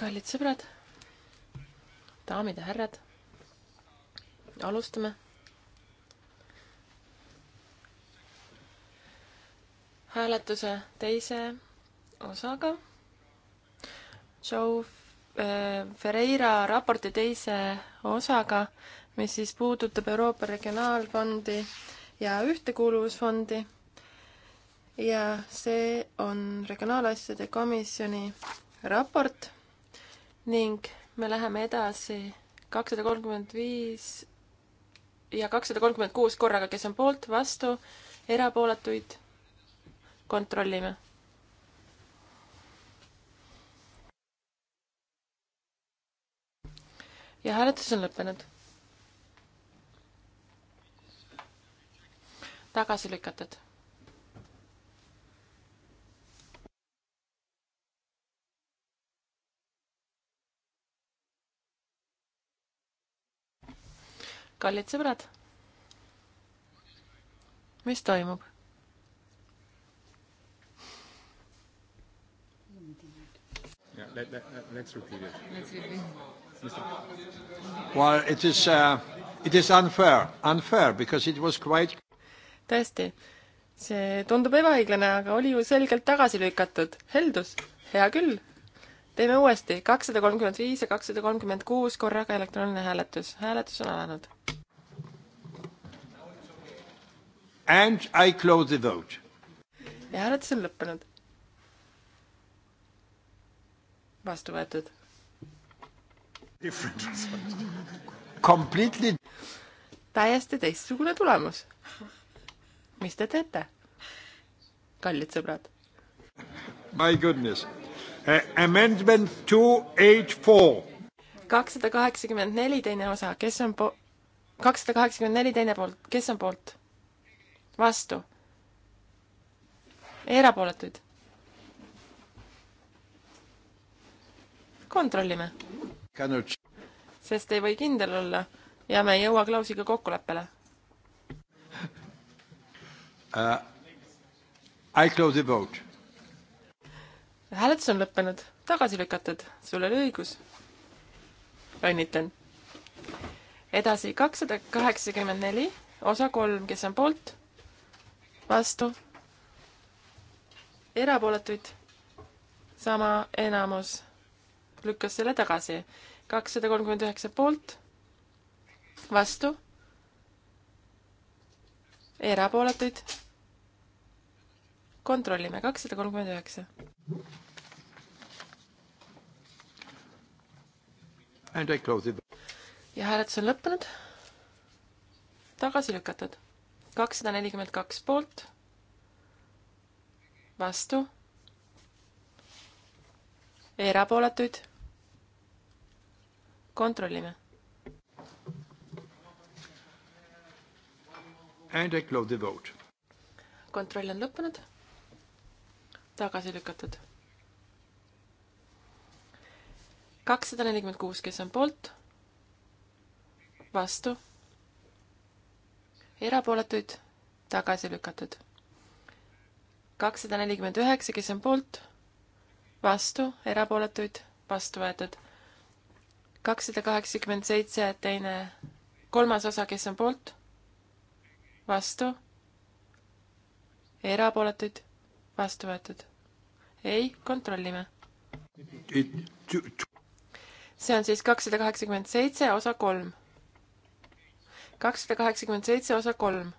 kallid sõbrad, daamid ja härrad, alustame. hääletuse teise osaga. Joe äh, Ferreira raporti teise osaga, mis siis puudutab Euroopa Regionaalfondi ja Ühtekuuluvusfondi ja see on Regionaalasjade Komisjoni raport ning me läheme edasi kakssada kolmkümmend viis ja kakssada kolmkümmend kuus korraga, kes on poolt, vastu, erapooletuid kontrollime. ja hääletus on lõppenud. tagasi lükatud kallid sõbrad, mis toimub? Let, let, let's repeat it. Let's repeat. Well, it is uh, it is unfair, unfair because it was quite. tõesti, see tundub ebaõiglane, aga oli ju selgelt tagasi lükatud, heldus, hea küll, teeme uuesti, kakssada kolmkümmend viis ja kakssada kolmkümmend kuus korraga elektrooniline hääletus. hääletus on alanud. And I close the vote. ja hääletus on lõppenud. vastu võetud. Different result. Completely. täiesti teistsugune tulemus. mis te teete, kallid sõbrad? My goodness Eh, amendment two eight four. kakssada kaheksakümmend neli teine osa, kes on po-, kakssada kaheksakümmend neli teine poolt, kes on poolt? vastu? erapooletuid? kontrollime. sest ei või kindel olla ja me ei jõua Klausiga kokkuleppele uh,. I close the vote hääletus on lõppenud, tagasi lükatud, sul oli õigus. õnnitlen. edasi kakssada kaheksakümmend neli, osa kolm, kes on poolt, vastu, erapooletuid, sama enamus lükkas selle tagasi. kakssada kolmkümmend üheksa poolt, vastu, erapooletuid kontrollime, kakssada kolmkümmend üheksa. ja hääletus on lõppenud. tagasi lükatud. kakssada nelikümmend kaks poolt. vastu. erapooletuid. kontrollime. And I close the vote kontroll on lõppenud tagasi lükatud. kakssada nelikümmend kuus, kes on poolt, vastu, erapooletuid, tagasi lükatud. kakssada nelikümmend üheksa, kes on poolt, vastu, erapooletuid, vastu võetud. kakssada kaheksakümmend seitse, teine, kolmas osa, kes on poolt, vastu, erapooletuid vastu võetud ei, kontrollime. see on siis kakssada kaheksakümmend seitse, osa kolm. kakssada kaheksakümmend seitse, osa kolm.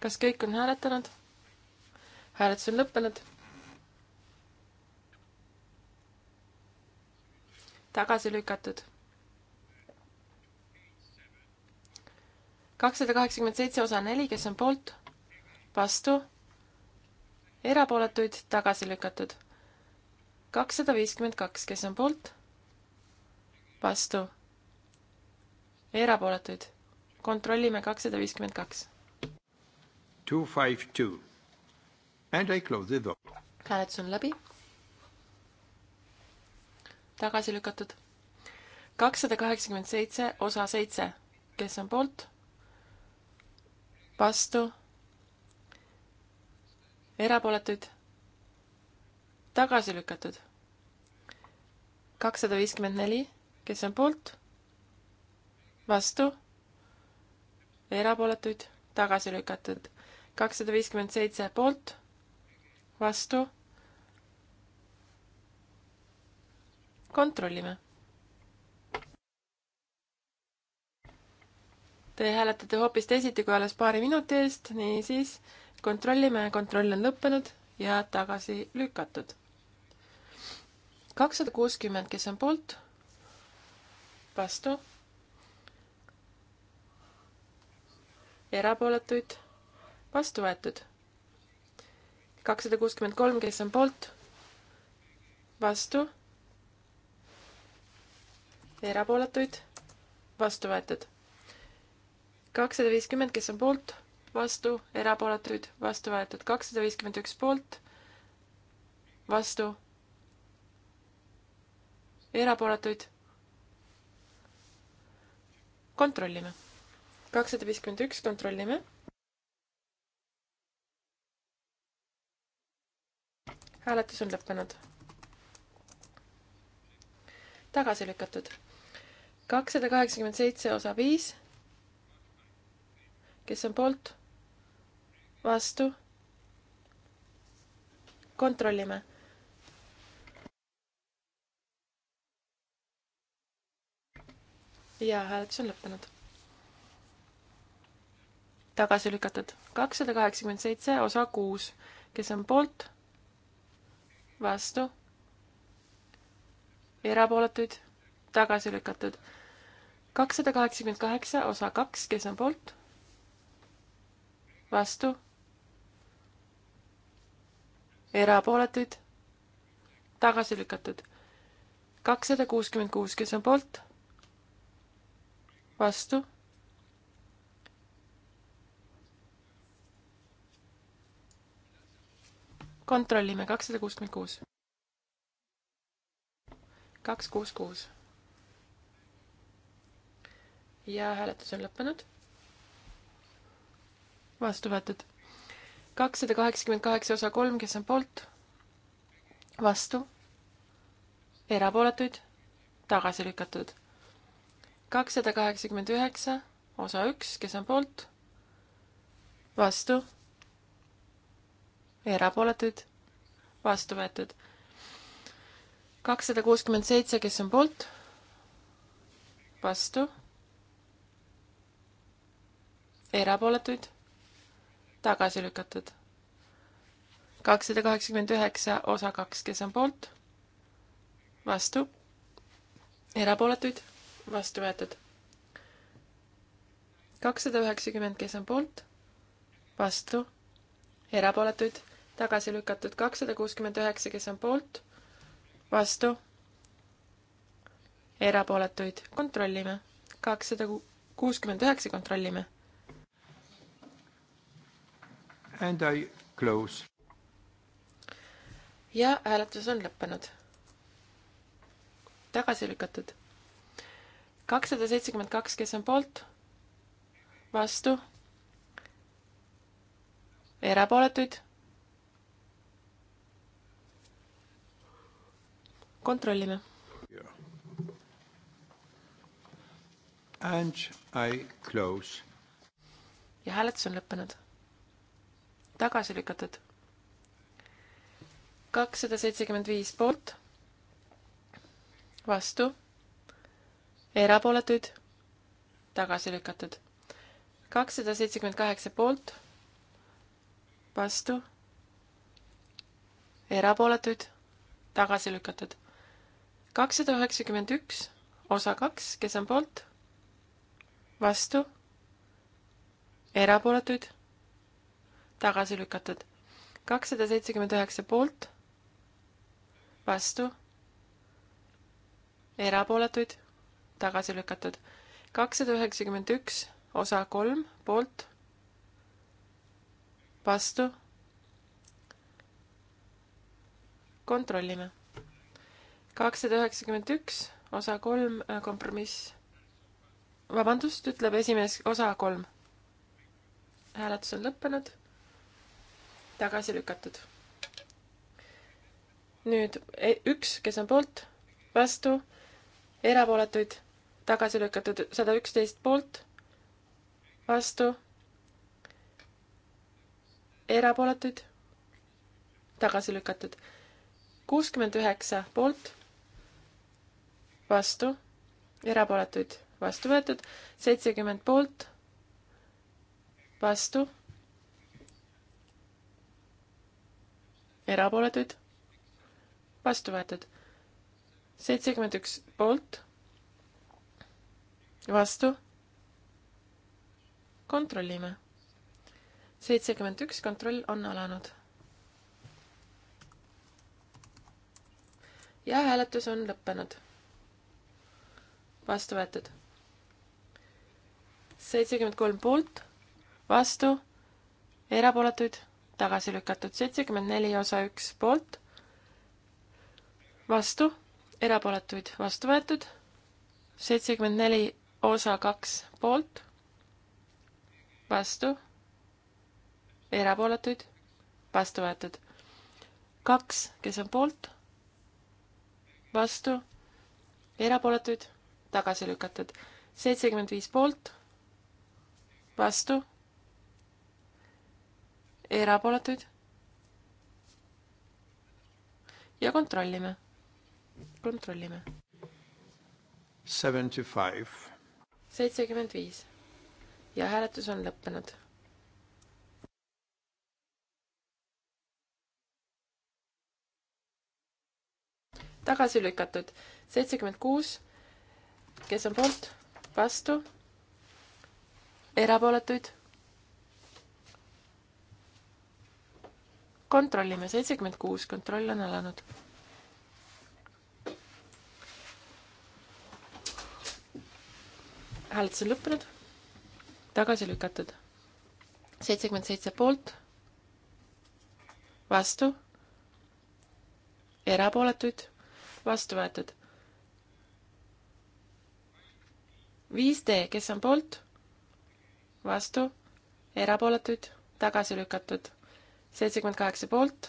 kas kõik on hääletanud? hääletus on lõppenud. tagasi lükatud kakssada kaheksakümmend seitse osa neli, kes on poolt, vastu, erapooletuid tagasi lükatud. kakssada viiskümmend kaks, kes on poolt, vastu, erapooletuid. kontrollime kakssada viiskümmend kaks. Two five two and I close the door. hääletus on läbi. tagasi lükatud. kakssada kaheksakümmend seitse, osa seitse, kes on poolt vastu, erapooletuid, tagasi lükatud. kakssada viiskümmend neli, kes on poolt, vastu, erapooletuid, tagasi lükatud. kakssada viiskümmend seitse poolt, vastu. kontrollime Te hääletate hoopis teisiti kui alles paari minuti eest, niisiis kontrollime, kontroll on lõppenud ja tagasi lükatud. kakssada kuuskümmend, kes on poolt, vastu, erapooletuid, vastu võetud. kakssada kuuskümmend kolm, kes on poolt, vastu, erapooletuid, vastu võetud kakssada viiskümmend, kes on poolt, vastu, erapooletuid, vastu võetud. kakssada viiskümmend üks poolt, vastu, erapooletuid. kontrollime. kakssada viiskümmend üks, kontrollime. hääletus on lõppenud. tagasi lükatud. kakssada kaheksakümmend seitse osa viis kes on poolt, vastu. kontrollime. ja hääletus on lõppenud. tagasi lükatud kakssada kaheksakümmend seitse, osa kuus, kes on poolt, vastu, erapooletuid, tagasi lükatud kakssada kaheksakümmend kaheksa, osa kaks, kes on poolt vastu, erapooletuid, tagasi lükatud. kakssada kuuskümmend kuus, kes on poolt, vastu kontrollime, kakssada kuuskümmend kuus. kaks, kuus, kuus. ja hääletus on lõppenud vastu võetud. kakssada kaheksakümmend kaheksa osa kolm, kes on poolt, vastu, erapooletuid, tagasi lükatud. kakssada kaheksakümmend üheksa osa üks, kes on poolt, vastu, erapooletuid, vastu võetud. kakssada kuuskümmend seitse, kes on poolt, vastu erapooletuid tagasi lükatud. kakssada kaheksakümmend üheksa osa kaks, kes on poolt, vastu, erapooletuid, vastu võetud. kakssada üheksakümmend, kes on poolt, vastu, erapooletuid, tagasi lükatud. kakssada kuuskümmend üheksa, kes on poolt, vastu, erapooletuid, kontrollime. kakssada kuuskümmend üheksa, kontrollime And I close. ja hääletus on lõppenud. tagasi lükatud. kakssada seitsekümmend kaks, kes on poolt, vastu, erapooletuid. kontrollime. And I close. ja hääletus on lõppenud tagasi lükatud. kakssada seitsekümmend viis poolt, vastu, erapooletuid, tagasi lükatud. kakssada seitsekümmend kaheksa poolt, vastu, erapooletuid, tagasi lükatud. kakssada üheksakümmend üks, osa kaks, kes on poolt, vastu, erapooletuid tagasi lükatud. kakssada seitsekümmend üheksa poolt, vastu, erapooletuid, tagasi lükatud. kakssada üheksakümmend üks, osa kolm, poolt, vastu. kontrollime. kakssada üheksakümmend üks, osa kolm, äh, kompromiss. vabandust, ütleb esimees, osa kolm. hääletus on lõppenud tagasi lükatud. nüüd e, üks, kes on poolt, vastu, erapooletuid, tagasi lükatud, sada üksteist poolt, vastu, erapooletuid, tagasi lükatud, kuuskümmend üheksa poolt, vastu, erapooletuid, vastu võetud, seitsekümmend poolt, vastu erapooletuid, vastu võetud. seitsekümmend üks poolt, vastu, kontrollime. seitsekümmend üks, kontroll on alanud. ja hääletus on lõppenud. vastu võetud. seitsekümmend kolm poolt, vastu, erapooletuid tagasi lükatud seitsekümmend neli osa üks poolt, vastu, erapooletuid vastu võetud, seitsekümmend neli osa kaks poolt, vastu, erapooletuid vastu võetud, kaks, kes on poolt, vastu, erapooletuid tagasi lükatud, seitsekümmend viis poolt, vastu erapooletuid. ja kontrollime, kontrollime. seitsekümmend viis ja hääletus on lõppenud. tagasi lükatud seitsekümmend kuus, kes on poolt, vastu, erapooletuid kontrollime, seitsekümmend kuus, kontroll on alanud. hääletus on lõppenud, tagasi lükatud. seitsekümmend seitse poolt, vastu, erapooletuid, vastu võetud. viis D, kes on poolt, vastu, erapooletuid, tagasi lükatud seitsekümmend kaheksa poolt,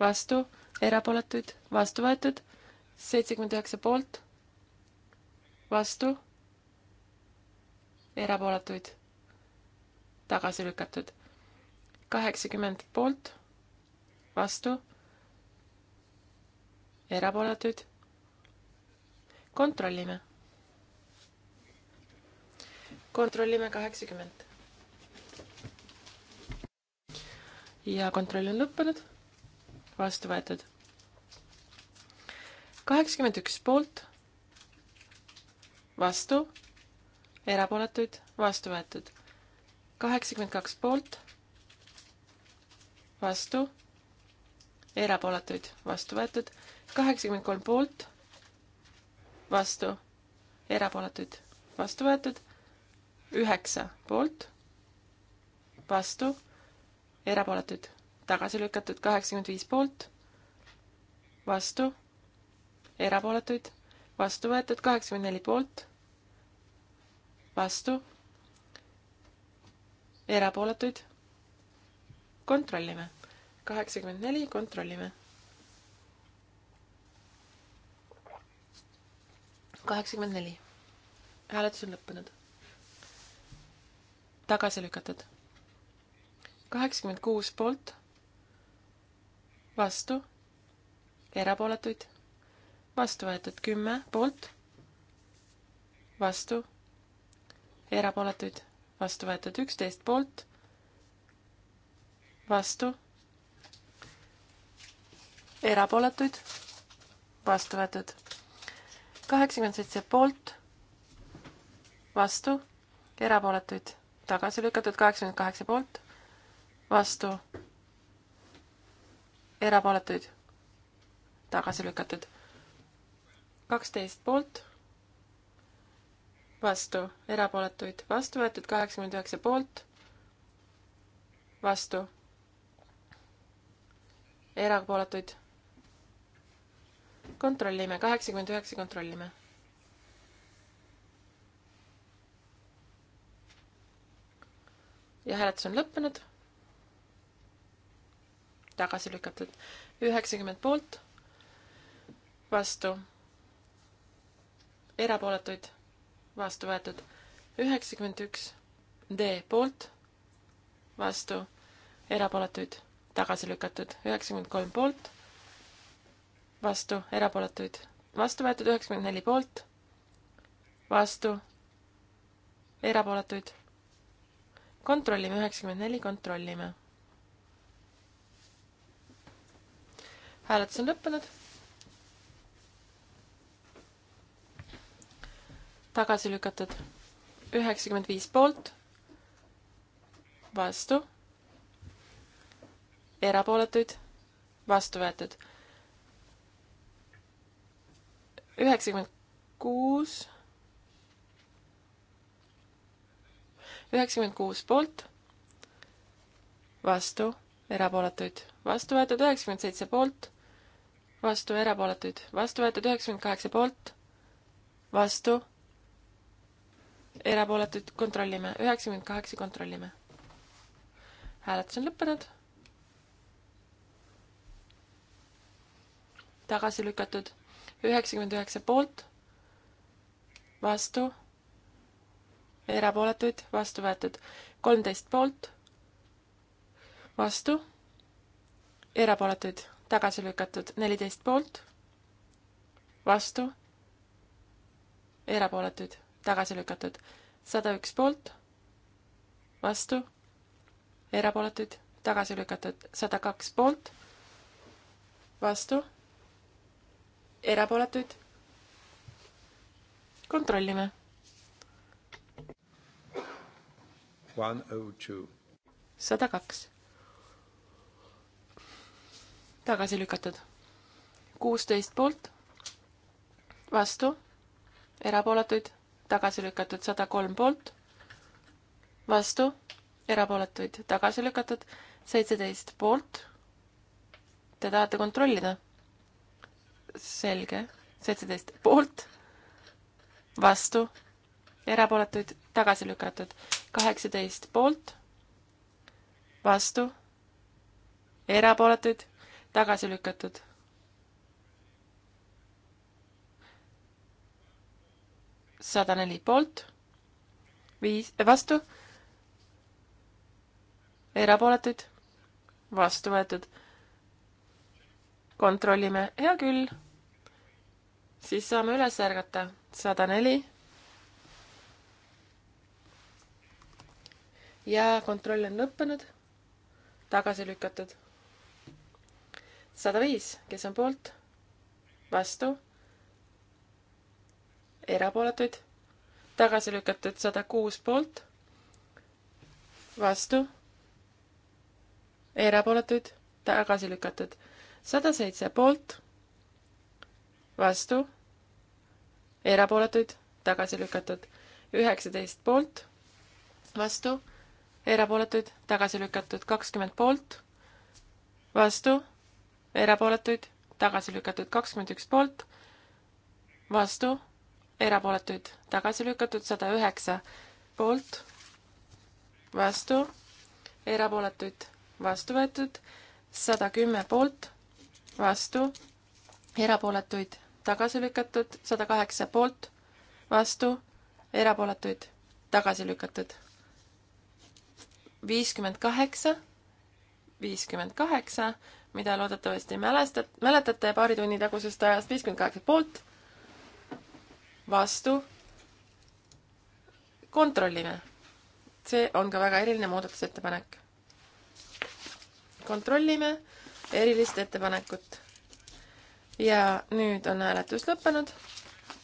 vastu, erapooletuid, vastu võetud, seitsekümmend üheksa poolt, vastu, erapooletuid, tagasi lükatud, kaheksakümmend poolt, vastu, erapooletuid, kontrollime kontrollime kaheksakümmend. ja kontroll on lõppenud. vastu võetud. kaheksakümmend üks poolt, vastu, erapooletuid, vastu võetud. kaheksakümmend kaks poolt, vastu, erapooletuid, vastu võetud. kaheksakümmend kolm poolt, vastu, erapooletuid, vastu võetud. üheksa poolt, vastu erapooletuid tagasi lükatud, kaheksakümmend viis poolt, vastu, erapooletuid, vastu võetud, kaheksakümmend neli poolt, vastu, erapooletuid, kontrollime. kaheksakümmend neli, kontrollime. kaheksakümmend neli. hääletus on lõppenud. tagasi lükatud kaheksakümmend kuus poolt, vastu, erapooletuid, vastu võetud kümme poolt, vastu, erapooletuid, vastu võetud üksteist poolt, vastu, erapooletuid, vastu võetud kaheksakümmend seitse poolt, vastu, erapooletuid, tagasi lükatud kaheksakümmend kaheksa poolt vastu, erapooletuid, tagasi lükatud. kaksteist poolt, vastu, erapooletuid, vastu võetud kaheksakümmend üheksa poolt, vastu, erapooletuid. kontrollime, kaheksakümmend üheksa kontrollime ja hääletus on lõppenud tagasi lükatud. üheksakümmend poolt, vastu, erapooletuid, vastu võetud. üheksakümmend üks D poolt, vastu, erapooletuid, tagasi lükatud. üheksakümmend kolm poolt, vastu, erapooletuid, vastu võetud. üheksakümmend neli poolt, vastu, erapooletuid kontrollime, üheksakümmend neli, kontrollime hääletus on lõppenud. tagasi lükatud üheksakümmend viis poolt, vastu, erapooletuid, vastu võetud. üheksakümmend kuus, üheksakümmend kuus poolt, vastu, erapooletuid, vastu võetud, üheksakümmend seitse poolt vastu, erapooletuid, vastu võetud üheksakümmend kaheksa poolt, vastu, erapooletuid kontrollime, üheksakümmend kaheksa kontrollime. hääletus on lõppenud. tagasi lükatud üheksakümmend üheksa poolt, vastu, erapooletuid, vastu võetud kolmteist poolt, vastu, erapooletuid tagasi lükatud neliteist poolt, vastu, erapooletuid, tagasi lükatud sada üks poolt, vastu, erapooletuid, tagasi lükatud sada kaks poolt, vastu, erapooletuid. kontrollime. Oh sada kaks tagasi lükatud. kuusteist poolt, vastu, erapooletuid, tagasi lükatud sada kolm poolt, vastu, erapooletuid, tagasi lükatud seitseteist poolt. Te tahate kontrollida? selge, seitseteist poolt, vastu, erapooletuid, tagasi lükatud, kaheksateist poolt, vastu, erapooletuid tagasi lükatud. sada neli poolt, viis, eh, vastu, erapooletuid, vastu võetud. kontrollime, hea küll. siis saame üles ärgata, sada neli. ja kontroll on lõppenud, tagasi lükatud sada viis, kes on poolt, vastu, erapooletuid, tagasi lükatud sada kuus poolt, vastu, erapooletuid, tagasi lükatud sada seitse poolt, vastu, erapooletuid, tagasi lükatud üheksateist poolt, vastu, erapooletuid, tagasi lükatud kakskümmend poolt, vastu erapooletuid, tagasi lükatud kakskümmend üks poolt, vastu, erapooletuid, tagasi lükatud sada üheksa poolt, vastu, erapooletuid, vastu võetud, sada kümme poolt, vastu, erapooletuid, tagasi lükatud, sada kaheksa poolt, vastu, erapooletuid, tagasi lükatud. viiskümmend kaheksa, viiskümmend kaheksa mida loodetavasti mälestat-, mäletate paari tunni tagusest ajast, viiskümmend kaheksa poolt, vastu, kontrollime. see on ka väga eriline muudatusettepanek. kontrollime erilist ettepanekut. ja nüüd on hääletus lõppenud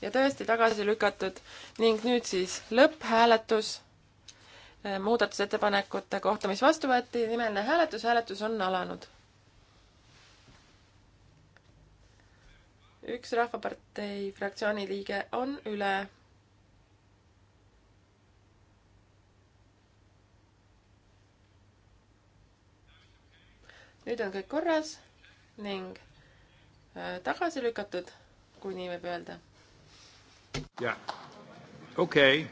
ja tõesti tagasi lükatud ning nüüd siis lõpphääletus eh, muudatusettepanekute kohta, mis vastu võeti, nimeline hääletus, hääletus on alanud üks Rahvapartei fraktsiooni liige on üle. nüüd on kõik korras ning äh, tagasi lükatud, kui nii võib öelda. jah, okei,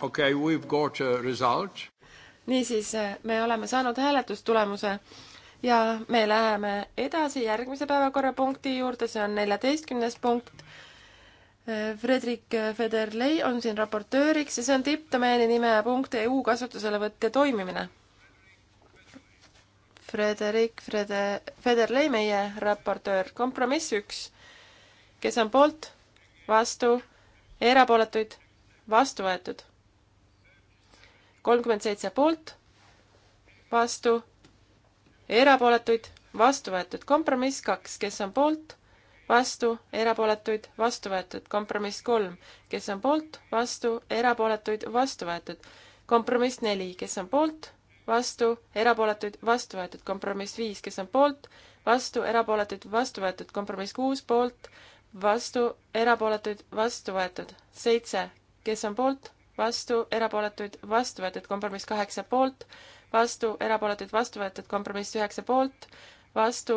okei, we have got a result. niisiis, äh, me oleme saanud hääletustulemuse ja me läheme edasi järgmise päevakorrapunkti juurde, see on neljateistkümnes punkt. Fredrik Federley on siin raportööriks ja see on tippdomeeni nime punkt EU kasutuselevõtt ja toimimine. Frederik Frede-, Federley, meie raportöör, kompromiss üks. kes on poolt, vastu, erapooletuid, vastu võetud. kolmkümmend seitse poolt, vastu erapooletuid, vastu võetud. kompromiss kaks, kes on poolt, vastu, erapooletuid, vastu võetud. kompromiss kolm, kes on poolt, vastu, erapooletuid, vastu võetud. kompromiss neli, kes on poolt, vastu, erapooletuid, vastu võetud. kompromiss viis, kes on poolt, vastu, erapooletuid, vastu võetud. kompromiss kuus, poolt, vastu, erapooletuid, vastu võetud. seitse, kes on poolt, vastu, erapooletuid, vastu võetud. kompromiss kaheksa, poolt vastu, erapooletuid, vastu võetud, kompromiss üheksa poolt, vastu,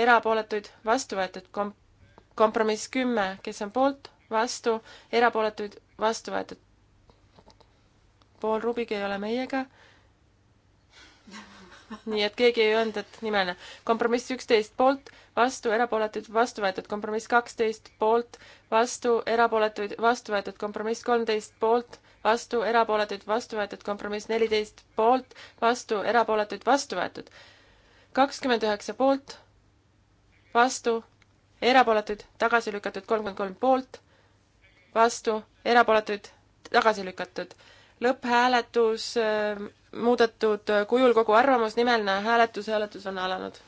erapooletuid, vastu võetud, kom-, kompromiss kümme, kes on poolt, vastu, erapooletuid, vastu võetud. Paul Rubik ei ole meiega. nii et keegi ei öelnud, et nimene. kompromiss üksteist poolt, vastu, erapooletuid, vastu võetud, kompromiss kaksteist poolt, vastu, erapooletuid, vastu võetud, kompromiss kolmteist poolt vastu, erapooletuid, vastu võetud, kompromiss neliteist poolt, vastu, erapooletuid, vastu võetud. kakskümmend üheksa poolt, vastu, erapooletuid, tagasi lükatud, kolmkümmend kolm poolt, vastu, erapooletuid, tagasi lükatud. lõpphääletus äh, muudetud kujul kogu arvamus, nimeline hääletus, hääletus on alanud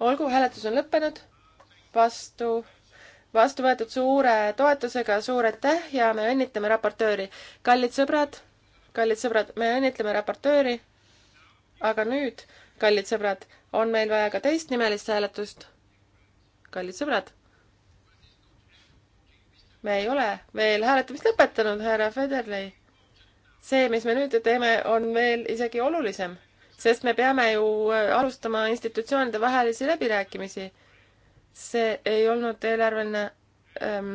olgu, hääletus on lõppenud, vastu, vastu võetud suure toetusega, suur aitäh ja me õnnitleme raportööri. kallid sõbrad, kallid sõbrad, me õnnitleme raportööri. aga nüüd, kallid sõbrad, on meil vaja ka teist nimelist hääletust. kallid sõbrad, me ei ole veel hääletamist lõpetanud, härra Federley. see, mis me nüüd teeme, on veel isegi olulisem sest me peame ju äh, alustama institutsioonide vahelisi läbirääkimisi. see ei olnud eelarveline ähm,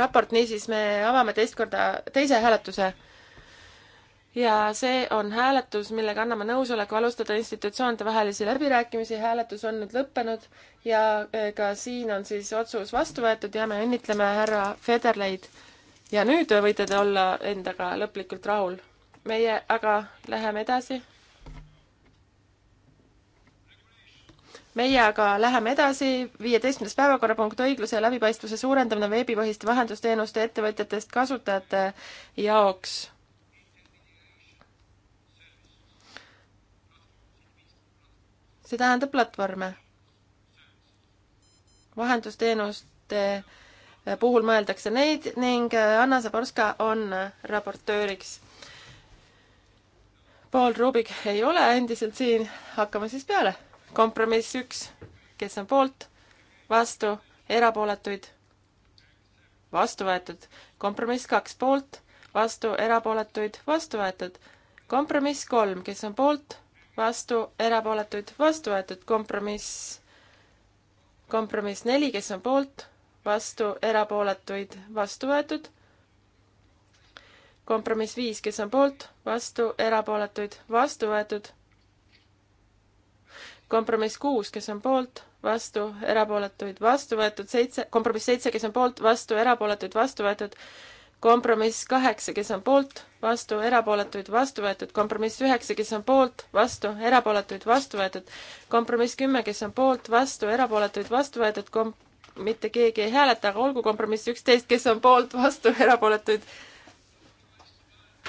raport, niisiis me avame teist korda teise hääletuse. ja see on hääletus, millega anname nõusoleku alustada institutsioonide vahelisi läbirääkimisi, hääletus on nüüd lõppenud ja äh, ka siin on siis otsus vastu võetud ja me õnnitleme härra Federleid. ja nüüd võite te olla endaga lõplikult rahul meie aga läheme edasi meie aga läheme edasi, viieteistkümnes päevakorrapunkt, õigluse ja läbipaistvuse suurendamine veebipõhiste vahendusteenuste ettevõtjatest kasutajate jaoks. see tähendab platvorme. vahendusteenuste puhul mõeldakse neid ning Anna Zaborska on raportööriks Paul Rubik ei ole endiselt siin, hakkame siis peale kompromiss üks, kes on poolt, vastu, erapooletuid, vastu võetud. kompromiss kaks poolt, vastu, erapooletuid, vastu võetud. kompromiss kolm, kes on poolt, vastu, erapooletuid, vastu võetud. kompromiss, kompromiss neli, kes on poolt, vastu, erapooletuid, vastu võetud kompromiss viis, kes on poolt, vastu, erapooletuid, vastu võetud kompromiss kuus, kes on poolt, vastu, erapooletuid, vastu võetud, seitse, kompromiss seitse, kes on poolt, vastu, erapooletuid, vastu võetud, kompromiss kaheksa, kes on poolt, vastu, erapooletuid, vastu võetud, kompromiss üheksa, kes on poolt, vastu, erapooletuid, vastu võetud, kompromiss kümme, kes on poolt, vastu, erapooletuid, vastu võetud, kom-, mitte keegi ei hääleta, aga olgu kompromiss üksteist, kes on poolt, vastu, erapooletuid,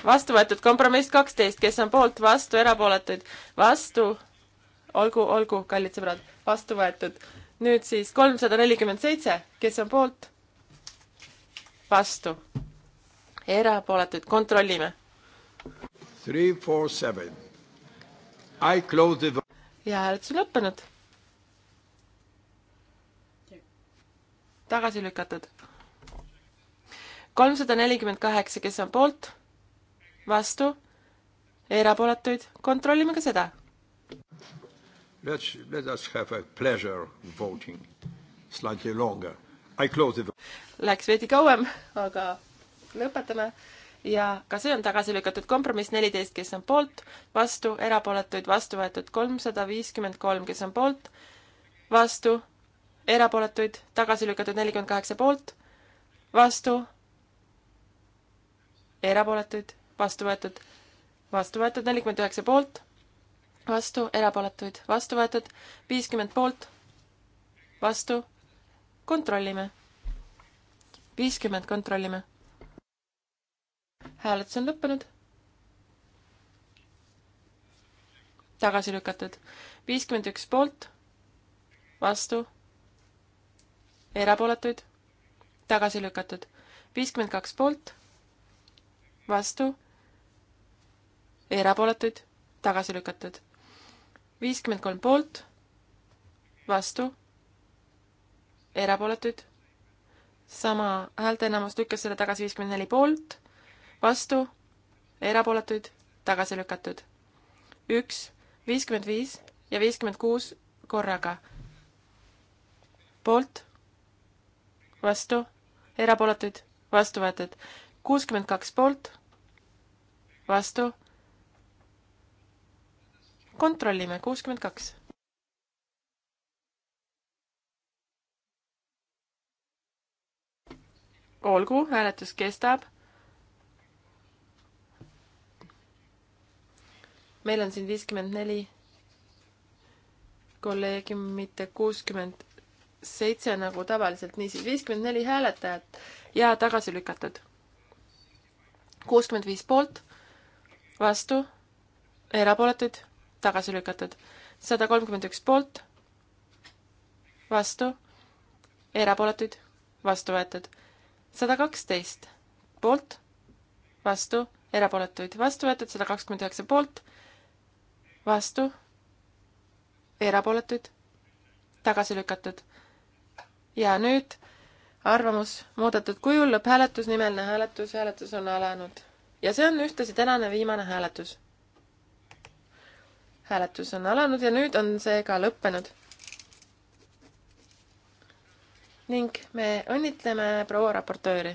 vastu võetud kompromiss kaksteist, kes on poolt, vastu, erapooletuid, vastu, olgu, olgu, kallid sõbrad, vastu võetud. nüüd siis kolmsada nelikümmend seitse, kes on poolt? vastu. erapooletuid, kontrollime. Three, four, seven. I close the ja hääletus on lõppenud. tagasi lükatud. kolmsada nelikümmend kaheksa, kes on poolt? vastu? erapooletuid, kontrollime ka seda Let's, let us have a pleasure voting slightly longer. I close the Läks veidi kauem, aga lõpetame ja ka see on tagasi lükatud kompromiss neliteist, kes on poolt, vastu, erapooletuid vastu võetud kolmsada viiskümmend kolm, kes on poolt, vastu, erapooletuid tagasi lükatud nelikümmend kaheksa poolt, vastu, erapooletuid vastu võetud, vastu võetud nelikümmend üheksa poolt vastu, erapooletuid vastu võetud, viiskümmend poolt, vastu, kontrollime. viiskümmend kontrollime. hääletus on lõppenud. tagasi lükatud, viiskümmend üks poolt, vastu, erapooletuid, tagasi lükatud, viiskümmend kaks poolt, vastu, erapooletuid, tagasi lükatud viiskümmend kolm poolt, vastu, erapooletuid, sama häälteenamus lükkas selle tagasi viiskümmend neli poolt, vastu, erapooletuid, tagasi lükatud. üks, viiskümmend viis ja viiskümmend kuus korraga. poolt, vastu, erapooletuid, vastu võetud. kuuskümmend kaks poolt, vastu kontrollime, kuuskümmend kaks. olgu, hääletus kestab. meil on siin viiskümmend neli kolleegiumite kuuskümmend seitse nagu tavaliselt, niisiis viiskümmend neli hääletajat ja tagasi lükatud. kuuskümmend viis poolt, vastu, erapooletuid, tagasi lükatud. sada kolmkümmend üks poolt, vastu, erapooletuid, vastu võetud. sada kaksteist poolt, vastu, erapooletuid, vastu võetud, sada kakskümmend üheksa poolt, vastu, erapooletuid, tagasi lükatud. ja nüüd arvamus muudetud kujul, lõpphääletus, nimeline hääletus, hääletus on alanud. ja see on ühtlasi tänane viimane hääletus hääletus on alanud ja nüüd on see ka lõppenud. ning me õnnitleme proua raportööri.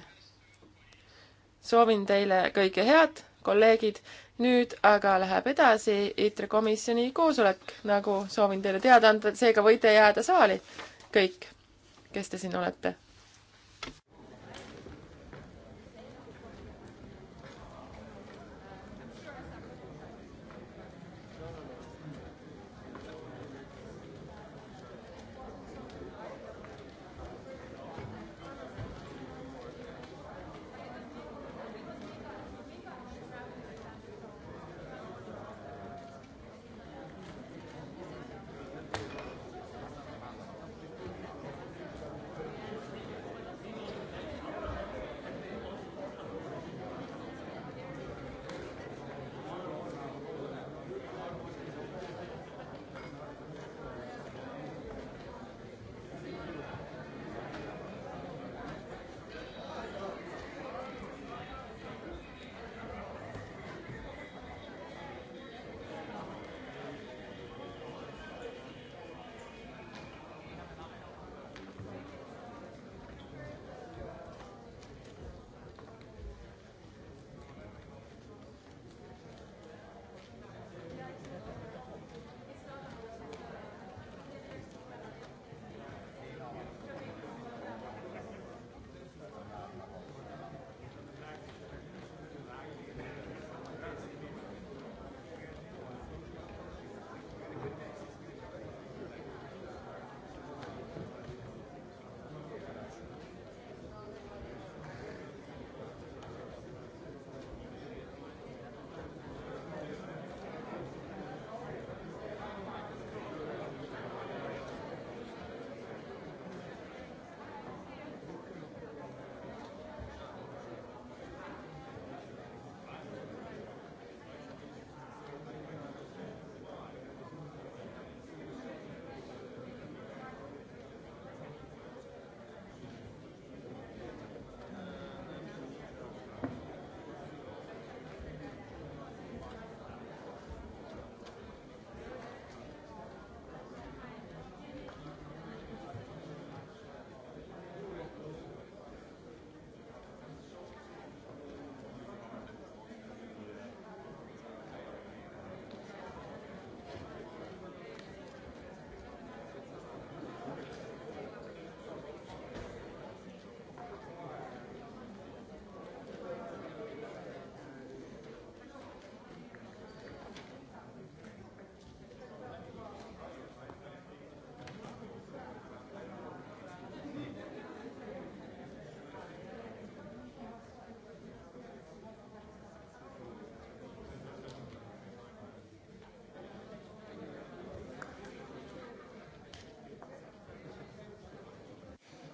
soovin teile kõike head, kolleegid, nüüd aga läheb edasi ITRE komisjoni koosolek, nagu soovin teile teada anda, seega võite jääda saali kõik, kes te siin olete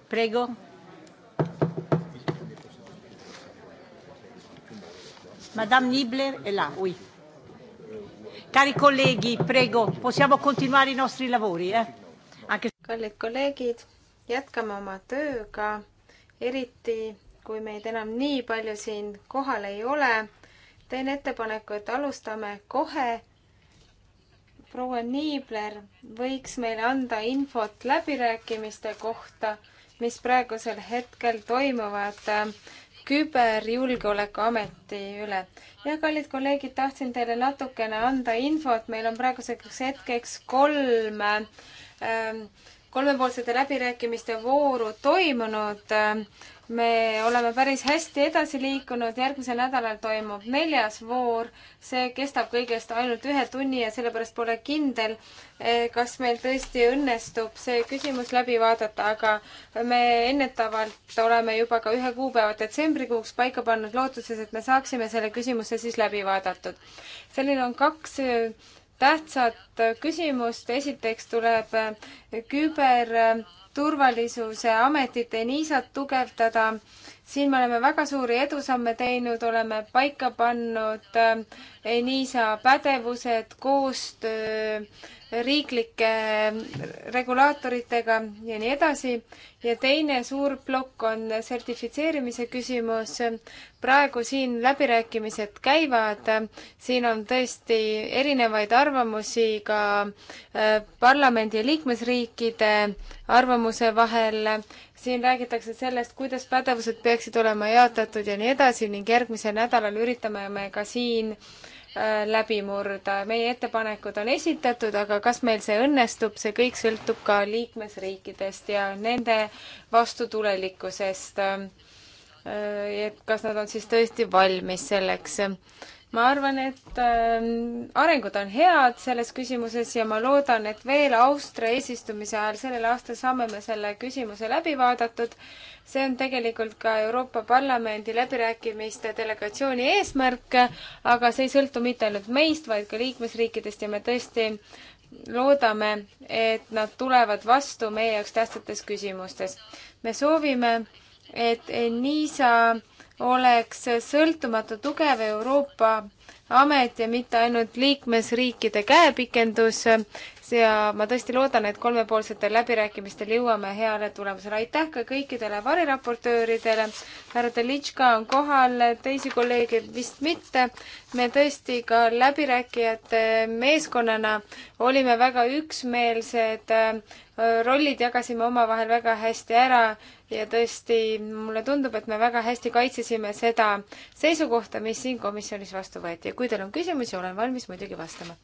Prego. Madame Nibler è là, oui. Cari colleghi, prego, possiamo continuare i nostri lavori, eh? Anche... kallid kolleegid, jätkame oma tööga, eriti kui meid enam nii palju siin kohal ei ole. teen ettepaneku, et alustame kohe. proua Niibler võiks meile anda infot läbirääkimiste kohta mis praegusel hetkel toimuvad äh, küberjulgeolekuameti üle. ja kallid kolleegid, tahtsin teile natukene anda infot, meil on praeguseks hetkeks kolm ähm, kolmepoolsete läbirääkimiste vooru toimunud ähm, me oleme päris hästi edasi liikunud, järgmisel nädalal toimub neljas voor, see kestab kõigest ainult ühe tunni ja sellepärast pole kindel, eh, kas meil tõesti õnnestub see küsimus läbi vaadata, aga me ennetavalt oleme juba ka ühe kuupäeva detsembrikuuks paika pannud lootuses, et me saaksime selle küsimuse siis läbi vaadatud. selline on kaks eh, tähtsat eh, küsimust, esiteks tuleb küber turvalisuse ametit ENISA-t tugevdada. siin me oleme väga suuri edusamme teinud, oleme paika pannud äh, ENISA pädevused, koostöö riiklike regulaatoritega ja nii edasi. ja teine suur plokk on sertifitseerimise küsimus. praegu siin läbirääkimised käivad, siin on tõesti erinevaid arvamusi ka äh, parlamendi ja liikmesriikide arvamuse vahel. siin räägitakse sellest, kuidas pädevused peaksid olema jaotatud ja nii edasi ning järgmisel nädalal üritame me ka siin äh, Äh, läbi murda. meie ettepanekud on esitatud, aga kas meil see õnnestub, see kõik sõltub ka liikmesriikidest ja nende vastutulelikkusest. Äh, et kas nad on siis tõesti valmis selleks ma arvan, et ähm, arengud on head selles küsimuses ja ma loodan, et veel Austria eesistumise ajal sellel aastal saame me selle küsimuse läbi vaadatud. see on tegelikult ka Euroopa Parlamendi läbirääkimiste delegatsiooni eesmärk, aga see ei sõltu mitte ainult meist, vaid ka liikmesriikidest ja me tõesti loodame, et nad tulevad vastu meie jaoks tähtsates küsimustes. me soovime, et Niisa äh, oleks sõltumatu tugev Euroopa amet ja mitte ainult liikmesriikide käepikendus ja ma tõesti loodan, et kolmepoolsetel läbirääkimistel jõuame heale tulemusele. aitäh ka kõikidele variraportööridele, härra Delitška on kohal, teisi kolleege vist mitte. me tõesti ka läbirääkijate meeskonnana olime väga üksmeelsed, rollid jagasime omavahel väga hästi ära ja tõesti, mulle tundub, et me väga hästi kaitsesime seda seisukohta, mis siin komisjonis vastu võeti ja kui teil on küsimusi, olen valmis muidugi vastama.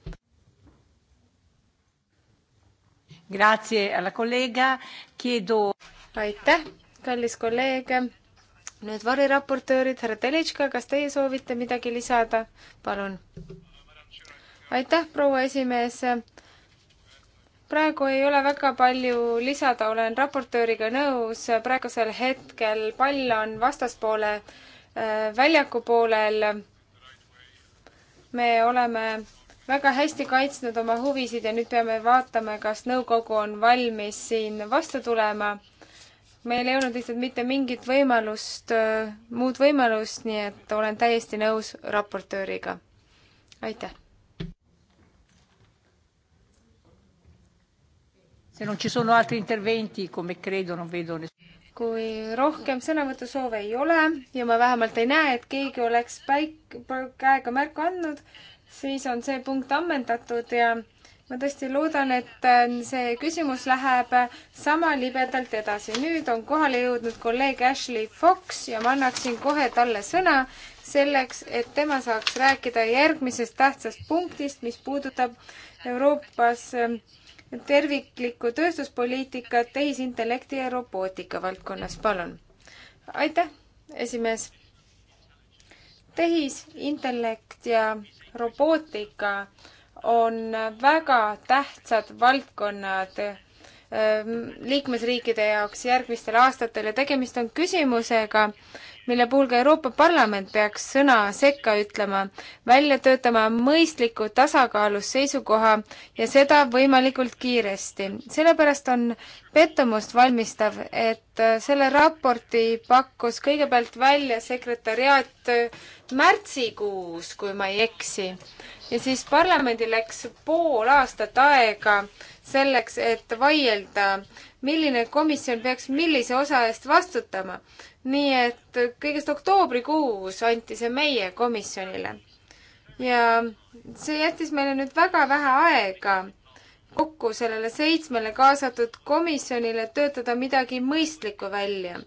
Grazie alla collega, chiedo. aitäh, kallis kolleeg. nüüd variraportöörid, härra Telitška, kas teie soovite midagi lisada? palun. aitäh, proua esimees. praegu ei ole väga palju lisada, olen raportööriga nõus, praegusel hetkel pall on vastaspoole äh, väljaku poolel. me oleme väga hästi kaitsnud oma huvisid ja nüüd peame vaatama, kas nõukogu on valmis siin vastu tulema. meil ei olnud lihtsalt mitte mingit võimalust, muud võimalust, nii et olen täiesti nõus raportööriga. aitäh. kui rohkem sõnavõtusoove ei ole ja ma vähemalt ei näe, et keegi oleks päik-, käega märku andnud, siis on see punkt ammendatud ja ma tõesti loodan, et äh, see küsimus läheb äh, sama libedalt edasi. nüüd on kohale jõudnud kolleeg Ashley Fox ja ma annaksin kohe talle sõna selleks, et tema saaks rääkida järgmisest tähtsast punktist, mis puudutab Euroopas ähm, terviklikku tööstuspoliitikat tehisintellekti ja robootika valdkonnas. palun. aitäh, esimees. tehisintellekt ja robootika on väga tähtsad valdkonnad ehm, liikmesriikide jaoks järgmistel aastatel ja tegemist on küsimusega, mille puhul ka Euroopa Parlament peaks sõna sekka ütlema, välja töötama mõistliku tasakaalus seisukoha ja seda võimalikult kiiresti. sellepärast on pettumust valmistav, et äh, selle raporti pakkus kõigepealt välja sekretäriaat äh, märtsikuus, kui ma ei eksi. ja siis parlamendil läks pool aastat aega selleks, et vaielda, milline komisjon peaks millise osa eest vastutama nii et kõigest oktoobrikuus anti see meie komisjonile. ja see jättis meile nüüd väga vähe aega kokku sellele seitsmele kaasatud komisjonile, et töötada midagi mõistlikku välja.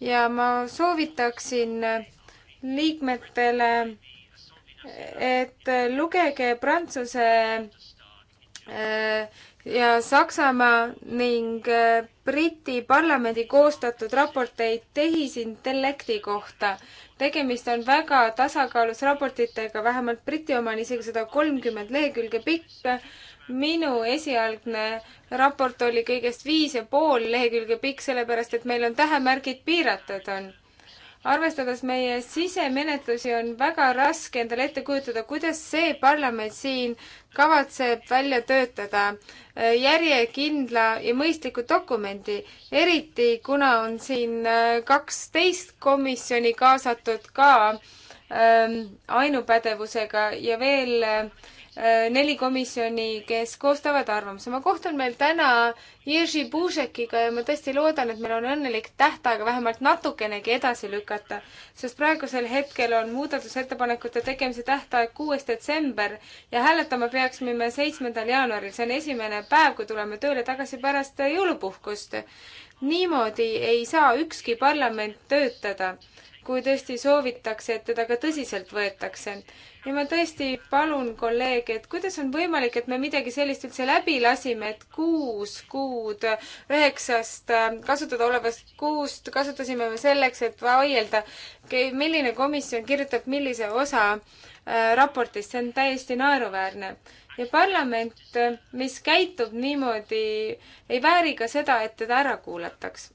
ja ma soovitaksin liikmetele, et lugege Prantsuse äh, ja Saksamaa ning äh, Briti parlamendi koostatud raporteid tehisintellekti kohta. tegemist on väga tasakaalus raportitega, vähemalt Briti oma on isegi sada kolmkümmend lehekülge pikk. minu esialgne raport oli kõigest viis ja pool lehekülge pikk, sellepärast et meil on tähemärgid piiratud on arvestades meie sisemenetlusi, on väga raske endale ette kujutada, kuidas see parlament siin kavatseb välja töötada äh, järjekindla ja mõistliku dokumendi, eriti kuna on siin äh, kaksteist komisjoni kaasatud ka ähm, ainupädevusega ja veel äh, Äh, neli komisjoni, kes koostavad arvamuse. ma kohtun meil täna Jerzy Buzekiga ja ma tõesti loodan, et meil on õnnelik tähtaega vähemalt natukenegi edasi lükata, sest praegusel hetkel on muudatusettepanekute tegemise tähtaeg kuues detsember ja hääletama peaksime me seitsmendal jaanuaril. see on esimene päev, kui tuleme tööle tagasi pärast jõulupuhkust. niimoodi ei saa ükski parlament töötada kui tõesti soovitakse, et teda ka tõsiselt võetakse ja ma tõesti palun kolleege, et kuidas on võimalik, et me midagi sellist üldse läbi lasime, et kuus kuud üheksast äh, kasutada olevast kuust kasutasime me selleks, et vaielda, milline komisjon kirjutab millise osa äh, raportist, see on täiesti naeruväärne. ja parlament, äh, mis käitub niimoodi, ei vääri ka seda, et teda ära kuulataks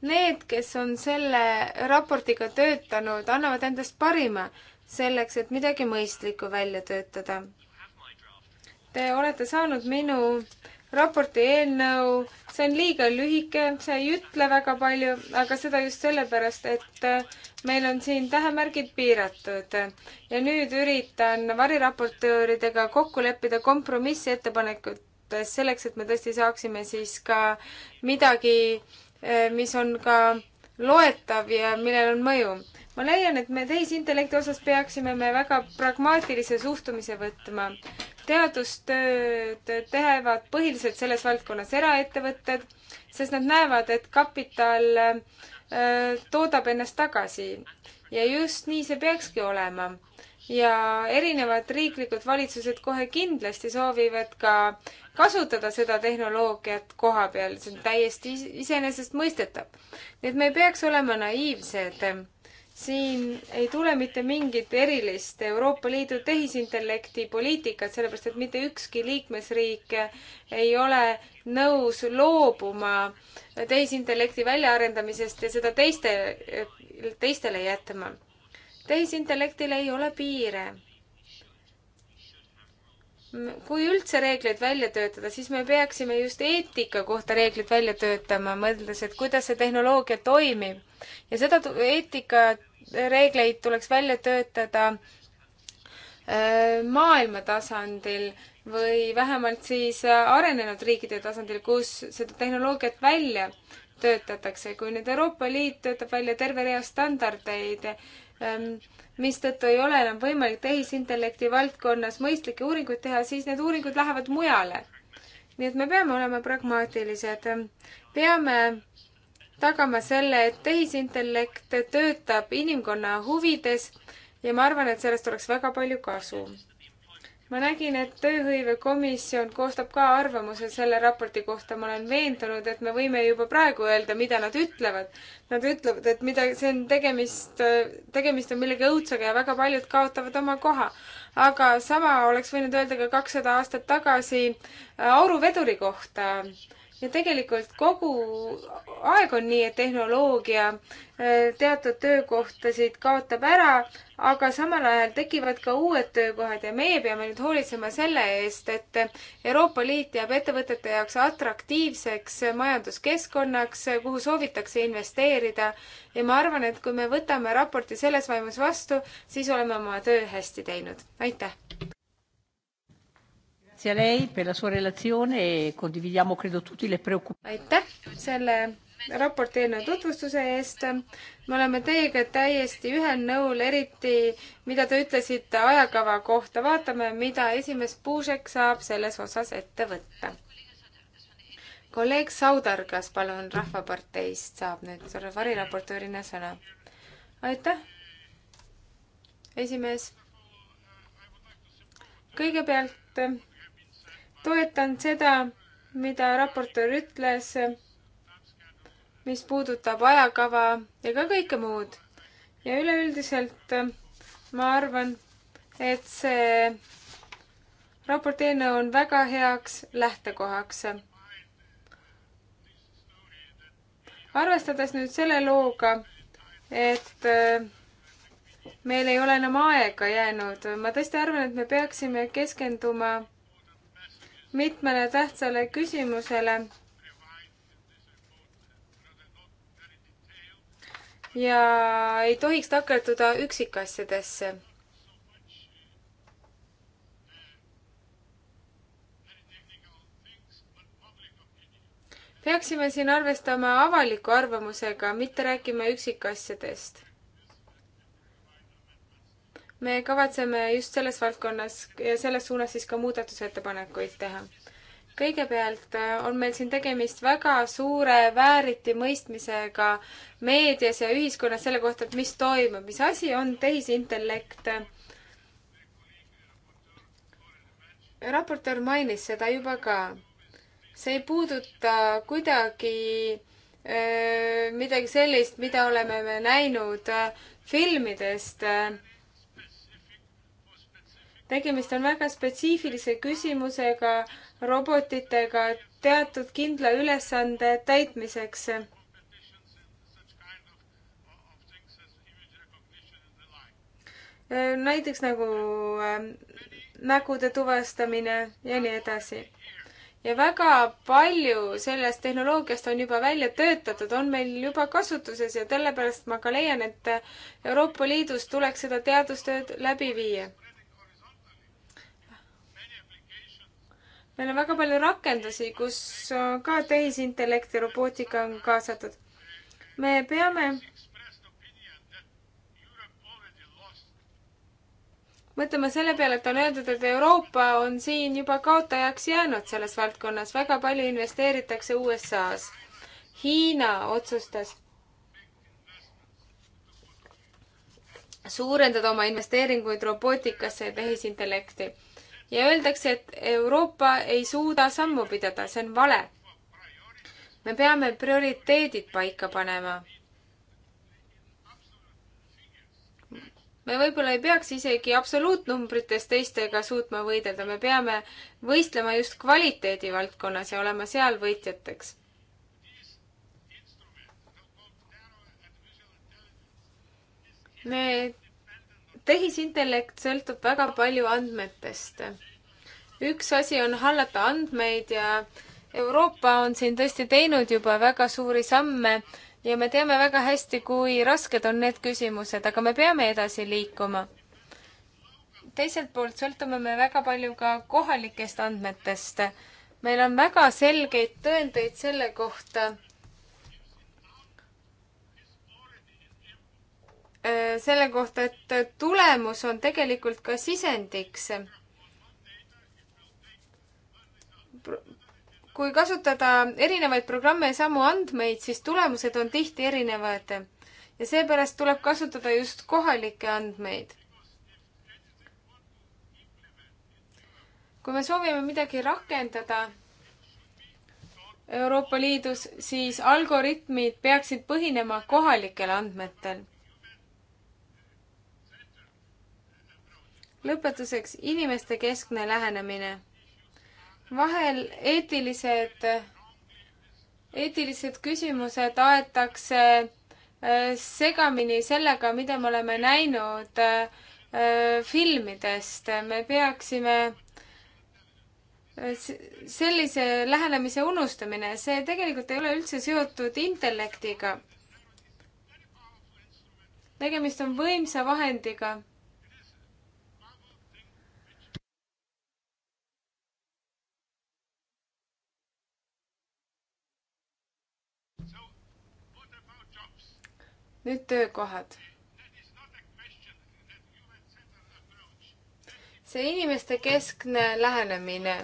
need, kes on selle raportiga töötanud, annavad endast parima selleks, et midagi mõistlikku välja töötada. Te olete saanud minu raporti eelnõu, see on liiga lühike, see ei ütle väga palju, aga seda just sellepärast, et äh, meil on siin tähemärgid piiratud. ja nüüd üritan variraportööridega kokku leppida kompromissettepanekutes selleks, et me tõesti saaksime siis ka midagi Eh, mis on ka loetav ja millel on mõju. ma leian, et me tehisintellekti osas peaksime me väga pragmaatilise suhtumise võtma. teadustööd teevad põhiliselt selles valdkonnas eraettevõtted, sest nad näevad, et kapital eh, toodab ennast tagasi. ja just nii see peakski olema. ja erinevad riiklikud valitsused kohe kindlasti soovivad ka kasutada seda tehnoloogiat koha peal, see on täiesti iseenesestmõistetav. nii et me ei peaks olema naiivsed. siin ei tule mitte mingit erilist Euroopa Liidu tehisintellekti poliitikat, sellepärast et mitte ükski liikmesriik ei ole nõus loobuma tehisintellekti väljaarendamisest ja seda teiste, teistele jätma. tehisintellektile ei ole piire kui üldse reegleid välja töötada, siis me peaksime just eetika kohta reeglid välja töötama, mõeldes, et kuidas see tehnoloogia toimib. ja seda eetikareegleid tuleks välja töötada äh, maailma tasandil või vähemalt siis äh, arenenud riikide tasandil, kus seda tehnoloogiat välja töötatakse. kui nüüd Euroopa Liit töötab välja terve rea standardeid, Ehm, mistõttu ei ole enam võimalik tehisintellekti valdkonnas mõistlikke uuringuid teha, siis need uuringud lähevad mujale. nii et me peame olema pragmaatilised. Ehm, peame tagama selle, et tehisintellekt töötab inimkonna huvides ja ma arvan, et sellest oleks väga palju kasu ma nägin, et tööhõivekomisjon koostab ka arvamuse selle raporti kohta, ma olen veendunud, et me võime juba praegu öelda, mida nad ütlevad. Nad ütlevad, et mida, see on tegemist, tegemist on millegi õudsega ja väga paljud kaotavad oma koha. aga sama oleks võinud öelda ka kakssada aastat tagasi äh, auruveduri kohta ja tegelikult kogu aeg on nii, et tehnoloogia äh, teatud töökohtasid kaotab ära, aga samal ajal tekivad ka uued töökohad ja meie peame nüüd hoolitsema selle eest, et Euroopa Liit jääb ettevõtete jaoks atraktiivseks majanduskeskkonnaks, kuhu soovitakse investeerida. ja ma arvan, et kui me võtame raporti selles vaimus vastu, siis oleme oma töö hästi teinud. aitäh! E aitäh selle raporti eelnõu tutvustuse eest. me oleme teiega täiesti ühel nõul, eriti mida te ütlesite ajakava kohta. vaatame, mida esimees Puusek saab selles osas ette võtta. kolleeg Saudargas, palun, Rahvaparteist saab nüüd variraportöörina sõna. aitäh, esimees. kõigepealt toetan seda, mida raportöör ütles, mis puudutab ajakava ja ka kõike muud. ja üleüldiselt äh, ma arvan, et see raporti eelnõu on väga heaks lähtekohaks. arvestades nüüd selle looga, et äh, meil ei ole enam aega jäänud, ma tõesti arvan, et me peaksime keskenduma mitmele tähtsale küsimusele. ja ei tohiks takerduda üksikasjadesse. peaksime siin arvestama avaliku arvamusega, mitte rääkima üksikasjadest me kavatseme just selles valdkonnas ja selles suunas siis ka muudatusettepanekuid teha. kõigepealt äh, on meil siin tegemist väga suure vääritimõistmisega meedias ja ühiskonnas selle kohta, et mis toimub, mis asi on tehisintellekt. raportöör mainis seda juba ka. see ei puuduta kuidagi öö, äh, midagi sellist, mida oleme me näinud äh, filmidest tegemist on väga spetsiifilise küsimusega robotitega teatud kindla ülesande täitmiseks. näiteks nagu ähm, nägude tuvastamine ja nii edasi. ja väga palju sellest tehnoloogiast on juba välja töötatud, on meil juba kasutuses ja sellepärast ma ka leian, et Euroopa Liidus tuleks seda teadustööd läbi viia meil on väga palju rakendusi, kus ka tehisintellekt ja robootika on kaasatud. me peame mõtlema selle peale, et on öeldud, et Euroopa on siin juba kaotajaks jäänud selles valdkonnas, väga palju investeeritakse USA-s. Hiina otsustas suurendada oma investeeringuid robootikasse ja tehisintellekti ja öeldakse, et Euroopa ei suuda sammu pidada, see on vale. me peame prioriteedid paika panema. me võib-olla ei peaks isegi absoluutnumbrites teistega suutma võidelda, me peame võistlema just kvaliteedi valdkonnas ja olema seal võitjateks. Need tehisintellekt sõltub väga palju andmetest. üks asi on hallata andmeid ja Euroopa on siin tõesti teinud juba väga suuri samme ja me teame väga hästi, kui rasked on need küsimused, aga me peame edasi liikuma. teiselt poolt sõltume me väga palju ka kohalikest andmetest. meil on väga selgeid tõendeid selle kohta Äh, selle kohta, et tulemus on tegelikult ka sisendiks. kui kasutada erinevaid programme ja samu andmeid, siis tulemused on tihti erinevad ja seepärast tuleb kasutada just kohalikke andmeid. kui me soovime midagi rakendada Euroopa Liidus, siis algoritmid peaksid põhinema kohalikel andmetel lõpetuseks inimeste keskne lähenemine. vahel eetilised, eetilised küsimused aetakse äh, segamini sellega, mida me oleme näinud äh, filmidest. me peaksime äh, sellise lähenemise unustamine, see tegelikult ei ole üldse seotud intellektiga. tegemist on võimsa vahendiga nüüd töökohad. see inimeste keskne lähenemine.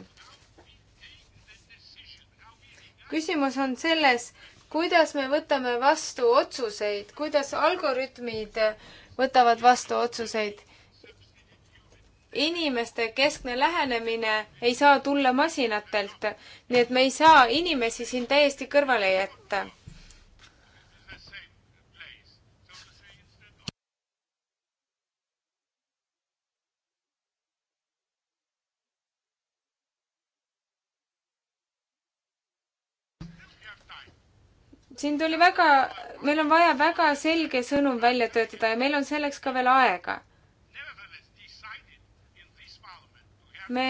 küsimus on selles, kuidas me võtame vastu otsuseid, kuidas algoritmid võtavad vastu otsuseid. inimeste keskne lähenemine ei saa tulla masinatelt, nii et me ei saa inimesi siin täiesti kõrvale jätta. siin tuli väga, meil on vaja väga selge sõnum välja töötada ja meil on selleks ka veel aega. me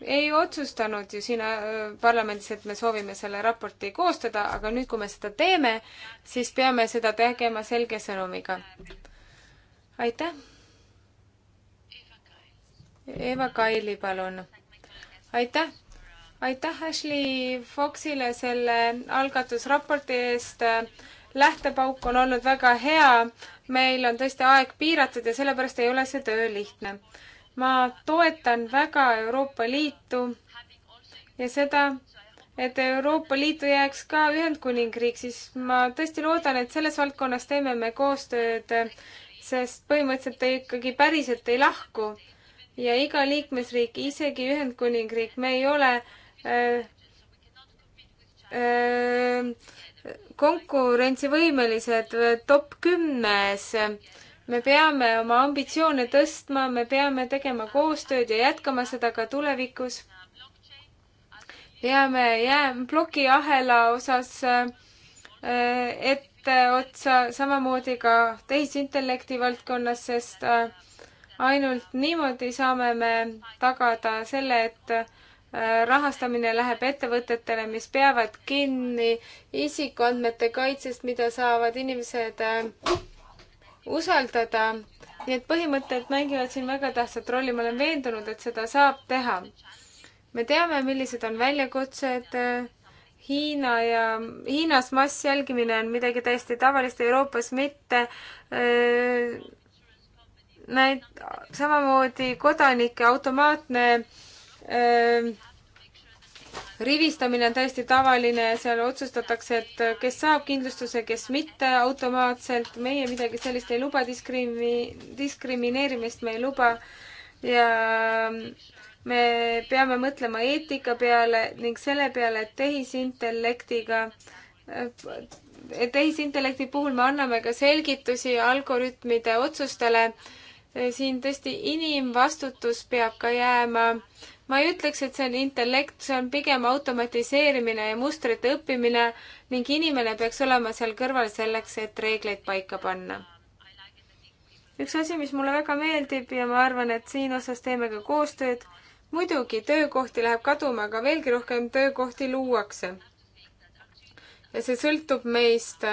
ei otsustanud ju siin äh, parlamendis, et me soovime selle raporti koostada, aga nüüd, kui me seda teeme, siis peame seda tegema selge sõnumiga. aitäh. Eva Kaili, palun. aitäh aitäh Ashley Foxile selle algatusraporti eest. lähtepauk on olnud väga hea. meil on tõesti aeg piiratud ja sellepärast ei ole see töö lihtne. ma toetan väga Euroopa Liitu ja seda, et Euroopa Liitu jääks ka Ühendkuningriik, siis ma tõesti loodan, et selles valdkonnas teeme me koostööd, sest põhimõtteliselt te ikkagi päriselt ei lahku ja iga liikmesriik, isegi Ühendkuningriik, me ei ole äh, konkurentsivõimelised top kümnes. me peame oma ambitsioone tõstma, me peame tegema koostööd ja jätkama seda ka tulevikus. peame jääma plokiahela osas äh, etteotsa, samamoodi ka tehisintellekti valdkonnas, sest äh, ainult niimoodi saame me tagada selle, et Äh, rahastamine läheb ettevõtetele, mis peavad kinni isikuandmete kaitsest, mida saavad inimesed äh, usaldada. nii et põhimõtted mängivad siin väga tähtsat rolli, ma olen veendunud, et seda saab teha. me teame, millised on väljakutsed. Hiina ja, Hiinas massjälgimine on midagi täiesti tavalist, Euroopas mitte äh, näit-, samamoodi kodanike automaatne Ehm, rivistamine on täiesti tavaline, seal otsustatakse, et kes saab kindlustuse, kes mitte automaatselt, meie midagi sellist ei luba, diskrimi-, diskrimineerimist me ei luba ja me peame mõtlema eetika peale ning selle peale, et tehisintellektiga, tehisintellekti puhul me anname ka selgitusi algoritmide otsustele. siin tõesti inimvastutus peab ka jääma äh, ma ei ütleks, et see on intellekt, see on pigem automatiseerimine ja mustrite õppimine ning inimene peaks olema seal kõrval selleks, et reegleid paika panna. üks asi, mis mulle väga meeldib ja ma arvan, et siin osas teeme ka koostööd, muidugi töökohti läheb kaduma, aga veelgi rohkem töökohti luuakse. ja see sõltub meist.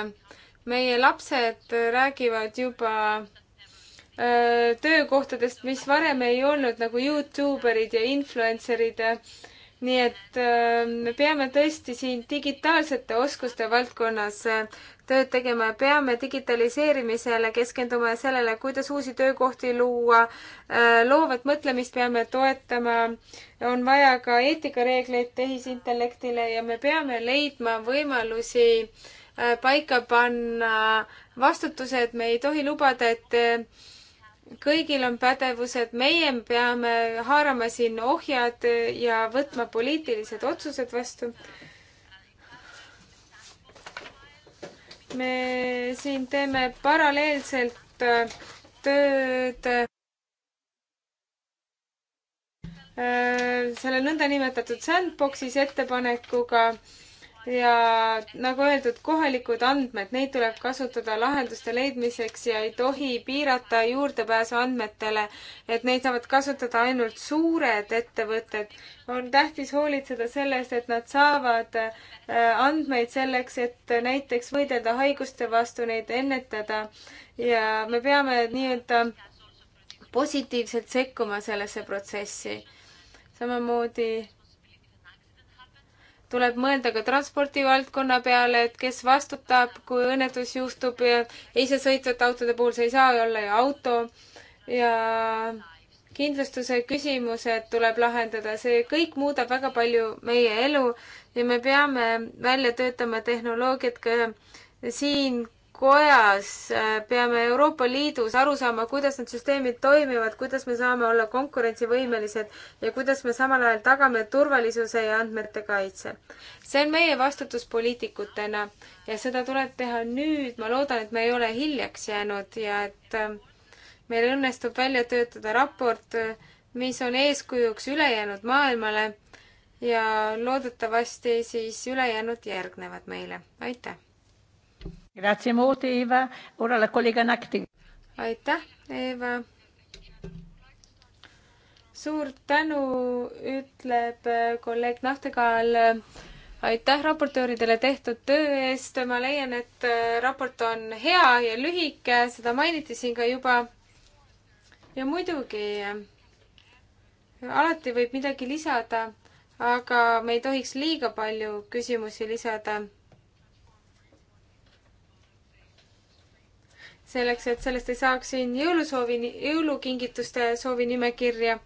meie lapsed räägivad juba Äh, töökohtadest, mis varem ei olnud, nagu Youtuberid ja influencerid. nii et äh, me peame tõesti siin digitaalsete oskuste valdkonnas äh, tööd tegema ja peame digitaliseerimisele keskenduma ja sellele, kuidas uusi töökohti luua. loovat mõtlemist peame toetama. on vaja ka eetikareegleid tehisintellektile ja me peame leidma võimalusi paika panna vastutuse, et me ei tohi lubada, et kõigil on pädevused, meie peame haarama siin ohjad ja võtma poliitilised otsused vastu. me siin teeme paralleelselt äh, tööd äh, selle nõndanimetatud sandbox'is ettepanekuga ja nagu öeldud, kohalikud andmed, neid tuleb kasutada lahenduste leidmiseks ja ei tohi piirata juurdepääsu andmetele, et neid saavad kasutada ainult suured ettevõtted. on tähtis hoolitseda selle eest, et nad saavad äh, andmeid selleks, et näiteks võidelda haiguste vastu, neid ennetada ja me peame nii-öelda positiivselt sekkuma sellesse protsessi. samamoodi tuleb mõelda ka transpordivaldkonna peale, et kes vastutab, kui õnnetus juhtub ja isesõitvate autode puhul see ei saa olla ju auto ja kindlustuse küsimused tuleb lahendada, see kõik muudab väga palju meie elu ja me peame välja töötama tehnoloogiat ka siin kojas äh, peame Euroopa Liidus aru saama, kuidas need süsteemid toimivad, kuidas me saame olla konkurentsivõimelised ja kuidas me samal ajal tagame turvalisuse ja andmete kaitse. see on meie vastutus poliitikutena ja seda tuleb teha nüüd. ma loodan, et me ei ole hiljaks jäänud ja et äh, meil õnnestub välja töötada raport, äh, mis on eeskujuks ülejäänud maailmale ja loodetavasti siis ülejäänud järgnevad meile. aitäh! aitäh, Eva. suur tänu, ütleb kolleeg Nahtekaal aitäh raportööridele tehtud töö eest, ma leian, et raport on hea ja lühike, seda mainiti siin ka juba. ja muidugi, alati võib midagi lisada, aga me ei tohiks liiga palju küsimusi lisada. selleks, et sellest ei saaks siin jõulusoovi, jõulukingituste soovi nimekirja.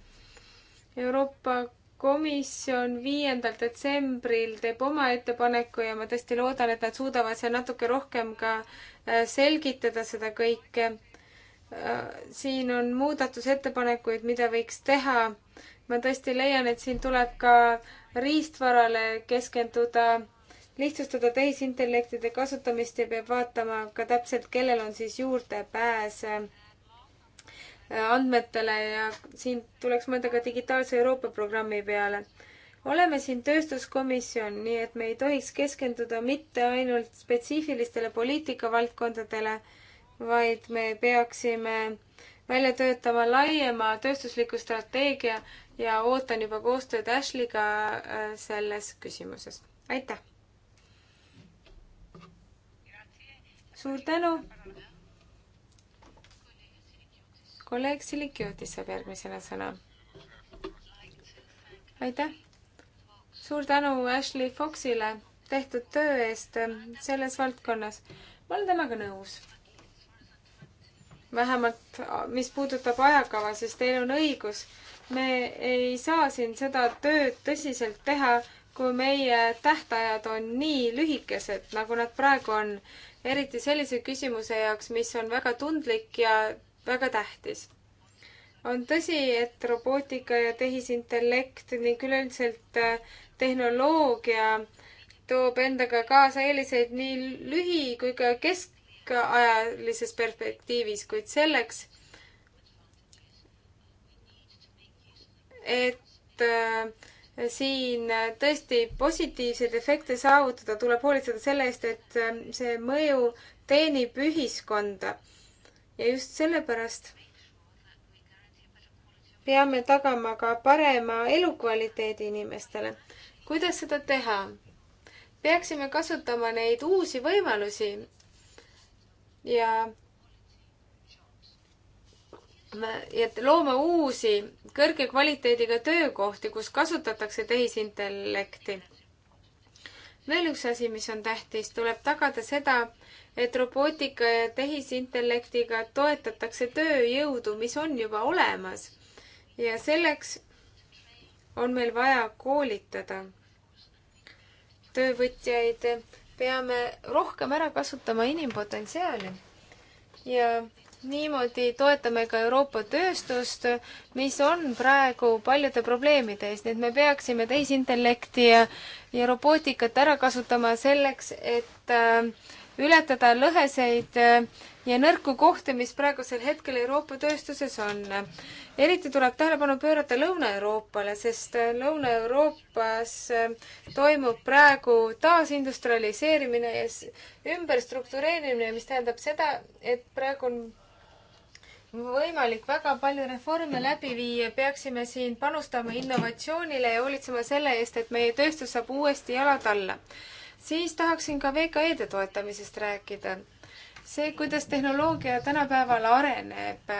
Euroopa Komisjon viiendal detsembril teeb oma ettepaneku ja ma tõesti loodan, et nad suudavad seal natuke rohkem ka äh, selgitada seda kõike. Äh, siin on muudatusettepanekuid, mida võiks teha. ma tõesti leian, et siin tuleb ka riistvarale keskenduda lihtsustada tehisintellektide kasutamist ja peab vaatama ka täpselt, kellel on siis juurdepääs äh, andmetele ja siin tuleks mõelda ka digitaalse Euroopa programmi peale. oleme siin tööstuskomisjon, nii et me ei tohiks keskenduda mitte ainult spetsiifilistele poliitikavaldkondadele, vaid me peaksime välja töötama laiema tööstusliku strateegia ja ootan juba koostööd Ashley'ga äh, selles küsimuses. aitäh! suur tänu. kolleeg Silikiotis saab järgmisena sõna. aitäh. suur tänu Ashley Foxile tehtud töö eest selles valdkonnas. ma olen temaga nõus vähemalt mis puudutab ajakava, siis teil on õigus. me ei saa siin seda tööd tõsiselt teha, kui meie tähtajad on nii lühikesed, nagu nad praegu on eriti sellise küsimuse jaoks, mis on väga tundlik ja väga tähtis. on tõsi, et robootika ja tehisintellekt ning üleüldiselt äh, tehnoloogia toob endaga kaasa eeliseid nii lühi- kui ka keskajalises perspektiivis, kuid selleks, et äh, siin tõesti positiivseid efekte saavutada, tuleb hoolitseda selle eest, et ähm, see mõju teenib ühiskonda. ja just sellepärast peame tagama ka parema elukvaliteedi inimestele. kuidas seda teha? peaksime kasutama neid uusi võimalusi ja et loome uusi kõrge kvaliteediga töökohti, kus kasutatakse tehisintellekti. veel üks asi, mis on tähtis, tuleb tagada seda, et robootika ja tehisintellektiga toetatakse tööjõudu, mis on juba olemas. ja selleks on meil vaja koolitada töövõtjaid, peame rohkem ära kasutama inimpotentsiaali ja niimoodi toetame ka Euroopa tööstust, mis on praegu paljude probleemide ees, nii et me peaksime tehisintellekti ja, ja robootikat ära kasutama selleks, et äh, ületada lõheseid äh, ja nõrku kohti, mis praegusel hetkel Euroopa tööstuses on. eriti tuleb tähelepanu pöörata Lõuna-Euroopale, sest äh, Lõuna-Euroopas äh, toimub praegu taasindustrialiseerimine ja ümberstruktureerimine, mis tähendab seda, et praegu on võimalik väga palju reforme läbi viia, peaksime siin panustama innovatsioonile ja hoolitsema selle eest, et meie tööstus saab uuesti jalad alla. siis tahaksin ka VKE-de toetamisest rääkida. see, kuidas tehnoloogia tänapäeval areneb,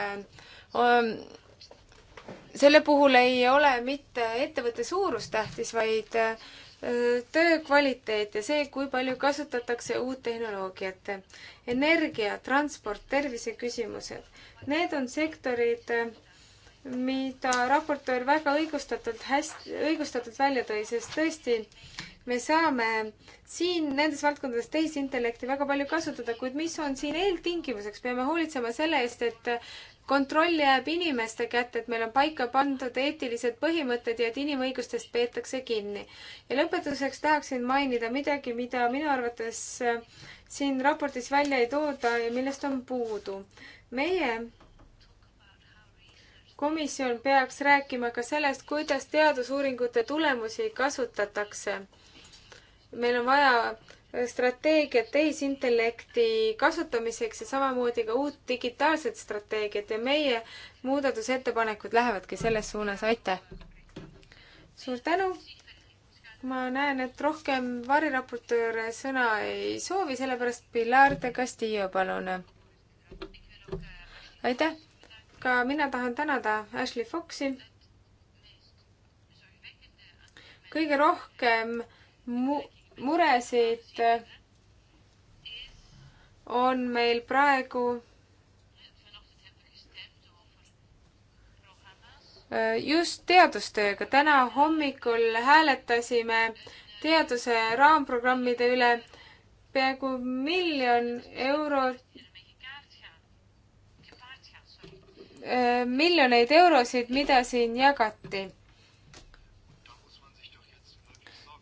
selle puhul ei ole mitte ettevõtte suurus tähtis, vaid töö kvaliteet ja see, kui palju kasutatakse uut tehnoloogiat. energia, transport, terviseküsimused, need on sektorid, mida raportöör väga õigustatult hästi, õigustatult välja tõi, sest tõesti, me saame siin nendes valdkondades tehisintellekti väga palju kasutada, kuid mis on siin eeltingimuseks, peame hoolitsema selle eest, et kontroll jääb inimeste kätte, et meil on paika pandud eetilised põhimõtted ja et inimõigustest peetakse kinni. ja lõpetuseks tahaksin mainida midagi, mida minu arvates äh, siin raportis välja ei tooda ja millest on puudu. meie komisjon peaks rääkima ka sellest, kuidas teadusuuringute tulemusi kasutatakse. meil on vaja strateegiat tehisintellekti kasutamiseks ja samamoodi ka uut digitaalset strateegiat ja meie muudatusettepanekud lähevadki selles suunas, aitäh! suur tänu! ma näen, et rohkem variraportööre sõna ei soovi, sellepärast Pilar de Castillo, palun! aitäh! ka mina tahan tänada Ashley Foxi kõige rohkem mu-, muresid on meil praegu just teadustööga. täna hommikul hääletasime teaduse raamprogrammide üle peaaegu miljon eurot, miljoneid eurosid, mida siin jagati.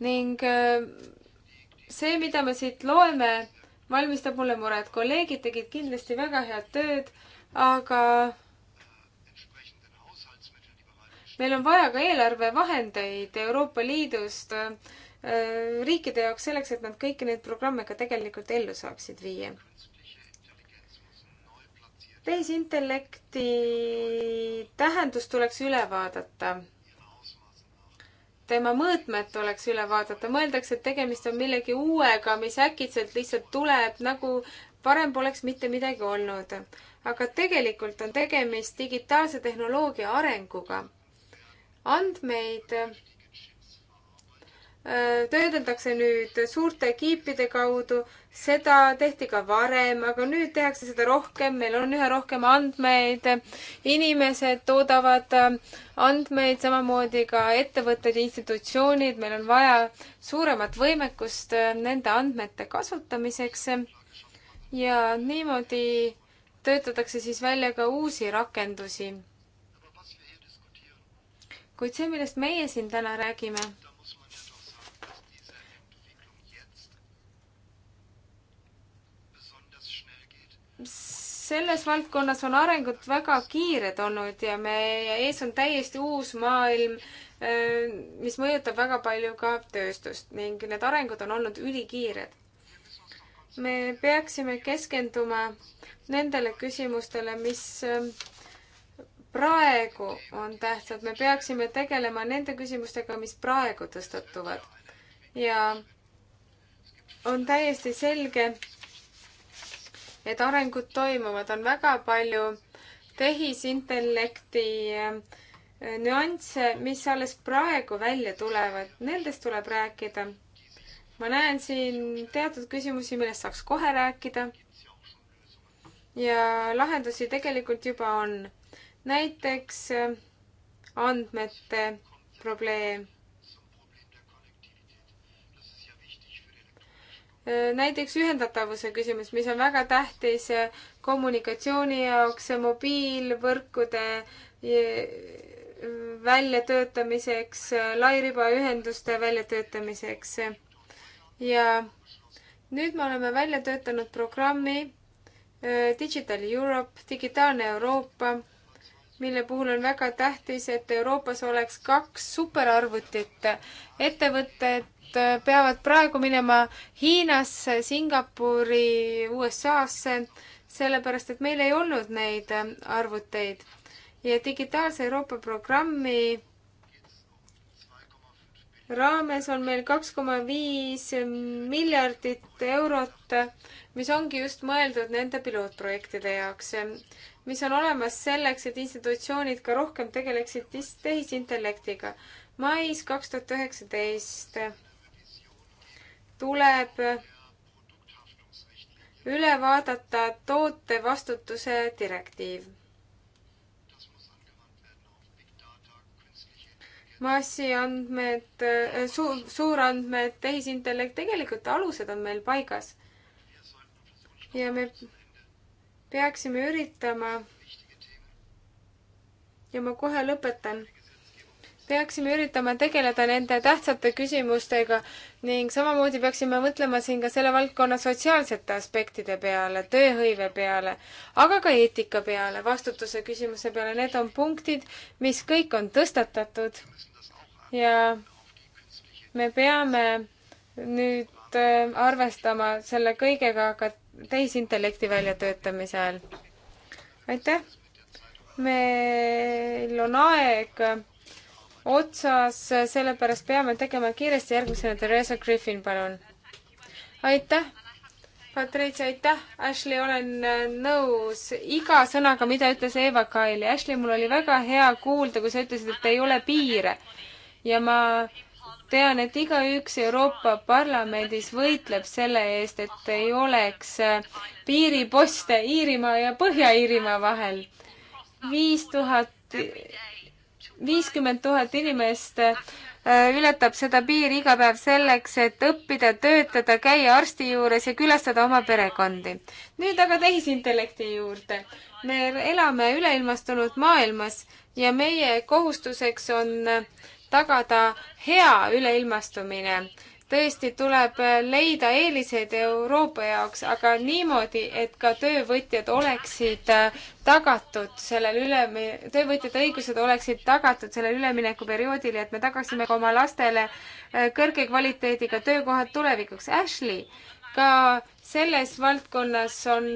ning see, mida me siit loeme, valmistab mulle muret. kolleegid tegid kindlasti väga head tööd, aga meil on vaja ka eelarvevahendeid Euroopa Liidust äh, riikide jaoks selleks, et nad kõiki neid programme ka tegelikult ellu saaksid viia. tehisintellekti tähendus tuleks üle vaadata tema mõõtmed tuleks üle vaadata, mõeldakse, et tegemist on millegi uuega, mis äkitselt lihtsalt tuleb, nagu varem poleks mitte midagi olnud. aga tegelikult on tegemist digitaalse tehnoloogia arenguga. andmeid töödeldakse nüüd suurte kiipide kaudu, seda tehti ka varem, aga nüüd tehakse seda rohkem, meil on üha rohkem andmeid, inimesed toodavad äh, andmeid, samamoodi ka ettevõtted ja institutsioonid, meil on vaja suuremat võimekust äh, nende andmete kasutamiseks ja niimoodi töötatakse siis välja ka uusi rakendusi. kuid see, millest meie siin täna räägime selles valdkonnas on arengud väga kiired olnud ja meie ees on täiesti uus maailm, äh, mis mõjutab väga palju ka tööstust ning need arengud on olnud ülikiired. me peaksime keskenduma nendele küsimustele, mis äh, praegu on tähtsad, me peaksime tegelema nende küsimustega, mis praegu tõstatuvad. ja on täiesti selge, et arengud toimuvad, on väga palju tehisintellekti eh, nüansse, mis alles praegu välja tulevad, nendest tuleb rääkida. ma näen siin teatud küsimusi, millest saaks kohe rääkida. ja lahendusi tegelikult juba on. näiteks eh, andmete probleem näiteks ühendatavuse küsimus, mis on väga tähtis eh, kommunikatsiooni jaoks, eh, mobiilvõrkude eh, väljatöötamiseks, lairibaühenduste väljatöötamiseks. ja nüüd me oleme välja töötanud programmi Digital Europe, digitaalne Euroopa, mille puhul on väga tähtis, et Euroopas oleks kaks superarvutit. ettevõtted Äh, peavad praegu minema Hiinasse, Singapuri, USA-sse, sellepärast et meil ei olnud neid äh, arvuteid. ja Digitaalse Euroopa programmi raames on meil kaks koma viis miljardit eurot, mis ongi just mõeldud nende pilootprojektide jaoks, mis on olemas selleks, et institutsioonid ka rohkem tegeleksid tehisintellektiga. mais kaks tuhat üheksateist tuleb üle vaadata toote vastutuse direktiiv. massiandmed su,, suurandmed, tehisintellekt, tegelikult alused on meil paigas. ja me peaksime üritama ja ma kohe lõpetan peaksime üritama tegeleda nende tähtsate küsimustega ning samamoodi peaksime mõtlema siin ka selle valdkonna sotsiaalsete aspektide peale, tööhõive peale, aga ka eetika peale, vastutuse küsimuse peale, need on punktid, mis kõik on tõstatatud ja me peame nüüd äh, arvestama selle kõigega ka tehisintellekti väljatöötamise ajal. aitäh! meil on aeg otsas, sellepärast peame tegema kiiresti järgmisena Theresa Griffin, palun. aitäh, Patricia, aitäh, Ashley, olen äh, nõus iga sõnaga, mida ütles Eva Kaili. Ashley, mul oli väga hea kuulda, kui sa ütlesid, et ei ole piire ja ma tean, et igaüks Euroopa Parlamendis võitleb selle eest, et ei oleks äh, piiriposte Iirimaa ja Põhja-Iirimaa vahel. viis tuhat viiskümmend tuhat inimest äh, ületab seda piiri iga päev selleks, et õppida, töötada, käia arsti juures ja külastada oma perekondi. nüüd aga tehisintellekti juurde. me elame üleilmastunud maailmas ja meie kohustuseks on tagada hea üleilmastumine tõesti tuleb äh, leida eeliseid Euroopa jaoks, aga niimoodi, et ka töövõtjad oleksid äh, tagatud sellel üle, töövõtjate õigused oleksid tagatud sellel üleminekuperioodil ja et me tagaksime ka oma lastele äh, kõrge kvaliteediga töökohad tulevikuks. Ashley, ka selles valdkonnas on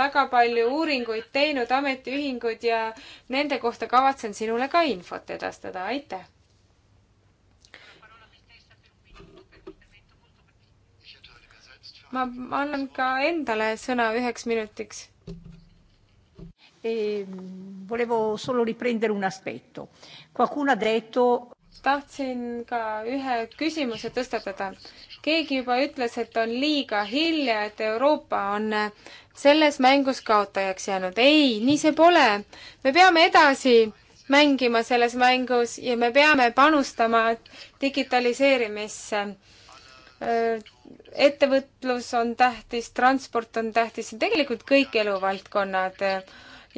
väga palju uuringuid teinud ametiühingud ja nende kohta kavatsen sinule ka infot edastada, aitäh! ma annan ka endale sõna üheks minutiks. E, volevo solo riprendere un aspetto. Qualcuno ha detto tahtsin ka ühe küsimuse tõstatada. keegi juba ütles, et on liiga hilja, et Euroopa on selles mängus kaotajaks jäänud. ei, nii see pole. me peame edasi mängima selles mängus ja me peame panustama digitaliseerimisse ettevõtlus on tähtis, transport on tähtis ja tegelikult kõik eluvaldkonnad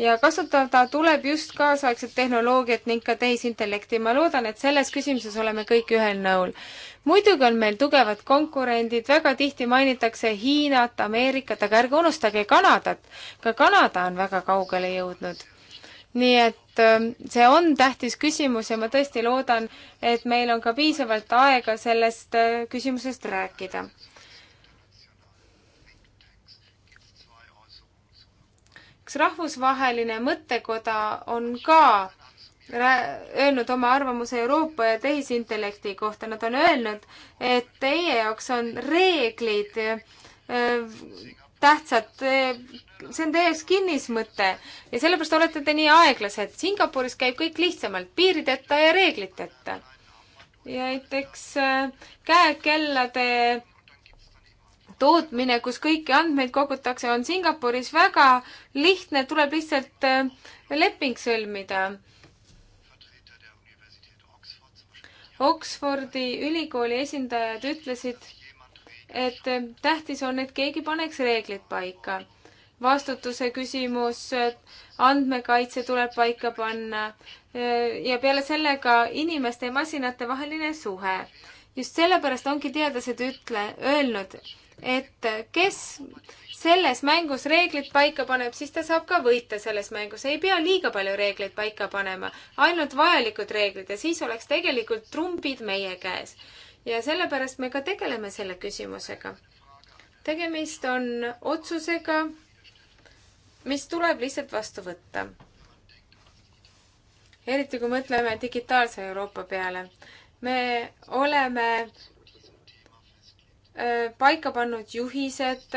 ja kasutada tuleb just kaasaegset tehnoloogiat ning ka tehisintellekti. ma loodan, et selles küsimuses oleme kõik ühel nõul. muidugi on meil tugevad konkurendid, väga tihti mainitakse Hiinat, Ameerikat, aga ärge unustage Kanadat. ka Kanada on väga kaugele jõudnud nii et äh, see on tähtis küsimus ja ma tõesti loodan, et meil on ka piisavalt aega sellest äh, küsimusest rääkida. üks rahvusvaheline mõttekoda on ka öelnud oma arvamuse Euroopa ja tehisintellekti kohta, nad on öelnud, et teie jaoks on reeglid äh, tähtsad. see on teie jaoks kinnismõte ja sellepärast olete te nii aeglased. Singapuris käib kõik lihtsamalt, piirideta ja reegliteta. ja näiteks äh, käekellade tootmine, kus kõiki andmeid kogutakse, on Singapuris väga lihtne, tuleb lihtsalt äh, leping sõlmida. Oxfordi ülikooli esindajad ütlesid et eh, tähtis on, et keegi paneks reeglid paika. vastutuse küsimus, andmekaitse tuleb paika panna eh, ja peale sellega inimeste ja masinate vaheline suhe. just sellepärast ongi teadlased ütle, öelnud, et kes selles mängus reeglid paika paneb, siis ta saab ka võita selles mängus. ei pea liiga palju reegleid paika panema, ainult vajalikud reeglid ja siis oleks tegelikult trumbid meie käes ja sellepärast me ka tegeleme selle küsimusega. tegemist on otsusega, mis tuleb lihtsalt vastu võtta. eriti kui mõtleme digitaalse Euroopa peale. me oleme äh, paika pannud juhised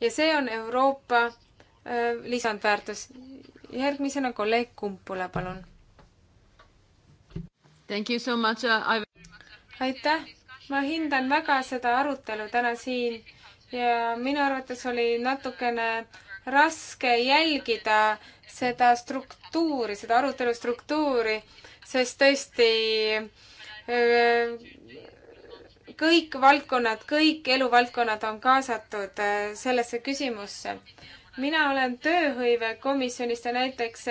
ja see on Euroopa äh, lisandväärtus. järgmisena kolleeg Kumpula, palun. Thank you so much uh, aitäh, ma hindan väga seda arutelu täna siin ja minu arvates oli natukene raske jälgida seda struktuuri, seda arutelu struktuuri, sest tõesti äh, kõik valdkonnad, kõik eluvaldkonnad on kaasatud äh, sellesse küsimusse. mina olen tööhõivekomisjonist ja näiteks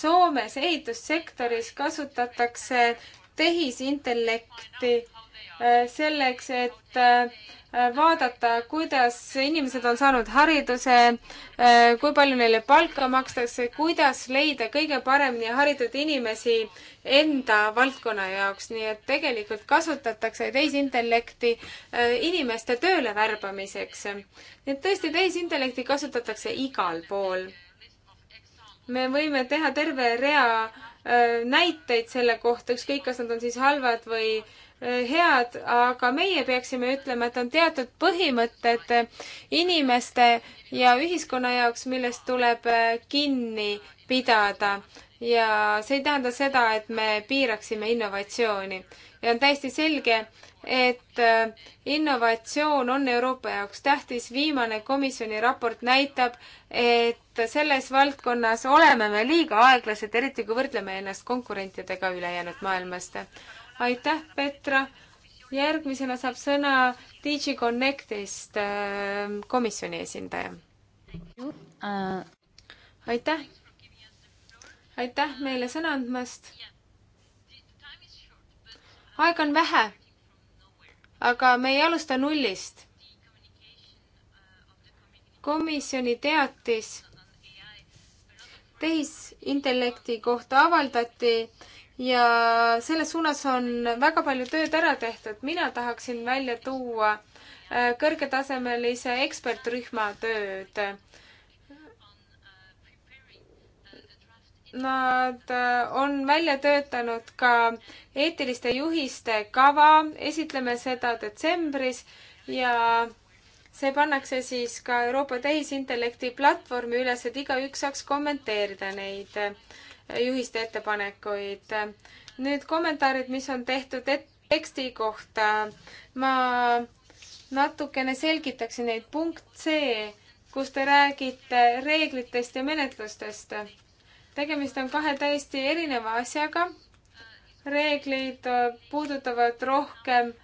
Soomes ehitussektoris kasutatakse tehisintellekti äh, selleks, et äh, vaadata, kuidas inimesed on saanud hariduse, äh, kui palju neile palka makstakse, kuidas leida kõige paremini haritud inimesi enda valdkonna jaoks, nii et tegelikult kasutatakse tehisintellekti inimeste tööle värbamiseks. nii et tõesti, tehisintellekti kasutatakse igal pool. me võime teha terve rea Äh, näiteid selle kohta, ükskõik, kas nad on siis halvad või äh, head, aga meie peaksime ütlema, et on teatud põhimõtted inimeste ja ühiskonna jaoks, millest tuleb äh, kinni pidada. ja see ei tähenda seda, et me piiraksime innovatsiooni. ja on täiesti selge, et innovatsioon on Euroopa jaoks tähtis. viimane komisjoni raport näitab, et selles valdkonnas oleme me liiga aeglased, eriti kui võrdleme ennast konkurentidega ülejäänud maailmast. aitäh, Petra! järgmisena saab sõna DG Connectist äh, komisjoni esindaja. aitäh! aitäh meile sõna andmast! aega on vähe, aga me ei alusta nullist. komisjoni teatis tehisintellekti kohta avaldati ja selles suunas on väga palju tööd ära tehtud. mina tahaksin välja tuua äh, kõrgetasemelise ekspertrühma tööd. Nad äh, on välja töötanud ka eetiliste juhiste kava, esitleme seda detsembris ja see pannakse siis ka Euroopa tehisintellekti platvormi üles, et igaüks saaks kommenteerida neid äh, juhiste ettepanekuid. nüüd kommentaarid, mis on tehtud et-, teksti kohta. ma natukene selgitaksin neid. punkt C, kus te räägite reeglitest ja menetlustest. tegemist on kahe täiesti erineva asjaga. reeglid äh, puudutavad rohkem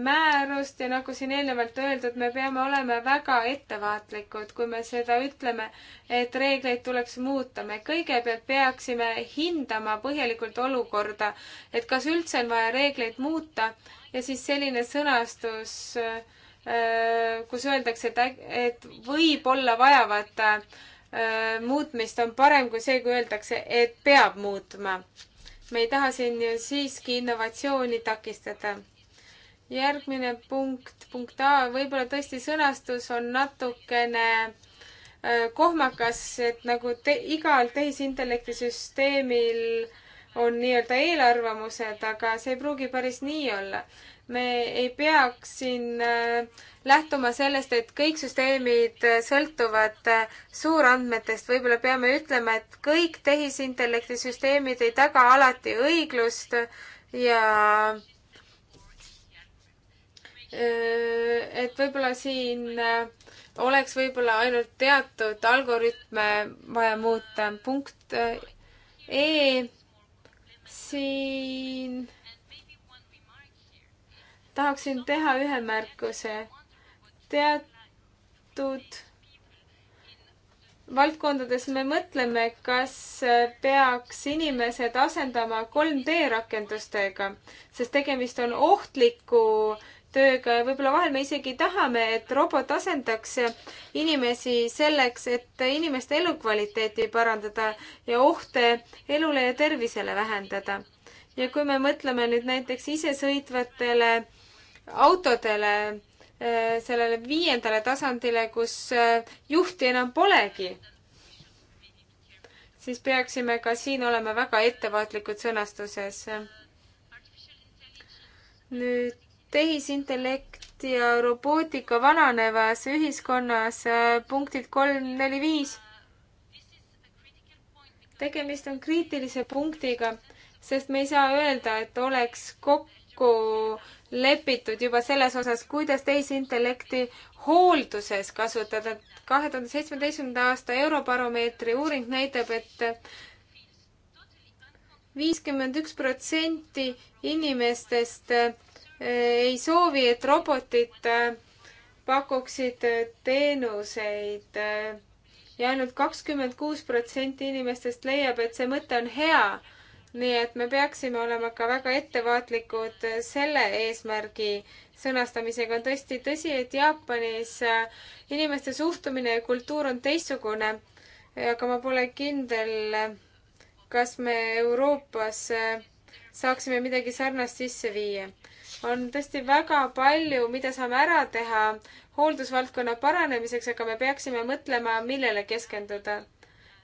määrust ja nagu siin eelnevalt öeldud, me peame olema väga ettevaatlikud, kui me seda ütleme, et reegleid tuleks muuta. me kõigepealt peaksime hindama põhjalikult olukorda, et kas üldse on vaja reegleid muuta ja siis selline sõnastus, äh, kus öeldakse, et, et võib-olla vajavad äh, muutmist, on parem kui see, kui öeldakse, et peab muutma. me ei taha siin ju siiski innovatsiooni takistada järgmine punkt, punkt A, võib-olla tõesti sõnastus on natukene äh, kohmakas, et nagu te, igal tehisintellekti süsteemil on nii-öelda eelarvamused, aga see ei pruugi päris nii olla. me ei peaks siin äh, lähtuma sellest, et kõik süsteemid äh, sõltuvad suurandmetest, võib-olla peame ütlema, et kõik tehisintellekti süsteemid ei taga alati õiglust ja äh, Äh, et võib-olla siin äh, oleks võib-olla ainult teatud algoritme vaja muuta. punkt äh, E siin tahaksin teha ühe märkuse. teatud valdkondades me mõtleme, kas peaks inimesed asendama 3D rakendustega, sest tegemist on ohtliku äh, tööga ja võib-olla vahel me isegi tahame, et robot asendaks inimesi selleks, et inimeste elukvaliteeti parandada ja ohte elule ja tervisele vähendada. ja kui me mõtleme nüüd näiteks isesõitvatele autodele, äh, sellele viiendale tasandile, kus äh, juhti enam polegi, siis peaksime ka siin olema väga ettevaatlikud sõnastuses. nüüd tehisintellekt ja robootika vananevas ühiskonnas, äh, punktid kolm, neli, viis. tegemist on kriitilise punktiga, sest me ei saa öelda, et oleks kokku lepitud juba selles osas, kuidas tehisintellekti hoolduses kasutada. kahe tuhande seitsmeteistkümnenda aasta Eurobaromeetri uuring näitab, et viiskümmend üks protsenti inimestest ei soovi, et robotid äh, pakuksid äh, teenuseid äh, ja ainult kakskümmend kuus protsenti inimestest leiab, et see mõte on hea. nii et me peaksime olema ka väga ettevaatlikud selle eesmärgi sõnastamisega. on tõesti tõsi, et Jaapanis inimeste suhtumine ja kultuur on teistsugune. aga ma pole kindel, kas me Euroopas saaksime midagi sarnast sisse viia on tõesti väga palju, mida saame ära teha hooldusvaldkonna paranemiseks, aga me peaksime mõtlema, millele keskenduda.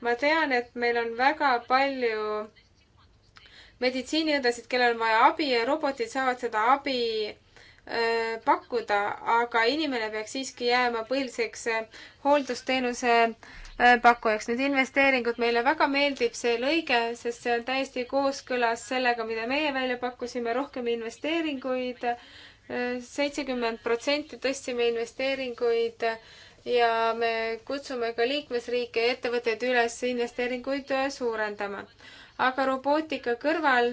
ma tean, et meil on väga palju meditsiiniõdesid, kellel on vaja abi ja robotid saavad seda abi öö, pakkuda, aga inimene peaks siiski jääma põhiliseks hooldusteenuse Äh, pakkujaks. nüüd investeeringud, meile väga meeldib see lõige, sest see on täiesti kooskõlas sellega, mida meie välja pakkusime, rohkem investeeringuid, äh, seitsekümmend protsenti tõstsime investeeringuid ja me kutsume ka liikmesriike ja ettevõtteid üles investeeringuid äh, suurendama. aga robootika kõrval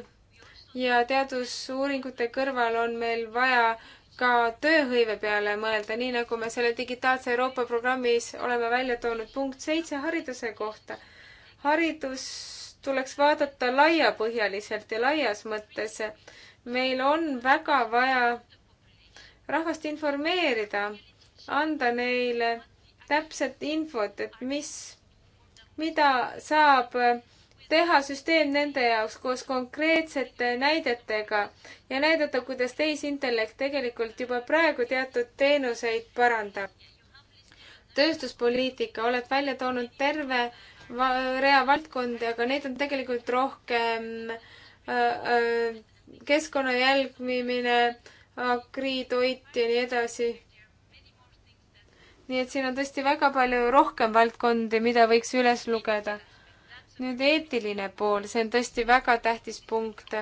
ja teadusuuringute kõrval on meil vaja ka tööhõive peale mõelda, nii nagu me selle digitaalse Euroopa programmis oleme välja toonud punkt seitse hariduse kohta. haridus tuleks vaadata laiapõhjaliselt ja laias mõttes. meil on väga vaja rahvast informeerida, anda neile täpset infot, et mis, mida saab äh, teha süsteem nende jaoks koos konkreetsete näidetega ja näidata, kuidas tehisintellekt tegelikult juba praegu teatud teenuseid parandab. tööstuspoliitika, oled välja toonud terve rea valdkondi, aga neid on tegelikult rohkem äh, äh, keskkonna jälgmine, agriitoit ja nii edasi. nii et siin on tõesti väga palju rohkem valdkondi, mida võiks üles lugeda nüüd eetiline pool, see on tõesti väga tähtis punkt.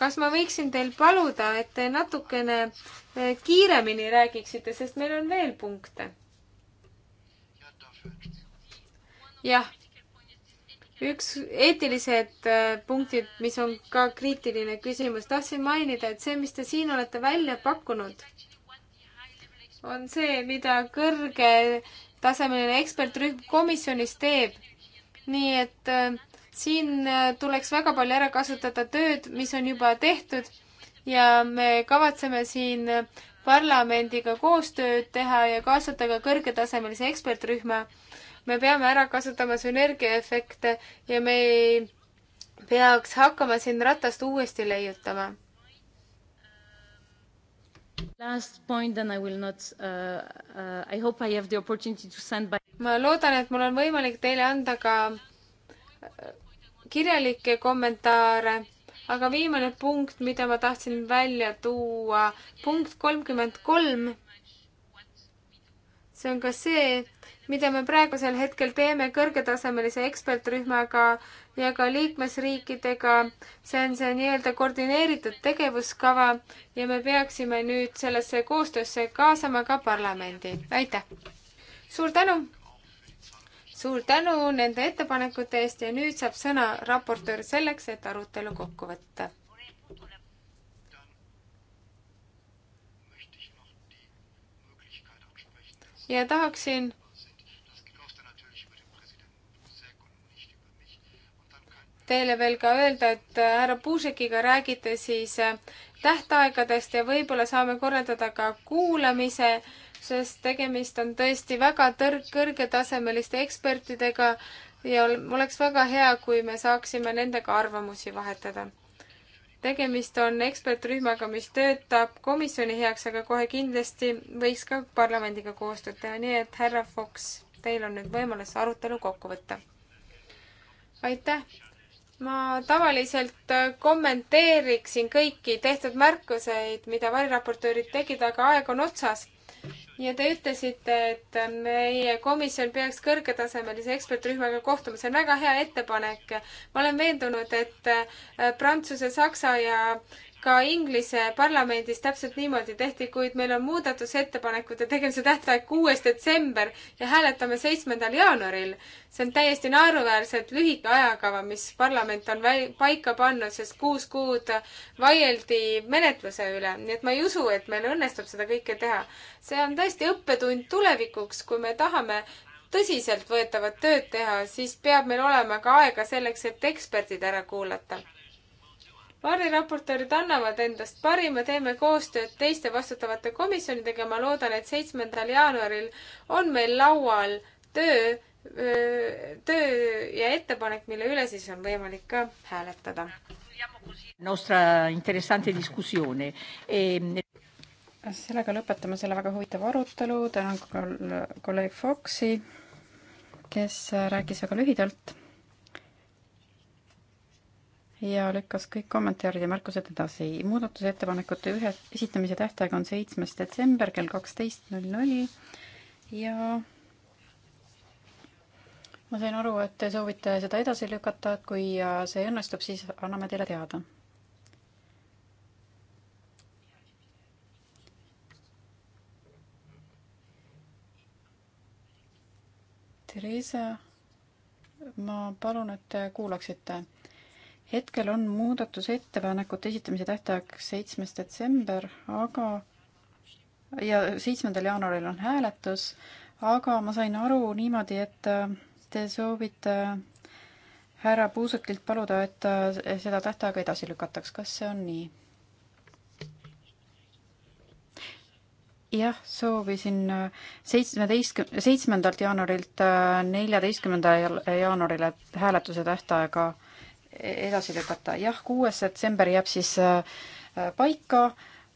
kas ma võiksin teil paluda, et te natukene eh, kiiremini räägiksite, sest meil on veel punkte? jah, üks eetilised eh, punktid, mis on ka kriitiline küsimus, tahtsin mainida, et see, mis te siin olete välja pakkunud, on see, mida kõrge tasemeline ekspertrühm komisjonis teeb. nii et äh, siin äh, tuleks väga palju ära kasutada tööd, mis on juba tehtud ja me kavatseme siin äh, parlamendiga koostööd teha ja kaasata ka kõrgetasemelise ekspertrühma. me peame ära kasutama sünergiaefekte ja me ei peaks hakkama siin ratast uuesti leiutama Last point and I will not uh,, uh, I hope I have the opportunity to send by. ma loodan, et mul on võimalik teile anda ka uh, kirjalikke kommentaare, aga viimane punkt, mida ma tahtsin välja tuua, punkt kolmkümmend kolm. see on ka see, mida me praegusel hetkel teeme kõrgetasemelise ekspertrühmaga ja ka liikmesriikidega. see on see nii-öelda koordineeritud tegevuskava ja me peaksime nüüd sellesse koostöösse kaasama ka parlamendi. aitäh! suur tänu! suur tänu nende ettepanekute eest ja nüüd saab sõna raportöör selleks, et arutelu kokku võtta. ja tahaksin teile veel ka öelda, et äh, härra Puusekiga räägite siis äh, tähtaegadest ja võib-olla saame korraldada ka kuulamise, sest tegemist on tõesti väga tõrg-, kõrgetasemeliste ekspertidega ja oleks väga hea, kui me saaksime nendega arvamusi vahetada. tegemist on ekspertrühmaga, mis töötab komisjoni heaks, aga kohe kindlasti võiks ka parlamendiga koostööd teha, nii et härra Fox, teil on nüüd võimalus arutelu kokku võtta. aitäh! ma tavaliselt kommenteeriksin kõiki tehtud märkuseid, mida variraportöörid tegid, aga aeg on otsas. ja te ütlesite, et meie komisjon peaks kõrgetasemelise ekspertrühmaga kohtuma, see on väga hea ettepanek. ma olen veendunud, et Prantsuse, Saksa ja ka Inglise parlamendis täpselt niimoodi tehti, kuid meil on muudatusettepanekute tegemise tähtaeg kuues detsember ja hääletame seitsmendal jaanuaril. see on täiesti naeruväärselt lühike ajakava, mis parlament on paika pannud, sest kuus kuud vaieldi menetluse üle, nii et ma ei usu, et meil õnnestub seda kõike teha. see on tõesti õppetund tulevikuks, kui me tahame tõsiseltvõetavat tööd teha, siis peab meil olema ka aega selleks, et eksperdid ära kuulata variraportöörid annavad endast parima, teeme koostööd teiste vastutavate komisjonidega, ma loodan, et seitsmendal jaanuaril on meil laual töö, töö ja ettepanek, mille üle siis on võimalik ka hääletada. Nostra interessante diskussioone e ehm, sellega lõpetame selle väga huvitava arutelu, tänan kolleeg Foxi, kes rääkis väga lühidalt ja lükkas kõik kommentaarid ja märkused edasi. muudatusettepanekute ühe esitamise tähtaeg on seitsmes detsember kell kaksteist null null ja ma sain aru, et te soovite seda edasi lükata, et kui see õnnestub, siis anname teile teada. Theresa, ma palun, et te kuulaksite hetkel on muudatusettepanekute esitamise tähtaeg seitsmes detsember, aga ja seitsmendal jaanuaril on hääletus, aga ma sain aru niimoodi, et äh, te soovite äh, härra Puusekilt paluda, et äh, seda tähtaega edasi lükataks, kas see on nii? jah, soovisin seitsmeteistkümne, seitsmendalt jaanuarilt neljateistkümnenda jaanuarile hääletuse tähtaega äh, edasi lükata. jah, kuues detsember jääb siis äh, paika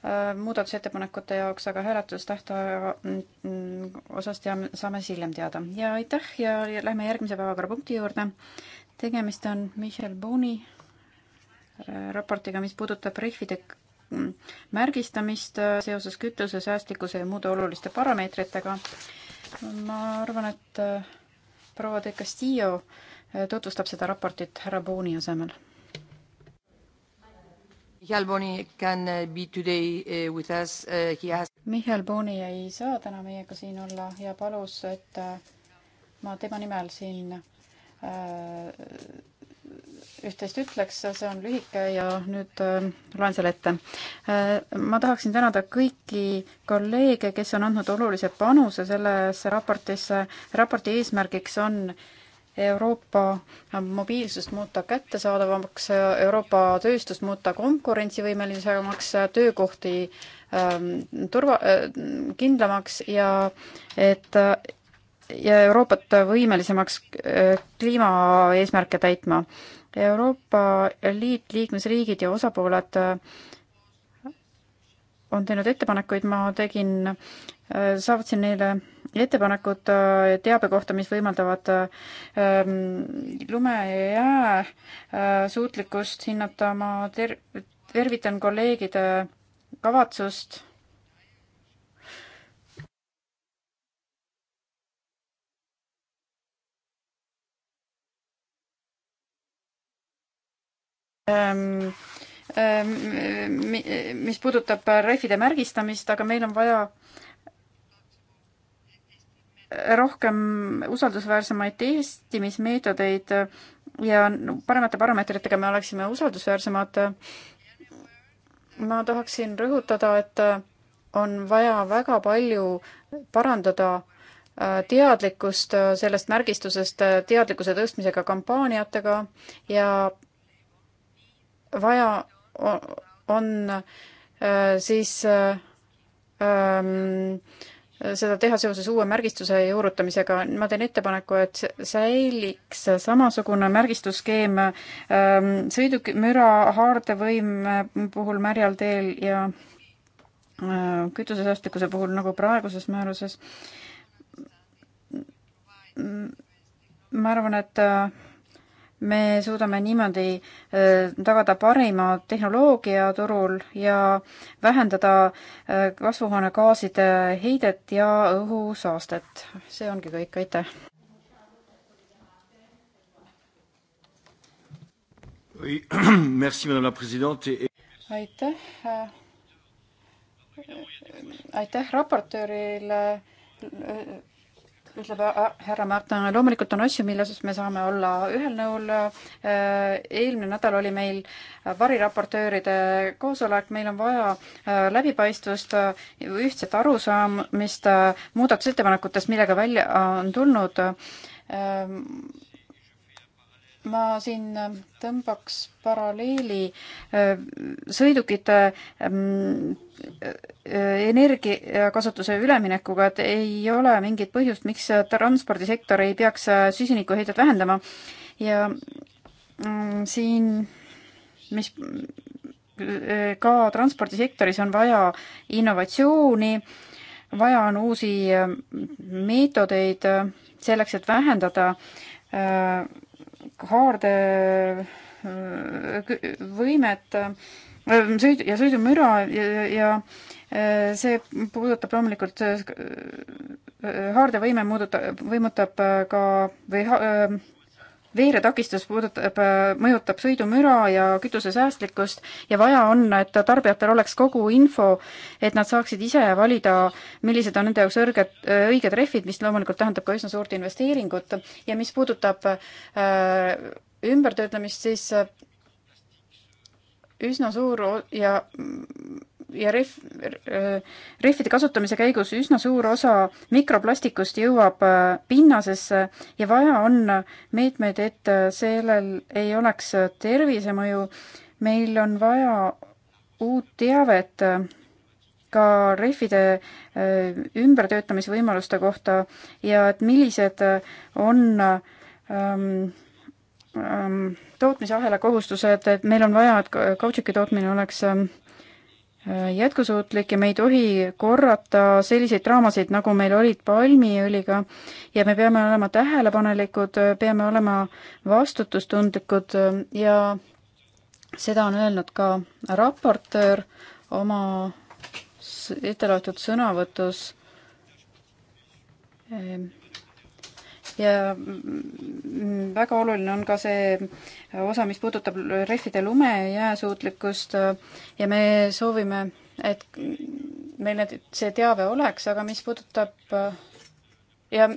äh, muudatusettepanekute jaoks, aga hääletustähtaja mm, osas teame, saame siis hiljem teada. ja aitäh ja lähme järgmise päevakorrapunkti juurde. tegemist on Michel Boni äh, raportiga, mis puudutab rehvide mm, märgistamist seoses kütuse säästlikkuse ja muude oluliste parameetritega. ma arvan, et proua De Castillo äh, Äh, tutvustab seda raportit härra Booni asemel. Michal Boni can uh, be today uh, with us, uh, he has. Michal Boni ei saa täna meiega siin olla ja palus, et äh, ma tema nimel siin äh, üht-teist ütleks, see on lühike ja nüüd äh, loen selle ette äh,. ma tahaksin tänada kõiki kolleege, kes on andnud olulise panuse sellesse raportisse. raporti eesmärgiks on äh, Euroopa mobiilsust muuta kättesaadavamaks, Euroopa tööstust muuta konkurentsivõimelisemaks, töökohti ähm, turva äh,, kindlamaks ja et ja Euroopat võimelisemaks äh, kliimaeesmärke täitma. Euroopa Liit, liikmesriigid ja osapooled äh, on teinud ettepanekuid, ma tegin Äh, saatsin neile ettepanekud äh, teabe kohta, mis võimaldavad ähm, lume ja jää äh, suutlikkust hinnata. ma ter-, tervitan kolleegide kavatsust ähm, ähm mis puudutab rehvide märgistamist, aga meil on vaja äh, rohkem usaldusväärsemaid testimismeetodeid ja paremate parameetritega me oleksime usaldusväärsemad. ma tahaksin rõhutada, et on vaja väga palju parandada äh, teadlikkust sellest märgistusest teadlikkuse tõstmisega kampaaniatega ja vaja on, on äh, siis äh, ähm, seda teha seoses uue märgistuse juurutamisega. ma teen ettepaneku, et säiliks samasugune märgistusskeem ähm, sõidukimüra, haardevõim äh, puhul märjal teel ja äh, kütusesäästlikkuse puhul nagu praeguses määruses. ma arvan, et äh, me suudame niimoodi äh, tagada parima tehnoloogia turul ja vähendada äh, kasvuhoonegaaside heidet ja õhusaastet. see ongi kõik, aitäh! aitäh! Äh, aitäh raportöörile ütleb härra Martin, loomulikult on asju, milles me saame olla ühel nõul. Äh, eelmine nädal oli meil variraportööride koosolek, meil on vaja äh, läbipaistvust, äh, ühtset arusaamist muudatusettepanekutest, millega välja on tulnud ma siin ähm, tõmbaks paralleeli äh, sõidukite ähm, äh, äh, energiakasutuse üleminekuga, et ei ole mingit põhjust, miks transpordisektor ei peaks süsinikuheidet vähendama ja mm, siin, mis ka transpordisektoris on vaja innovatsiooni, vaja on uusi meetodeid selleks, et vähendada haarde äh, võimet äh, sõid- ja sõidumüra ja, ja äh, see puudutab loomulikult, haardevõime muuduta-, võimutab ka või ha, veeretakistus puudutab, äh, mõjutab sõidumüra ja kütuse säästlikkust ja vaja on, et tarbijatel oleks kogu info, et nad saaksid ise valida, millised on nende jaoks õrged, äh, õiged rehvid, mis loomulikult tähendab ka üsna suurt investeeringut ja mis puudutab äh, ümbertöötlemist, siis üsna suur ja ja rehv, rehvide kasutamise käigus üsna suur osa mikroplastikust jõuab äh, pinnasesse ja vaja on meetmeid, et äh, sellel ei oleks äh, tervisemõju. meil on vaja uut teavet ka rehvide ümbertöötamisvõimaluste kohta ja et millised on ähm, ähm, tootmisahela kohustused, et meil on vaja, et kautšuki tootmine oleks ähm, Äh, jätkusuutlik ja me ei tohi korrata selliseid draamasid, nagu meil olid palmiõliga ja me peame olema tähelepanelikud, peame olema vastutustundlikud ja seda on öelnud ka raportöör oma etteloetud sõnavõtus äh, ja väga oluline on ka see osa, mis puudutab rehvide lume ja jääsuutlikkust ja me soovime, et meil need, see teave oleks, aga mis puudutab ja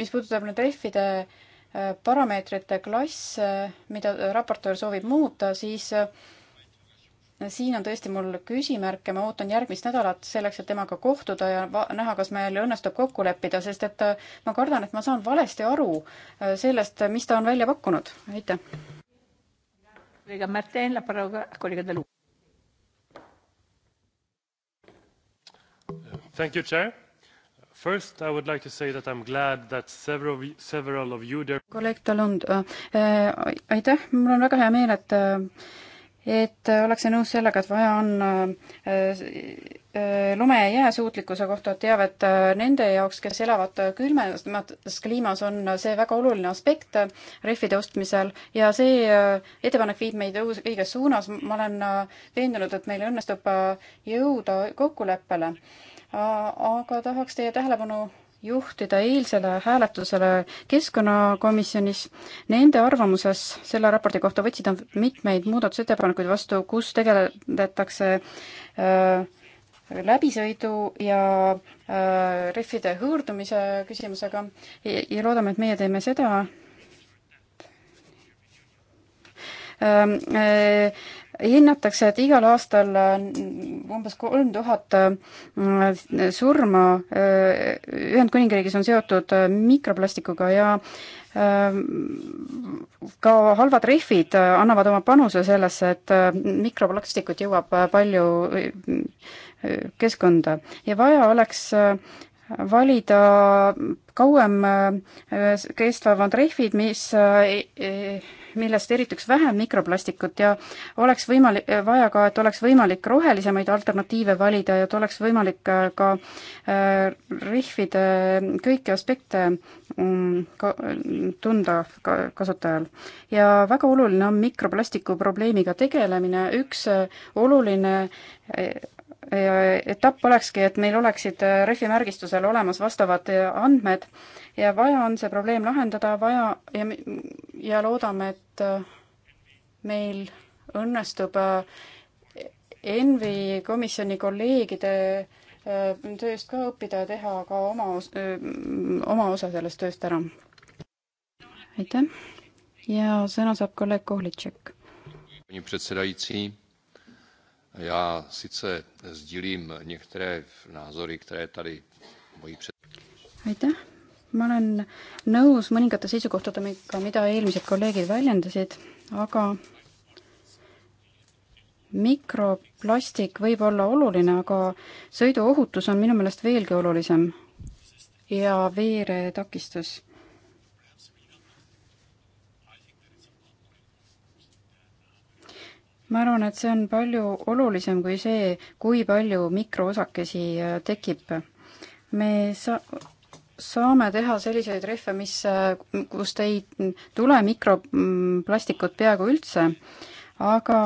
mis puudutab nüüd rehvide äh, parameetrite klasse, mida raportöör soovib muuta, siis äh, siin on tõesti mul küsimärke, ma ootan järgmist nädalat selleks, et temaga kohtuda ja näha, kas meil õnnestub kokku leppida, sest et äh, ma kardan, et ma saan valesti aru äh, sellest, mis ta on välja pakkunud. aitäh. Thank you, Chair. First, I would like to say that I'm glad that several, several of you there kolleeg Talund äh, äh,, aitäh, mul on väga hea meel, et äh, et äh, ollakse nõus sellega, et vaja on äh, äh, lume ja jää suutlikkuse kohta teavet nende jaoks, kes elavad külmemas kliimas, on see väga oluline aspekt rehvide ostmisel ja see ettepanek viib meid õus, õiges suunas. ma olen veendunud, et meil õnnestub jõuda kokkuleppele. aga tahaks teie tähelepanu juhtida eilsele hääletusele Keskkonnakomisjonis. Nende arvamuses selle raporti kohta võtsid mitmeid muudatusettepanekuid vastu, kus tegeletakse äh, läbisõidu ja äh, rehvide hõõrdumise küsimusega ja, ja loodame, et meie teeme seda ähm,. Äh, hinnatakse, et igal aastal äh, umbes kolm tuhat äh, surma äh, Ühendkuningriigis on seotud mikroplastikuga ja ka halvad rehvid annavad oma panuse sellesse, et mikroplastikut jõuab palju keskkonda ja vaja oleks valida kauem kestvavad rehvid, mis millest erituks vähem mikroplastikut ja oleks võimalik, vaja ka, et oleks võimalik rohelisemaid alternatiive valida ja et oleks võimalik äh, ka äh, rihvide äh, kõiki aspekte mm, ka, tunda ka kasutajal. ja väga oluline on mikroplastiku probleemiga tegelemine, üks oluline etapp olekski, et meil oleksid rehvimärgistusel olemas vastavad andmed ja vaja on see probleem lahendada, vaja ja, ja loodame, et äh, meil õnnestub äh, ENVI komisjoni kolleegide äh, tööst ka õppida ja teha ka oma, oma osa sellest tööst ära. aitäh ja sõna saab kolleeg Kohlitšek. Já sice sdílím některé názory, které tady moji před... Aitäh ma olen nõus mõningate seisukohtadega, mida eelmised kolleegid väljendasid, aga mikroplastik võib olla oluline, aga sõiduohutus on minu meelest veelgi olulisem ja veeretakistus ma arvan, et see on palju olulisem kui see, kui palju mikroosakesi tekib. me sa-, saame teha selliseid rehve, mis, kust ei tule mikroplastikut peaaegu üldse, aga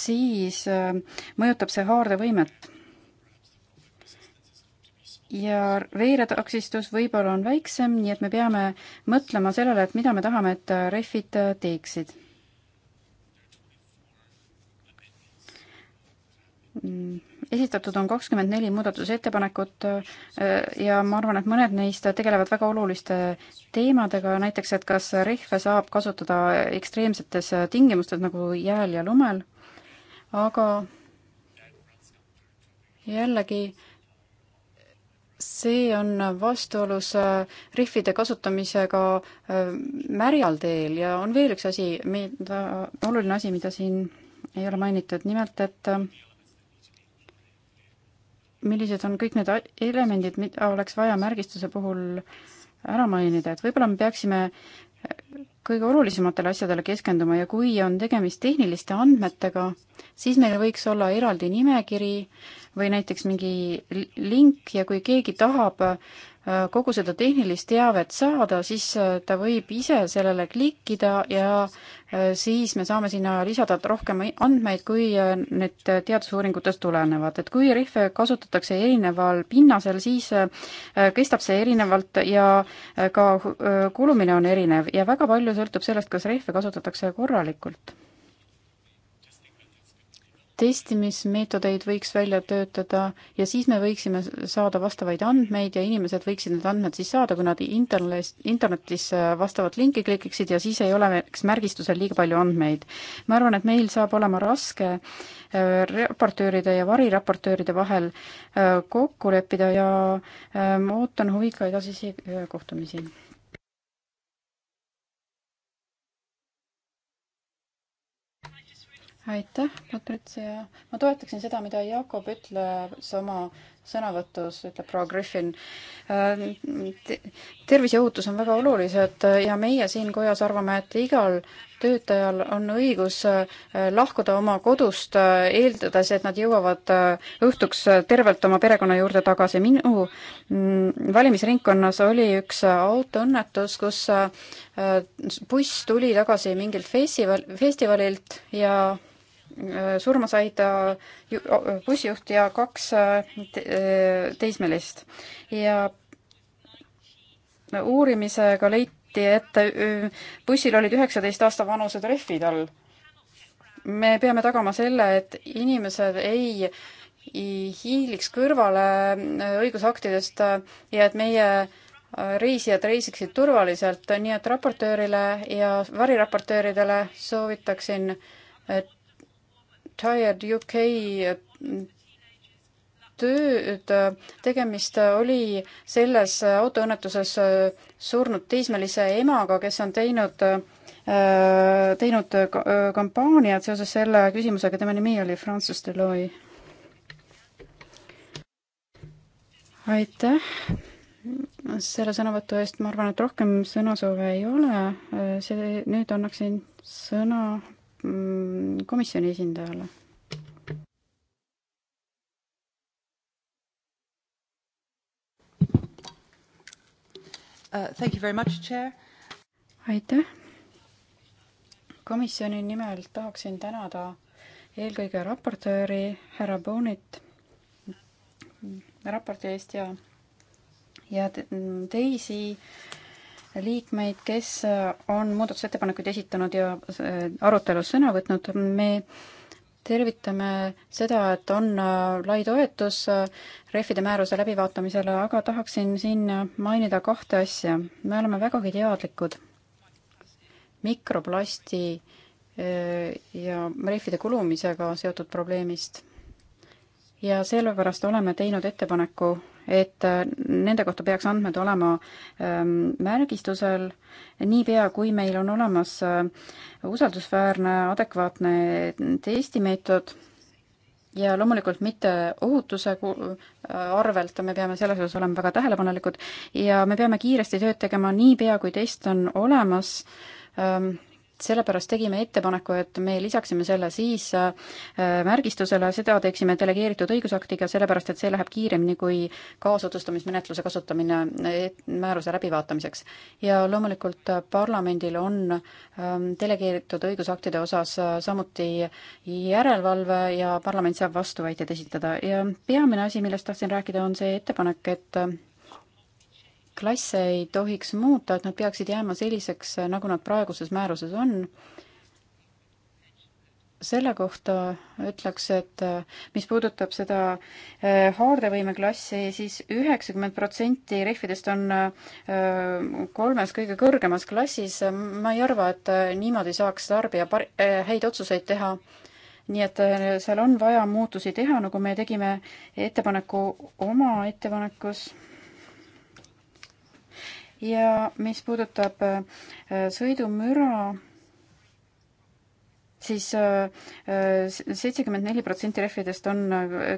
siis äh, mõjutab see haardevõimet. ja veeretakistus võib-olla on väiksem, nii et me peame mõtlema sellele, et mida me tahame, et rehvid äh, teeksid. Mm esitatud on kakskümmend neli muudatusettepanekut äh, ja ma arvan, et mõned neist tegelevad väga oluliste teemadega, näiteks et kas rehve saab kasutada ekstreemsetes tingimustes nagu jääl ja lumel, aga jällegi see on vastuolus äh, rihvide kasutamisega äh, märjal teel ja on veel üks asi, mida, oluline asi, mida siin ei ole mainitud, nimelt et äh, millised on kõik need elemendid, mida oleks vaja märgistuse puhul ära mainida, et võib-olla me peaksime äh, kõige olulisematele asjadele keskenduma ja kui on tegemist tehniliste andmetega, siis meil võiks olla eraldi nimekiri või näiteks mingi link ja kui keegi tahab kogu seda tehnilist teavet saada, siis äh, ta võib ise sellele klikkida ja äh, siis me saame sinna lisada rohkem andmeid, kui äh, need teadusuuringutest tulenevad. et kui rehve kasutatakse erineval pinnasel, siis kestab see erinevalt ja ka kulumine on erinev ja väga palju sõltub sellest, kas rehve kasutatakse korralikult testimismeetodeid võiks välja töötada ja siis me võiksime saada vastavaid andmeid ja inimesed võiksid need andmed siis saada, kui nad internet, internetis äh, vastavat linki klikiksid ja siis ei oleks märgistusel liiga palju andmeid. ma arvan, et meil saab olema raske äh, raportööride ja variraportööride vahel äh, kokku leppida ja ma ootan huviga edasisi kohtumisi aitäh, Patricia. ma toetaksin seda, mida Jakob ütles oma sõnavõtus, ütleb proua Griffin. Ähm, terviseohutus on väga olulised äh, ja meie siin kojas arvame, et igal töötajal on õigus äh, lahkuda oma kodust, äh, eeldades, et nad jõuavad õhtuks tervelt oma perekonna juurde tagasi. minu mm, valimisringkonnas oli üks autoõnnetus, kus buss tuli tagasi mingilt festival, festivalilt ja Äh, surma said äh, bussijuht ja kaks äh, teismelist. ja uurimisega leiti, et bussil olid üheksateist aasta vanused rehvid all. me peame tagama selle, et inimesed ei hiiliks kõrvale õigusaktidest ja et meie reisijad reisiksid turvaliselt, nii et raportöörile ja variraportööridele soovitaksin, et Tired UK tööd, tegemist oli selles autoõnnetuses surnud teismelise emaga, kes on teinud, äh, teinud kampaaniat seoses selle küsimusega, tema nimi oli Francis Deloy. aitäh selle sõnavõtu eest, ma arvan, et rohkem sõnasoove ei ole, äh, see, nüüd annaksin sõna Mm, komisjoni esindajale. Uh, thank you very much, Chair. aitäh. komisjoni nimel tahaksin tänada eelkõige raportööri härra Boonit raporti eest ja, ja teisi äh, liikmeid, kes äh, on muudatusettepanekuid esitanud ja äh, arutelus sõna võtnud. me tervitame seda, et on äh, lai toetus rehvide määruse läbivaatamisele, aga tahaksin siin mainida kahte asja. me oleme vägagi teadlikud mikroplasti ja rehvide kulumisega seotud probleemist. ja sellepärast oleme teinud ettepaneku et äh, nende kohta peaks andmed olema ähm, märgistusel niipea, kui meil on olemas äh, usaldusväärne adekvaatne testimeetod ja loomulikult mitte ohutuse äh, arvelt, me peame selles osas olema väga tähelepanelikud ja me peame kiiresti tööd tegema niipea, kui test on olemas ähm, sellepärast tegime ettepaneku, et me lisaksime selle siis äh, märgistusele, seda teeksime delegeeritud õigusaktiga, sellepärast et see läheb kiiremini kui kaasotsustamismenetluse kasutamine äh, määruse läbivaatamiseks. ja loomulikult äh, parlamendil on ähm, delegeeritud õigusaktide osas samuti järelevalve ja parlament saab vastuväiteid esitada ja peamine asi, millest tahtsin rääkida, on see ettepanek, et klasse ei tohiks muuta, et nad peaksid jääma selliseks, nagu nad praeguses määruses on. selle kohta ütleks, et äh, mis puudutab seda äh, haardevõimeklassi, siis üheksakümmend protsenti rehvidest on äh, kolmes kõige kõrgemas klassis. ma ei arva, et niimoodi saaks tarbija par-, häid otsuseid teha nii et seal on vaja muutusi teha, nagu me tegime ettepaneku oma ettepanekus ja mis puudutab äh, sõidumüra, siis äh, äh, seitsekümmend neli protsenti rehvidest on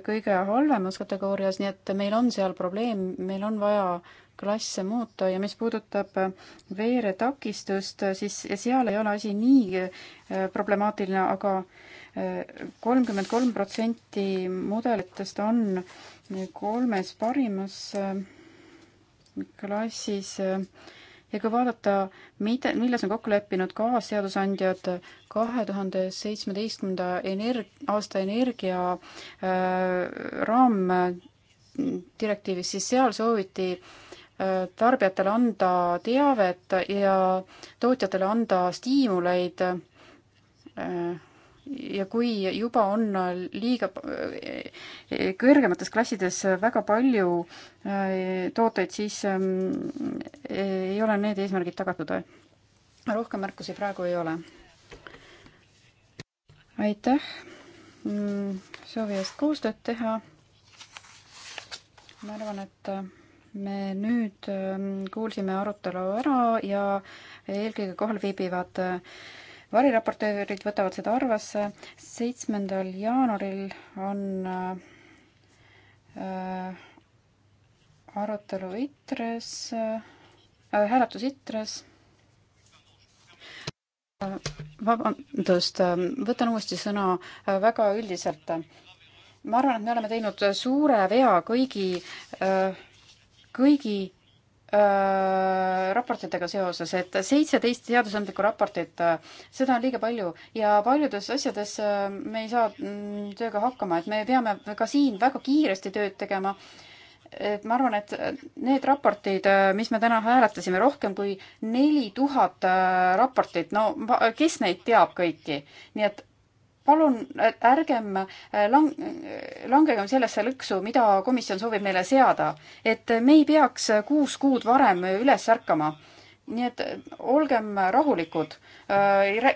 kõige halvemas kategoorias, nii et meil on seal probleem, meil on vaja klasse muuta ja mis puudutab veeretakistust, siis seal ei ole asi nii problemaatiline aga, aga kolmkümmend kolm protsenti mudelitest on kolmes parimas äh, klassis äh, ja kui vaadata, mida, milles on kokku leppinud kaasseadusandjad kahe tuhande seitsmeteistkümnenda energ-, aasta energia äh, raamdirektiivis, siis seal sooviti äh, tarbijatele anda teavet ja tootjatele anda stiimuleid äh, ja kui juba on liiga kõrgemates klassides väga palju äh, tooteid, siis ähm, ei ole need eesmärgid tagatud. rohkem märkusi praegu ei ole. aitäh mm, soovi eest koostööd teha. ma arvan, et me nüüd ähm, kuulsime arutelu ära ja eelkõige kohal viibivad äh, variraportöörid võtavad seda arvesse. seitsmendal jaanuaril on äh, äh arutelu ITRES äh,, hääletus ITRES äh, vabandust, äh, võtan uuesti sõna väga üldiselt. ma arvan, et me oleme teinud suure vea kõigi, kõigi Äh, raportitega seoses, et seitseteist seadusandlikku raportit, äh, seda on liiga palju ja paljudes asjades äh, me ei saa mm, tööga hakkama, et me peame ka siin väga kiiresti tööd tegema. et ma arvan, et need raportid, mis me täna hääletasime, rohkem kui neli tuhat raportit, no kes neid teab kõiki, nii et palun äh, ärgem äh, lang-, langegem sellesse lõksu, mida komisjon soovib meile seada. et me ei peaks äh, kuus kuud varem üles ärkama. nii et olgem rahulikud.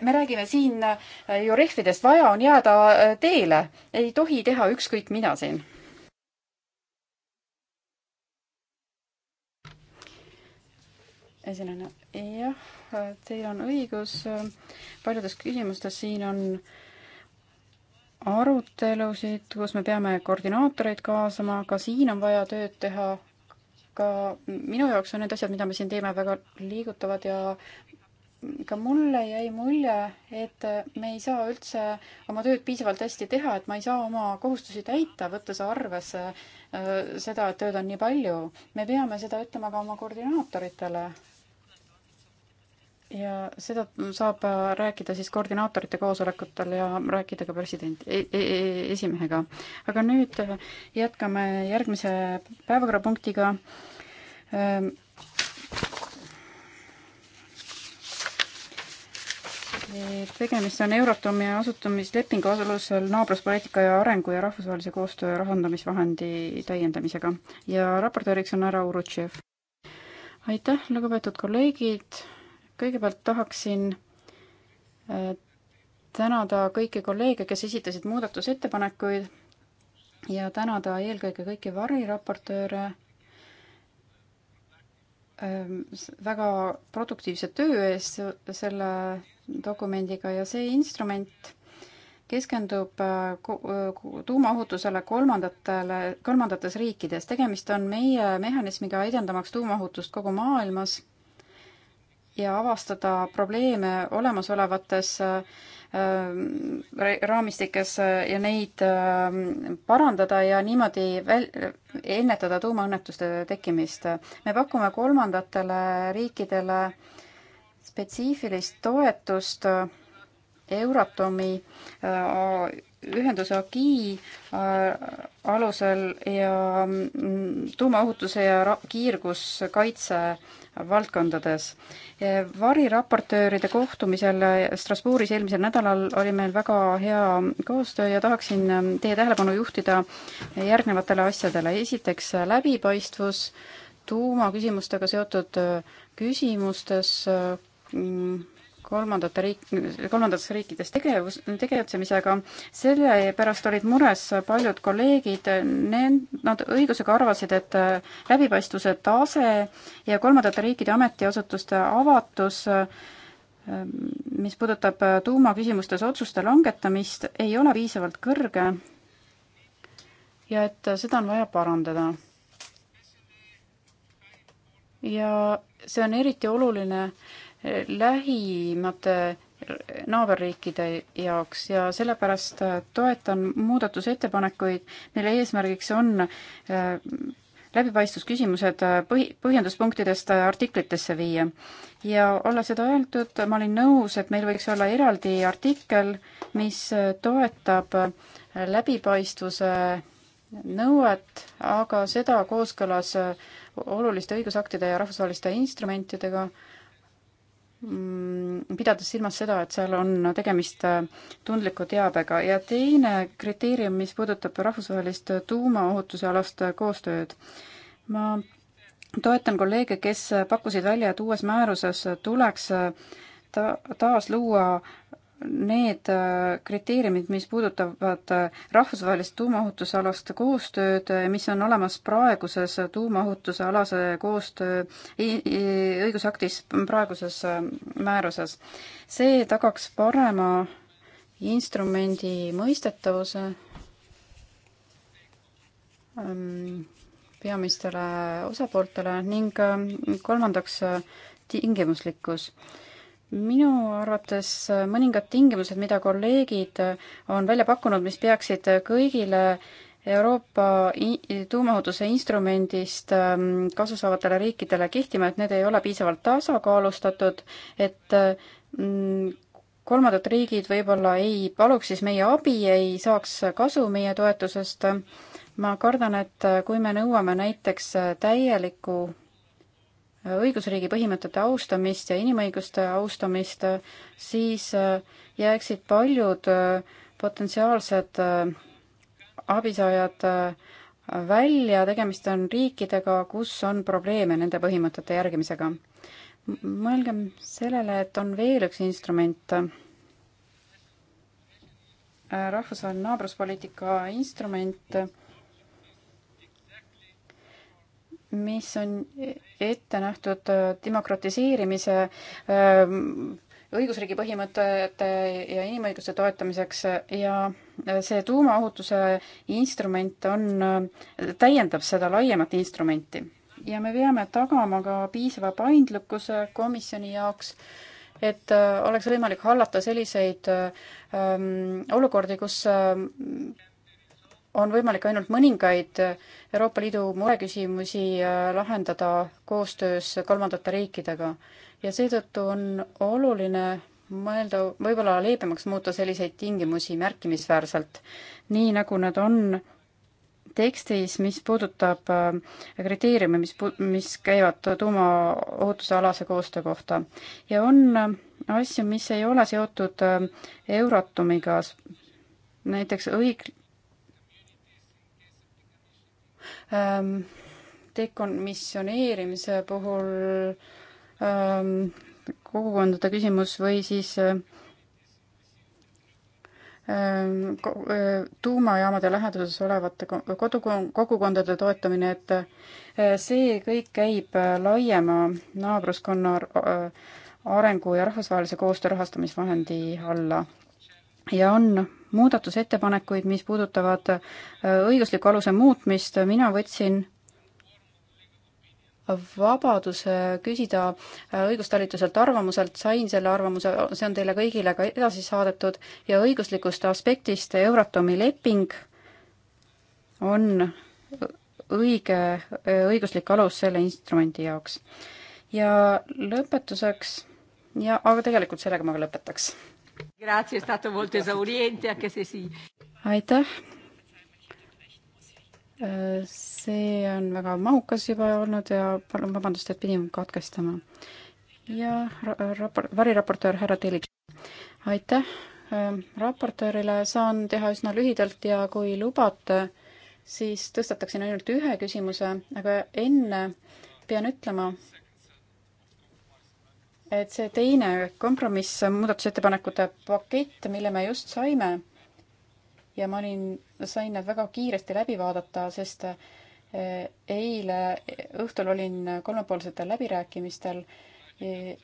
me räägime siin ju rehvidest, vaja on jääda teele. ei tohi teha ükskõik mida siin. esinejana, jah, teil on õigus. paljudes küsimustes siin on äh, arutelusid, kus me peame koordinaatoreid kaasama, ka siin on vaja tööd teha, ka minu jaoks on need asjad, mida me siin teeme, väga liigutavad ja ka mulle jäi mulje, et me ei saa üldse oma tööd piisavalt hästi teha, et ma ei saa oma kohustusi täita, võttes arvesse äh, seda, et tööd on nii palju. me peame seda ütlema ka oma koordinaatoritele, ja seda saab äh, rääkida siis koordinaatorite koosolekutel ja rääkida ka presidendi e-, e, e, esimehega. aga nüüd äh, jätkame järgmise päevakorrapunktiga. Ähm, tegemist on Euratomi asutamislepingu alusel naabruspoliitika ja arengu ja rahvusvahelise koostöö rahandamisvahendi täiendamisega ja raportööriks on härra Urutšev. aitäh, lugupeetud kolleegid kõigepealt tahaksin äh, tänada kõiki kolleege, kes esitasid muudatusettepanekuid ja tänada eelkõige kõiki variraportööre ähm, väga produktiivse töö eest selle dokumendiga ja see instrument keskendub äh, äh, tuumaohutusele kolmandatele, kolmandates riikides. tegemist on meie mehhanismiga edendamaks tuumaohutust kogu maailmas ja avastada probleeme olemasolevates äh, raamistikes ja neid äh, parandada ja niimoodi väl-, ennetada tuumaõnnetuste tekkimist. me pakume kolmandatele riikidele spetsiifilist toetust äh, Euratomi äh, ühenduse agi äh, alusel ja mm, tuumaohutuse ja kiirguskaitse valdkondades. variraportööride kohtumisel Strasbourgis eelmisel nädalal oli meil väga hea koostöö ja tahaksin ähm, teie tähelepanu juhtida järgnevatele asjadele. esiteks äh, läbipaistvus tuumaküsimustega seotud küsimustes mm, kolmandate riik, kolmandates riikides tegevus, tegutsemisega. sellepärast olid mures paljud kolleegid, need, nad õigusega arvasid, et läbipaistvuse tase ja kolmandate riikide ametiasutuste avatus mis puudutab tuumaküsimustes otsuste langetamist, ei ole piisavalt kõrge ja et seda on vaja parandada. ja see on eriti oluline äh, lähimate naaberriikide jaoks ja sellepärast toetan muudatusettepanekuid, mille eesmärgiks on äh, läbipaistvusküsimused äh, põhi, põhjenduspunktidest äh, artiklitesse viia. ja olles seda öeldud, ma olin nõus, et meil võiks olla eraldi artikkel, mis toetab läbipaistvuse nõuet, aga seda kooskõlas oluliste õigusaktide ja rahvusvaheliste instrumentidega äh, Mm, pidades silmas seda, et seal on tegemist äh, tundliku teabega ja teine kriteerium, mis puudutab rahvusvahelist tuumaohutuse alast äh, koostööd. ma toetan kolleege, kes pakkusid välja, et uues määruses tuleks äh, ta-, taas luua need äh, kriteeriumid, mis puudutavad äh, rahvusvahelist tuumaohutusalast koostööd, äh, mis on olemas praeguses tuumaohutuse alase koostöö õigusaktis, praeguses määruses. see tagaks parema instrumendi mõistetavuse ähm, peamistele osapooltele ning ähm, kolmandaks tingimuslikkus minu arvates äh, mõningad tingimused, mida kolleegid äh, on välja pakkunud, mis peaksid kõigile Euroopa tuumaohutuse instrumendist ähm, kasu saavatele riikidele kehtima, et need ei ole piisavalt tasakaalustatud, et äh, mm, kolmandad riigid võib-olla ei paluks siis meie abi, ei saaks kasu meie toetusest. ma kardan, et kui me nõuame näiteks täielikku õigusriigi põhimõtete austamist ja inimõiguste austamist, siis äh, jääksid paljud äh, potentsiaalsed äh, abisaajad välja, tegemist on riikidega, kus on probleeme nende põhimõtete järgimisega. mõelgem sellele, et on veel üks instrument, rahvusvaheline naabruspoliitika instrument mis on ette nähtud demokratiseerimise ähm, õigusriigi põhimõtete ja inimõiguste toetamiseks ja see tuumaohutuse instrument on, äh, täiendab seda laiemat instrumenti. ja me peame tagama ka piisava paindlikkuse komisjoni jaoks, et äh, oleks võimalik hallata selliseid ähm, olukordi, kus ähm, on võimalik ainult mõningaid Euroopa Liidu mureküsimusi äh, lahendada koostöös kolmandate riikidega. ja seetõttu on oluline mõelda, võib-olla leebemaks muuta selliseid tingimusi märkimisväärselt, nii nagu nad on tekstis, mis puudutab äh, kriteeriume, mis, mis käivad tuumaohutuse alase koostöö kohta. ja on äh, asju, mis ei ole seotud Euratomiga, näiteks õig-, ähm, dekomissioneerimise puhul ähm, kogukondade küsimus või siis ähm, tuumajaamade läheduses olevate kodu, kogukondade toetamine, et eh, see kõik käib eh, laiema naabruskonna eh, arengu ja rahvusvahelise koostöö rahastamisvahendi alla ja on muudatusettepanekuid, mis puudutavad äh, õigusliku aluse muutmist, mina võtsin vabaduse küsida äh, õigustalituselt arvamuselt, sain selle arvamuse, see on teile kõigile ka edasi saadetud, ja õiguslikust aspektist Euratomi leping on õige äh, õiguslik alus selle instrumendi jaoks. ja lõpetuseks, ja aga tegelikult sellega ma ka lõpetaks aitäh. Äh, see on väga mahukas juba olnud ja palun vabandust, et pidin katkestama. ja rapor-, variraportöör härra Telik. aitäh äh, raportöörile, saan teha üsna lühidalt ja kui lubate, siis tõstataksin ainult ühe küsimuse, aga enne pean ütlema, et see teine kompromiss, muudatusettepanekute pakett, mille me just saime, ja ma olin, sain nad väga kiiresti läbi vaadata, sest eh, eile õhtul olin kolmepoolsetel läbirääkimistel, eh,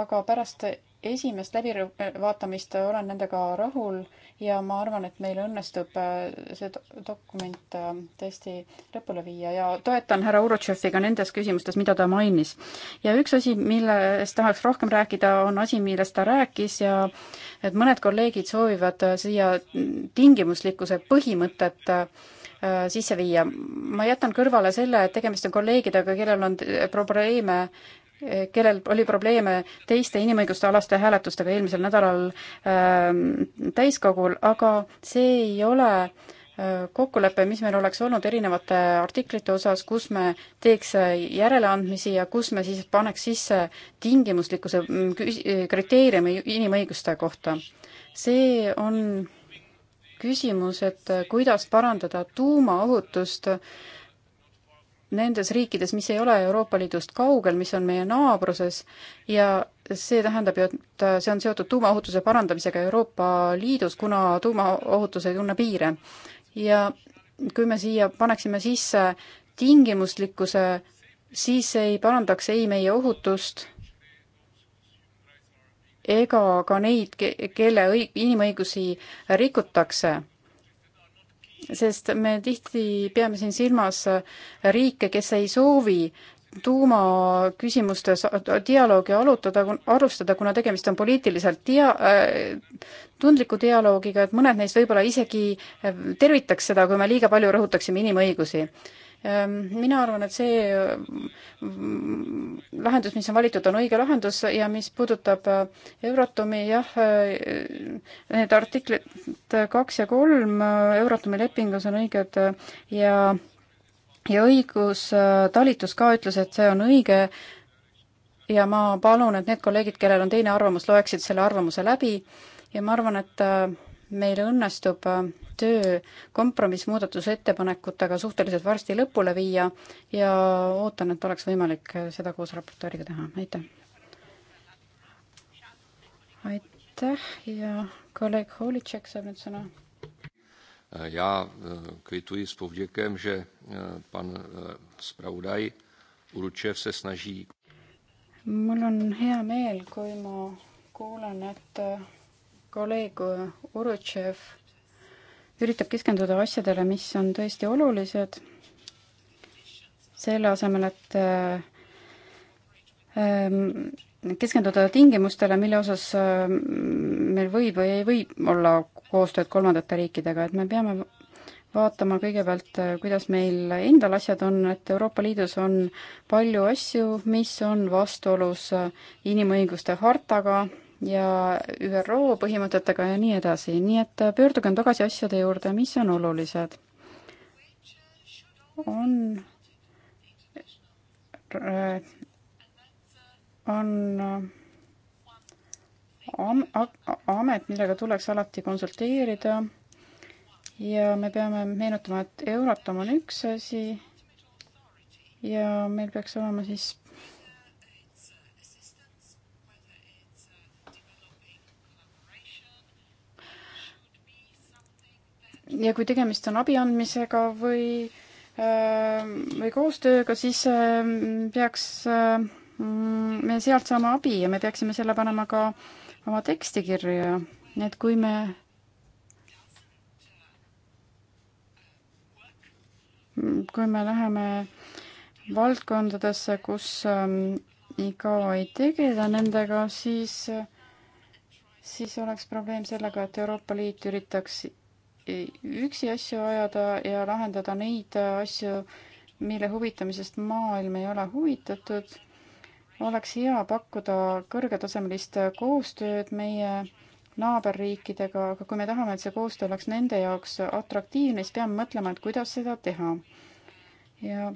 aga pärast esimest läbivaatamist äh, olen nendega rahul ja ma arvan, et meil õnnestub äh, see dokument äh, tõesti lõpule viia ja toetan härra Urutšefi ka nendes küsimustes, mida ta mainis. ja üks asi, millest tahaks rohkem rääkida, on asi, millest ta rääkis ja et mõned kolleegid soovivad siia tingimuslikkuse põhimõtet sisse viia. ma jätan kõrvale selle, et tegemist on kolleegidega, kellel on probleeme kellel oli probleeme teiste inimõiguste alaste hääletustega eelmisel nädalal ähm, täiskogul, aga see ei ole äh, kokkulepe, mis meil oleks olnud erinevate artiklite osas, kus me teeks äh, järeleandmisi ja kus me siis paneks sisse tingimuslikkuse mm, äh, kriteeriumi inimõiguste kohta. see on küsimus, et kuidas parandada tuumaohutust äh, nendes riikides, mis ei ole Euroopa Liidust kaugel, mis on meie naabruses ja see tähendab ju, et see on seotud tuumaohutuse parandamisega Euroopa Liidus, kuna tuumaohutus ei tunne piire. ja kui me siia paneksime sisse tingimuslikkuse, siis ei parandaks ei meie ohutust ega ka neid, kelle õig-, inimõigusi rikutakse sest me tihti peame siin silmas riike, kes ei soovi tuumaküsimustes dialoogi alutada, alustada, kuna tegemist on poliitiliselt dia- äh,, tundliku dialoogiga, et mõned neist võib-olla isegi äh, tervitaks seda, kui me liiga palju rõhutaksime inimõigusi Ehm, mina arvan, et see mm, lahendus, mis on valitud, on õige lahendus ja mis puudutab äh, Euratomi, jah, äh, need artiklid kaks ja kolm äh, Euratomi lepingus on õiged ja ja õigustalitus ka ütles, et see on õige ja ma palun, et need kolleegid, kellel on teine arvamus, loeksid selle arvamuse läbi ja ma arvan, et meil õnnestub äh, töö kompromissmuudatusettepanekutega suhteliselt varsti lõpule viia ja ootan, et oleks võimalik äh, seda koos raportööriga teha, aitäh. aitäh ja kolleeg Holitšek saab nüüd sõna. Äh, Já kvituji s povděkem, že pan zpravodaj Uručev se snaží. Mul on hea meel, kui ma kuulen, et kolleeg Urutšev üritab keskenduda asjadele, mis on tõesti olulised, selle asemel, et ähm, keskenduda tingimustele, mille osas ähm, meil võib või ei või olla koostööd kolmandate riikidega, et me peame vaatama kõigepealt, äh, kuidas meil endal asjad on, et Euroopa Liidus on palju asju, mis on vastuolus äh, inimõiguste hartaga, ja ÜRO põhimõtetega ja nii edasi, nii et pöördugem tagasi asjade juurde, mis on olulised. on on am-, amet, millega tuleks alati konsulteerida ja me peame meenutama, et Euratom on üks asi ja meil peaks olema siis ja kui tegemist on abi andmisega või, ähm, või koostööga, siis ähm, peaks ähm, me sealt saama abi ja me peaksime selle panema ka oma teksti kirja, et kui me kui me läheme valdkondadesse, kus ICAO ei tegele nendega, siis, siis oleks probleem sellega, et Euroopa Liit üritaks üksi asju ajada ja lahendada neid asju, mille huvitamisest maailm ei ole huvitatud. oleks hea pakkuda kõrgetasemelist koostööd meie naaberriikidega, aga kui me tahame, et see koostöö oleks nende jaoks atraktiivne, siis peame mõtlema, et kuidas seda teha. ja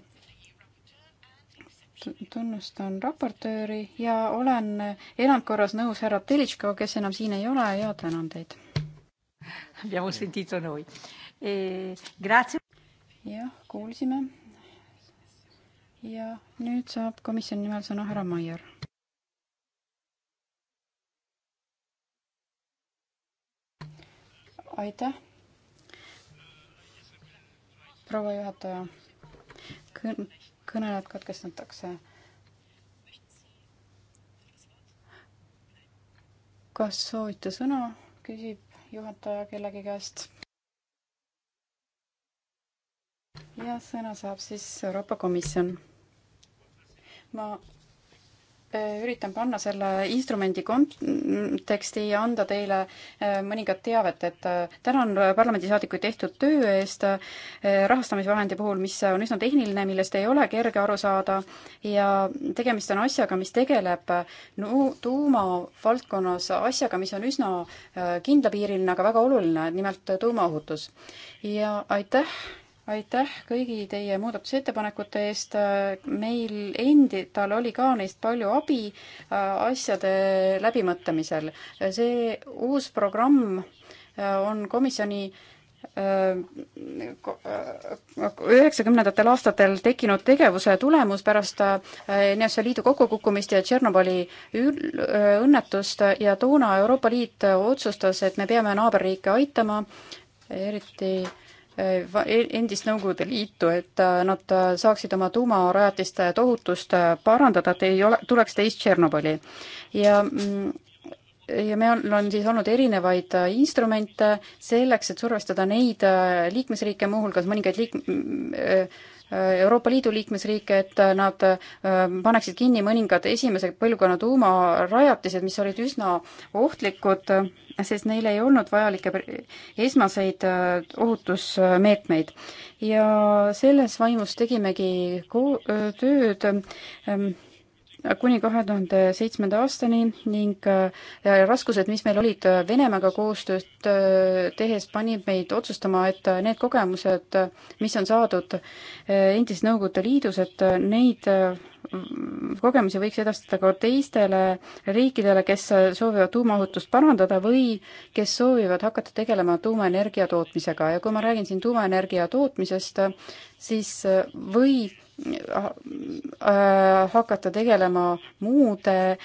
tunnustan raportööri ja olen erandkorras nõus härra Telitškaga, kes enam siin ei ole ja tänan teid Abbiamo sentito noi. E, grazie. jah, kuulsime. ja nüüd saab komisjoni nimel sõna härra Maier. aitäh, proua juhataja. kõn-, kõnelejad katkestatakse kas soovite sõna, küsib juhataja kellegi käest. ja sõna saab siis Euroopa Komisjon. ma Äh, üritan panna selle instrumendi konteksti ja anda teile äh, mõningat teavet, et äh, tänan parlamendisaadikuid tehtud töö eest rahastamisvahendi puhul, mis on üsna tehniline, millest ei ole kerge aru saada ja tegemist on asjaga, mis tegeleb no tuumavaldkonnas asjaga, mis on üsna kindlapiiriline, aga väga oluline, nimelt tuumaohutus. ja aitäh aitäh kõigi teie muudatusettepanekute eest. meil endil oli ka neist palju abi äh, asjade läbimõtlemisel. see uus programm äh, on komisjoni äh, üheksakümnendatel aastatel tekkinud tegevuse tulemus pärast NSV Liidu kokkukukkumist ja Tšernobõli õnnetust ja toona Euroopa Liit otsustas, et me peame naaberriike aitama, eriti äh, Eh, e-, endist Nõukogude Liitu, et eh, nad eh, saaksid oma tuumarajatiste tohutust parandada, et ei ole, tuleks teist Tšernobõli. ja mm, ja meil on siis olnud erinevaid instrumente selleks, et survestada neid liikmesriike, muuhulgas mõningaid liik-, mm, Euroopa Liidu liikmesriike, et äh, nad äh, paneksid kinni mõningad esimese põlvkonna tuumarajatised, mis olid üsna ohtlikud, äh, sest neil ei olnud vajalikke esmaseid ohutusmeetmeid. ja selles vaimus tegimegi tööd ähm, kuni kahe tuhande seitsmenda aastani ning äh, raskused, mis meil olid äh, Venemaaga koostööd äh, tehes, panid meid otsustama, et need kogemused, mis on saadud endises Nõukogude Liidus, et neid kogemusi võiks edastada ka teistele riikidele, kes soovivad tuumaohutust parandada või kes soovivad hakata tegelema tuumaenergia tootmisega ja kui ma räägin siin tuumaenergia tootmisest, siis võib Äh, hakata tegelema muude äh,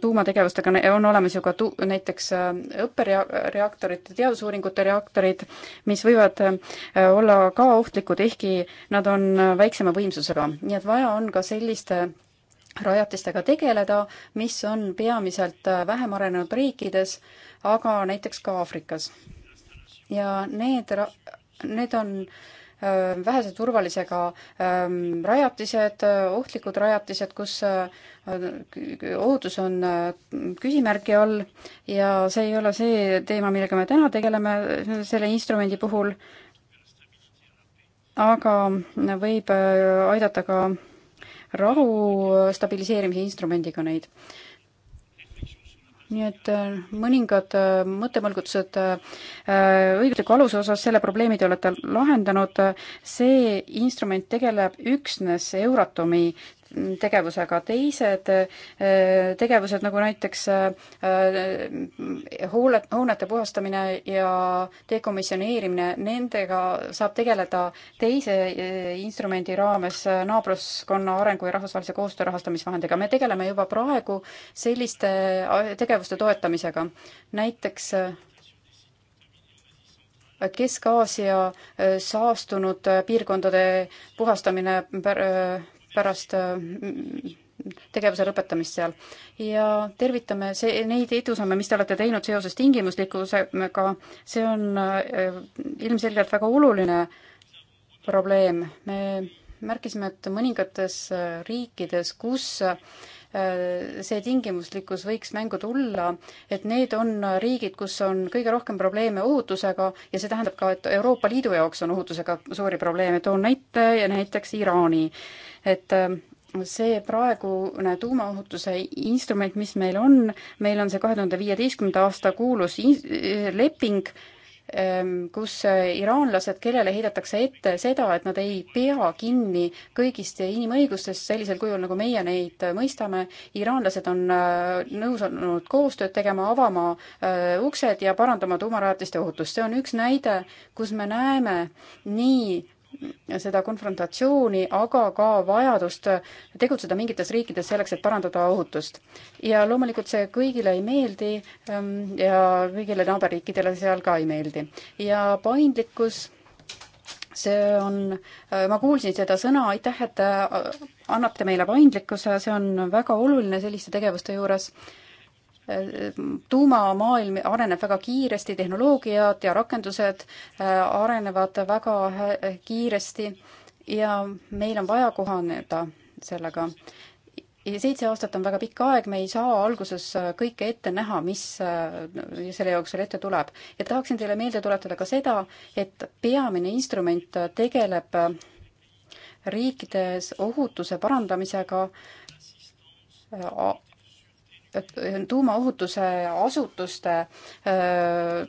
tuumategevustega, on olemas ju ka tu-, näiteks äh, õppereaktorid, teadusuuringute reaktorid, mis võivad olla ka ohtlikud, ehkki nad on väiksema võimsusega. nii et vaja on ka selliste rajatistega tegeleda, mis on peamiselt vähem arenenud riikides, aga näiteks ka Aafrikas. ja need, need on äh, vähese turvalisega rajatised, ohtlikud rajatised, kus ohutus on küsimärgi all ja see ei ole see teema, millega me täna tegeleme selle instrumendi puhul, aga võib aidata ka rahu stabiliseerimise instrumendiga neid nii et äh, mõningad äh, mõttemõlgutused äh, õigusliku aluse osas, selle probleemi te olete lahendanud, see instrument tegeleb üksnes Euratomi tegevusega. teised eh, tegevused, nagu näiteks eh, hoole, hoonete puhastamine ja dekomisjoneerimine, nendega saab tegeleda teise eh, instrumendi raames naabruskonna arengu ja rahvusvahelise koostöö rahastamisvahendiga. me tegeleme juba praegu selliste tegevuste toetamisega. näiteks Kesk-Aasia saastunud piirkondade puhastamine pärast äh, tegevuse lõpetamist seal. ja tervitame see, neid edusamme, mis te olete teinud seoses tingimuslikkusega, see on äh, ilmselgelt väga oluline probleem. me märkisime, et mõningates äh, riikides, kus Äh, see tingimuslikkus võiks mängu tulla, et need on riigid, kus on kõige rohkem probleeme ohutusega ja see tähendab ka, et Euroopa Liidu jaoks on ohutusega suuri probleeme, toon näite ja näiteks Iraani, et äh, see praegune tuumaohutuse instrument, mis meil on, meil on see kahe tuhande viieteistkümnenda aasta kuulus leping, Ehm, kus äh, iraanlased, kellele heidetakse ette seda, et nad ei pea kinni kõigist inimõigustest sellisel kujul, nagu meie neid äh, mõistame, iraanlased on äh, nõus olnud koostööd tegema, avama uksed ja parandama tuumarajatiste ohutust. see on üks näide, kus me näeme nii seda konfrontatsiooni, aga ka vajadust tegutseda mingites riikides selleks, et parandada ohutust. ja loomulikult see kõigile ei meeldi ähm, ja kõigile naaberriikidele seal ka ei meeldi. ja paindlikkus, see on, äh, ma kuulsin seda sõna, aitäh, et äh, annate meile paindlikkuse, see on väga oluline selliste tegevuste juures tuumamaailm areneb väga kiiresti, tehnoloogiad ja rakendused äh, arenevad väga äh, kiiresti ja meil on vaja kohaneda sellega. ja seitse aastat on väga pikk aeg, me ei saa alguses äh, kõike ette näha, mis selle jooksul ette tuleb. ja tahaksin teile meelde tuletada ka seda, et peamine instrument tegeleb riikides ohutuse parandamisega tuumaohutuse asutuste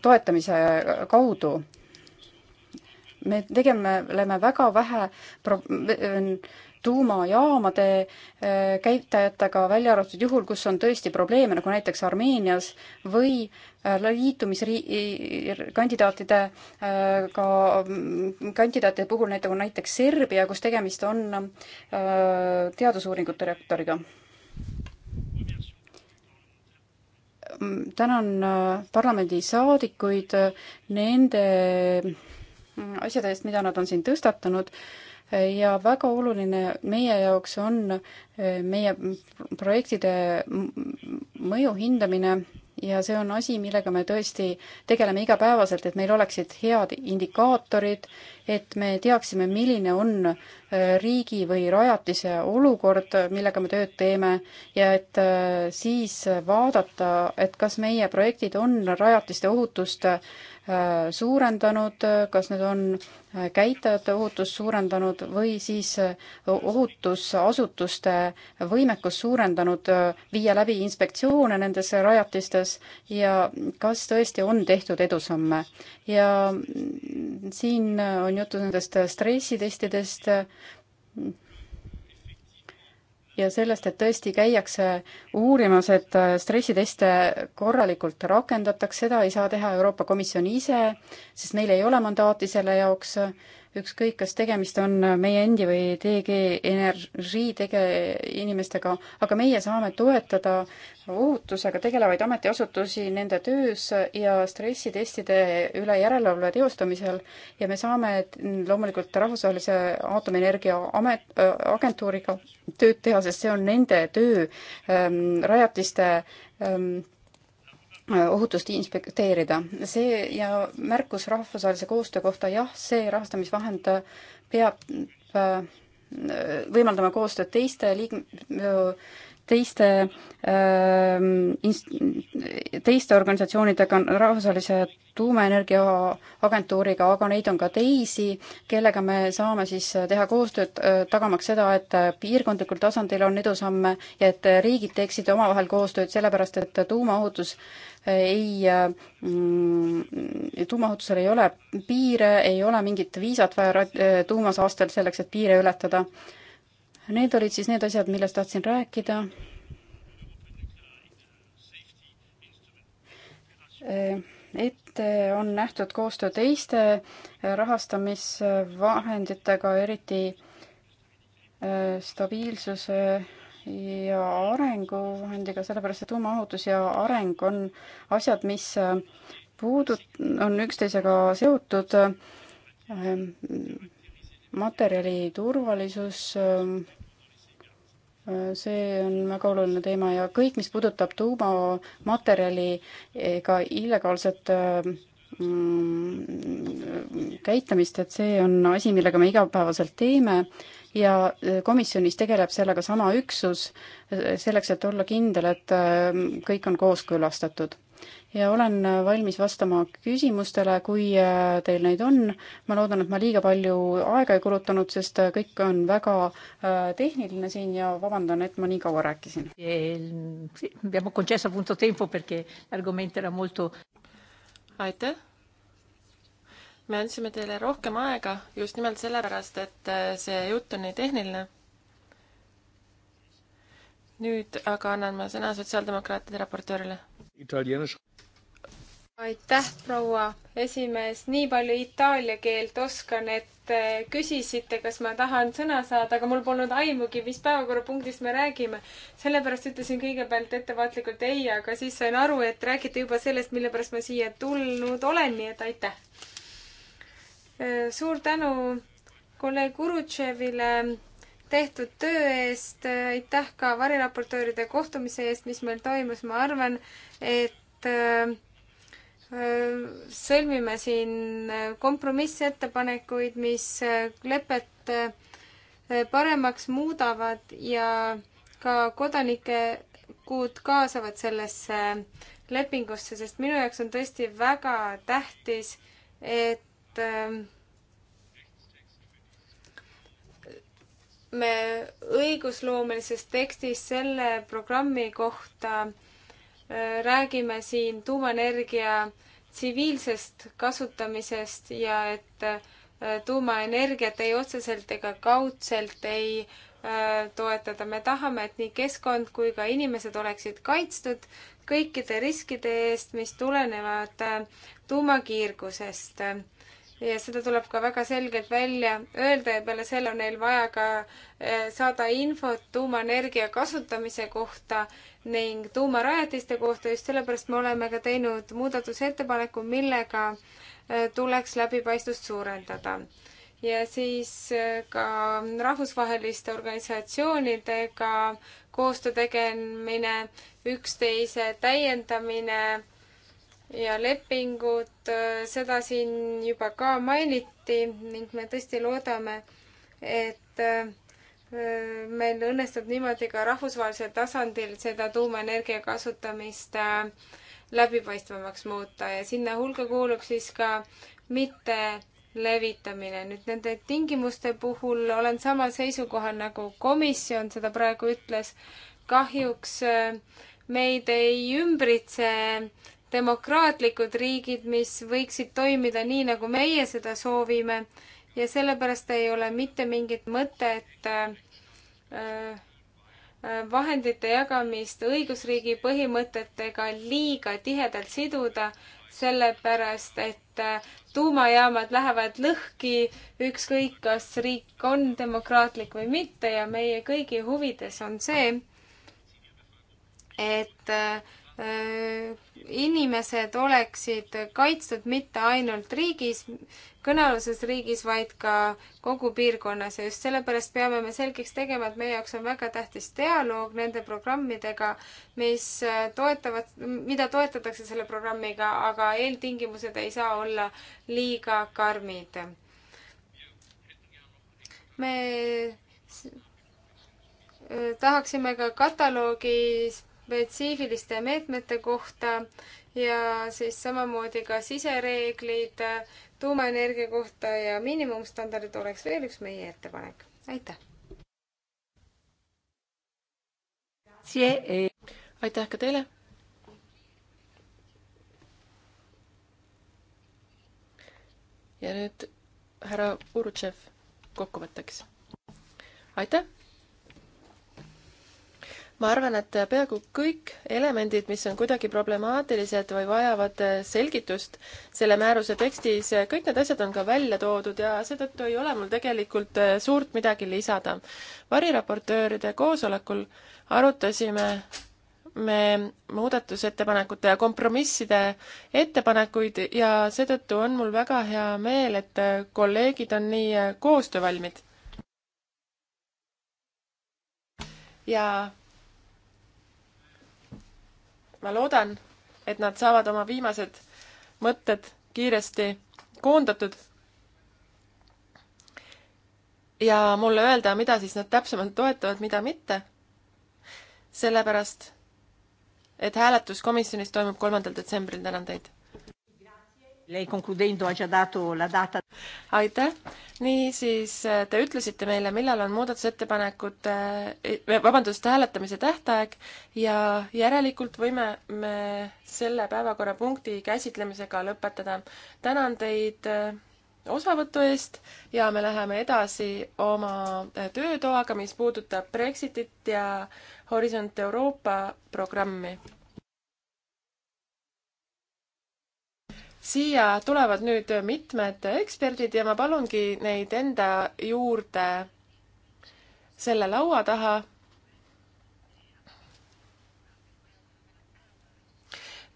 toetamise kaudu. me tegeleme väga vähe pro-, tuumajaamade käitajatega, välja arvatud juhul, kus on tõesti probleeme, nagu näiteks Armeenias, või äh, liitumisrii-, äh, kandidaatide äh, ka, mm, kandidaatide puhul näiteks, nagu näiteks Serbia, kus tegemist on teadusuuringute rektoriga tänan äh, parlamendisaadikuid äh, nende mm, asjade eest, mida nad on siin tõstatanud ja väga oluline meie jaoks on äh, meie projektide mõju hindamine ja see on asi, millega me tõesti tegeleme igapäevaselt, et meil oleksid head indikaatorid, et me teaksime, milline on äh, riigi või rajatise olukord, millega me tööd teeme ja et äh, siis vaadata, et kas meie projektid on rajatiste ohutust Äh, suurendanud, kas need on äh, käitajate ohutust suurendanud või siis äh, ohutusasutuste võimekust suurendanud viia läbi inspektsioone nendes rajatistes ja kas tõesti on tehtud edusamme. ja mm, siin on juttu nendest stressitestidest, ja sellest, et tõesti käiakse uurimas, et äh, stressiteste korralikult rakendataks, seda ei saa teha Euroopa Komisjon ise, sest neil ei ole mandaati selle jaoks ükskõik, kas tegemist on meie endi või DG Energy tege-, inimestega, aga meie saame toetada ohutusega tegelevaid ametiasutusi nende töös ja stressitestide üle järelevalve teostamisel ja me saame loomulikult Rahvusvahelise Aatomienergia Amet äh,, Agentuuriga tööd teha, sest see on nende töö ähm, rajatiste ähm, ohutust inspekteerida. see ja märkus rahvusvahelise koostöö kohta, jah, see rahastamisvahend peab äh, võimaldama koostööd teiste liik-, teiste ähm, teiste organisatsioonidega, rahvusvahelise tuumaenergia agentuuriga, aga neid on ka teisi, kellega me saame siis teha koostööd, äh, tagamaks seda, et piirkondlikul tasandil on edusamme ja et riigid teeksid omavahel koostööd, sellepärast et tuumaohutus ei, mm, tuumaohutusel ei ole piire, ei ole mingit viisat vaja tuumasaastel selleks, et piire ületada Need olid siis need asjad, millest tahtsin rääkida. ette on nähtud koostöö teiste rahastamisvahenditega, eriti äh, stabiilsuse ja arenguvahendiga, sellepärast et tuumaohutus ja areng on asjad, mis äh, puudut-, on üksteisega seotud äh, materjali turvalisus, äh, äh, see on väga oluline teema ja kõik, mis puudutab tuumamaterjali ega eh, illegaalset äh, mm, käitamist, et see on asi, millega me igapäevaselt teeme ja komisjonis tegeleb sellega sama üksus, selleks et olla kindel, et kõik on kooskõlastatud ja olen äh, valmis vastama küsimustele, kui äh, teil neid on. ma loodan, et ma liiga palju aega ei kulutanud, sest äh, kõik on väga tehniline siin ja vabandan, et ma nii kaua rääkisin. aitäh! me andsime teile rohkem aega just nimelt sellepärast, et see jutt on nii tehniline nüüd aga annan ma sõna sotsiaaldemokraatide raportöörile aitäh, proua esimees, nii palju itaalia keelt oskan, et äh, küsisite, kas ma tahan sõna saada, aga mul polnud aimugi, mis päevakorrapunktist me räägime. sellepärast ütlesin kõigepealt ettevaatlikult ei, aga siis sain aru, et räägite juba sellest, mille pärast ma siia tulnud olen, nii et aitäh. Äh, suur tänu kolleeg Urutševile tehtud töö eest, aitäh ka variraportööride kohtumise eest, mis meil toimus, ma arvan, et äh, sõlmime siin kompromissettepanekuid, mis lepet paremaks muudavad ja ka kodanikud kaasavad sellesse lepingusse, sest minu jaoks on tõesti väga tähtis, et ähm, me õigusloomelises tekstis selle programmi kohta äh, räägime siin tuumaenergia tsiviilsest kasutamisest ja et äh, tuumaenergiat ei otseselt ega kaudselt ei äh, toetada. me tahame, et nii keskkond kui ka inimesed oleksid kaitstud kõikide riskide eest, mis tulenevad äh, tuumakiirgusest ja seda tuleb ka väga selgelt välja öelda ja peale selle on neil vaja ka eh, saada infot tuumaenergia kasutamise kohta ning tuumarajatiste kohta, just sellepärast me oleme ka teinud muudatusettepaneku, millega eh, tuleks läbipaistvust suurendada. ja siis eh, ka rahvusvaheliste organisatsioonidega koostöö tegemine, üksteise täiendamine ja lepingud, seda siin juba ka mainiti ning me tõesti loodame, et äh, meil õnnestub niimoodi ka rahvusvahelisel tasandil seda tuumaenergia kasutamist äh, läbipaistvamaks muuta ja sinna hulka kuulub siis ka mitte levitamine. nüüd nende tingimuste puhul olen samal seisukohal, nagu komisjon seda praegu ütles. kahjuks äh, meid ei ümbritse äh, demokraatlikud riigid, mis võiksid toimida nii, nagu meie seda soovime ja sellepärast ei ole mitte mingit mõtet äh, äh vahendite jagamist õigusriigi põhimõtetega liiga tihedalt siduda, sellepärast et äh, tuumajaamad lähevad lõhki, ükskõik kas riik on demokraatlik või mitte ja meie kõigi huvides on see, et äh, inimesed oleksid kaitstud mitte ainult riigis, kõnealuses riigis, vaid ka kogu piirkonnas ja just sellepärast peame me selgeks tegema, et meie jaoks on väga tähtis dialoog nende programmidega, mis toetavad, mida toetatakse selle programmiga, aga eeltingimused ei saa olla liiga karmid. me tahaksime ka kataloogis spetsiifiliste meetmete kohta ja siis samamoodi ka sisereeglid tuumaenergia kohta ja miinimumstandardid oleks veel üks meie ettepanek. aitäh! aitäh ka teile! ja nüüd härra Urutšev kokkuvõtteks. aitäh! ma arvan, et peaaegu kõik elemendid, mis on kuidagi problemaatilised või vajavad selgitust selle määruse tekstis, kõik need asjad on ka välja toodud ja seetõttu ei ole mul tegelikult äh, suurt midagi lisada. variraportööride koosolekul arutasime me muudatusettepanekute ja kompromisside ettepanekuid ja seetõttu on mul väga hea meel, et kolleegid on nii äh, koostöövalmid. ja ma loodan, et nad saavad oma viimased mõtted kiiresti koondatud ja mulle öelda, mida siis nad täpsemalt toetavad, mida mitte. sellepärast, et hääletus komisjonis toimub kolmandal detsembril, tänan teid aitäh, niisiis eh, te ütlesite meile, millal on muudatusettepanekute, eh, vabandust, hääletamise tähtaeg ja järelikult võime me selle päevakorrapunkti käsitlemisega lõpetada. tänan teid eh, osavõtu eest ja me läheme edasi oma töötoaga, mis puudutab Brexitit ja Horisont Euroopa programmi siia tulevad nüüd mitmed eksperdid ja ma palungi neid enda juurde selle laua taha.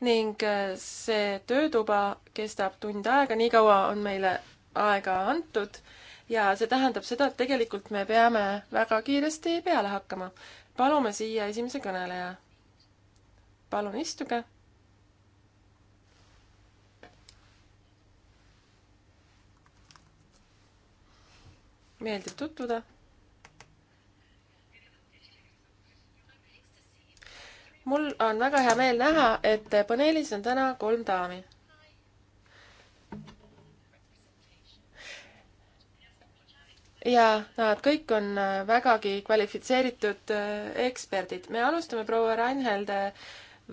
ning äh, see töötuba kestab tund aega, nii kaua on meile aega antud ja see tähendab seda, et tegelikult me peame väga kiiresti peale hakkama. palume siia esimese kõneleja. palun istuge meeldib tutvuda. mul on väga hea meel näha, et paneelis on täna kolm daami ja nad kõik on vägagi kvalifitseeritud äh, eksperdid. me alustame proua Reinheld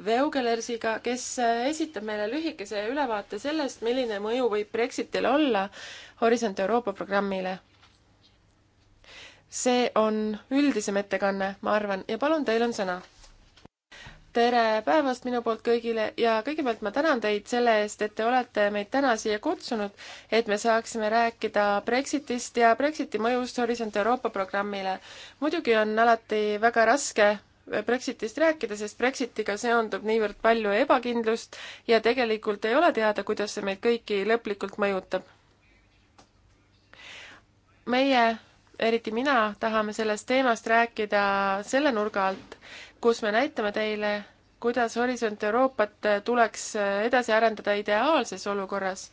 Veugelersiga, kes äh, esitab meile lühikese ülevaate sellest, milline mõju võib Brexitil olla Horisont Euroopa programmile see on üldisem ettekanne, ma arvan, ja palun, teil on sõna. tere päevast minu poolt kõigile ja kõigepealt ma tänan teid selle eest, et te olete meid täna siia kutsunud, et me saaksime rääkida Brexitist ja Brexiti mõjust Horisont Euroopa programmile. muidugi on alati väga raske Brexitist rääkida, sest Brexitiga seondub niivõrd palju ebakindlust ja tegelikult ei ole teada, kuidas see meid kõiki lõplikult mõjutab. meie eriti mina, tahame sellest teemast rääkida selle nurga alt, kus me näitame teile, kuidas Horisont Euroopat tuleks edasi arendada ideaalses olukorras,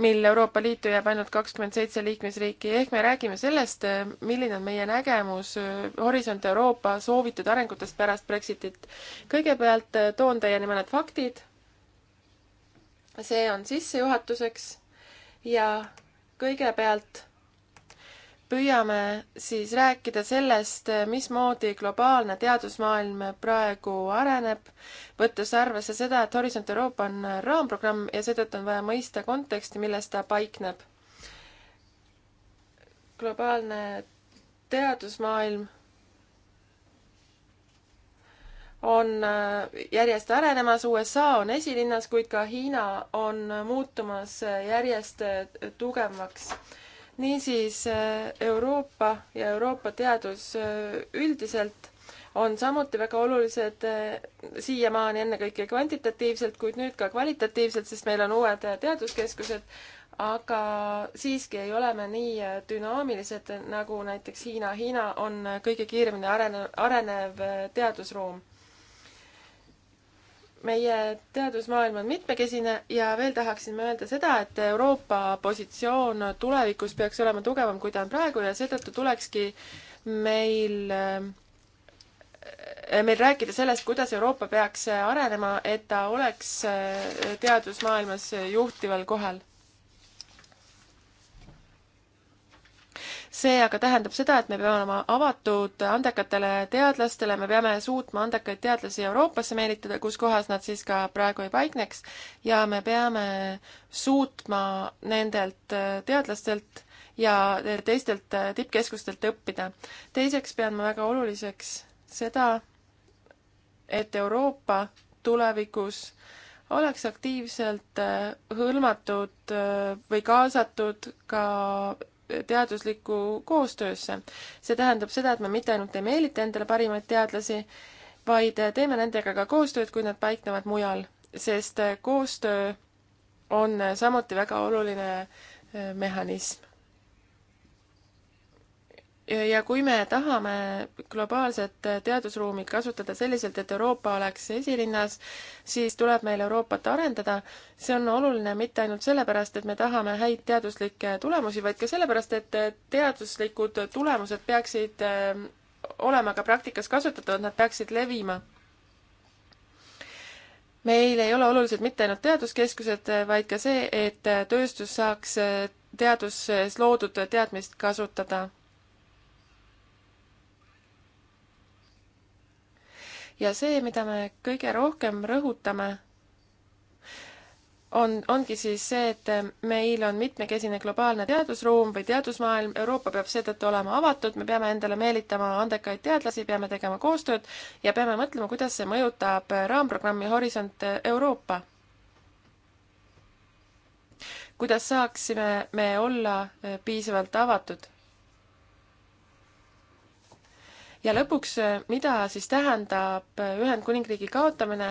mil Euroopa Liitu jääb ainult kakskümmend seitse liikmesriiki, ehk me räägime sellest, milline on meie nägemus Horisont Euroopa soovitud arengutest pärast Brexitit. kõigepealt äh, toon teieni mõned faktid, see on sissejuhatuseks ja kõigepealt püüame siis rääkida sellest, mismoodi globaalne teadusmaailm praegu areneb, võttes arvesse seda, et Horisont Euroopa on raamprogramm ja seetõttu on vaja mõista konteksti, milles ta paikneb. globaalne teadusmaailm on järjest arenemas, USA on esilinnas, kuid ka Hiina on muutumas järjest tugevamaks niisiis eh, Euroopa ja Euroopa teadus eh, üldiselt on samuti väga olulised eh, siiamaani ennekõike kvantitatiivselt, kuid nüüd ka kvalitatiivselt, sest meil on uued teaduskeskused, aga siiski ei ole me nii dünaamilised nagu näiteks Hiina. Hiina on kõige kiiremini arenev, arenev teadusruum meie teadusmaailm on mitmekesine ja veel tahaksin ma öelda seda, et Euroopa positsioon tulevikus peaks olema tugevam, kui ta on praegu ja seetõttu tulekski meil, eh, meil rääkida sellest, kuidas Euroopa peaks arenema, et ta oleks eh, teadusmaailmas juhtival kohal see aga tähendab seda, et me peame olema avatud andekatele teadlastele, me peame suutma andekaid teadlasi Euroopasse meelitada, kus kohas nad siis ka praegu ei paikneks, ja me peame suutma nendelt teadlastelt ja teistelt tippkeskustelt õppida. teiseks pean ma väga oluliseks seda, et Euroopa tulevikus oleks aktiivselt äh, hõlmatud äh, või kaasatud ka teaduslikku koostöösse. see tähendab seda, et me mitte ainult ei meelita endale parimaid teadlasi, vaid teeme nendega ka koostööd, kui nad paiknevad mujal, sest koostöö on samuti väga oluline eh, mehhanism ja kui me tahame globaalset teadusruumi kasutada selliselt, et Euroopa oleks esirinnas, siis tuleb meil Euroopat arendada. see on oluline mitte ainult sellepärast, et me tahame häid teaduslikke tulemusi, vaid ka sellepärast, et teaduslikud tulemused peaksid äh, olema ka praktikas kasutatavad, nad peaksid levima. meil ei ole olulised mitte ainult teaduskeskused, vaid ka see, et tööstus saaks äh, teaduses loodud teadmist kasutada ja see, mida me kõige rohkem rõhutame, on, ongi siis see, et meil on mitmekesine globaalne teadusruum või teadusmaailm, Euroopa peab seetõttu olema avatud, me peame endale meelitama andekaid teadlasi, peame tegema koostööd ja peame mõtlema, kuidas see mõjutab raamprogrammi Horisont Euroopa. kuidas saaksime me olla piisavalt avatud ja lõpuks, eh, mida siis tähendab eh, Ühendkuningriigi kaotamine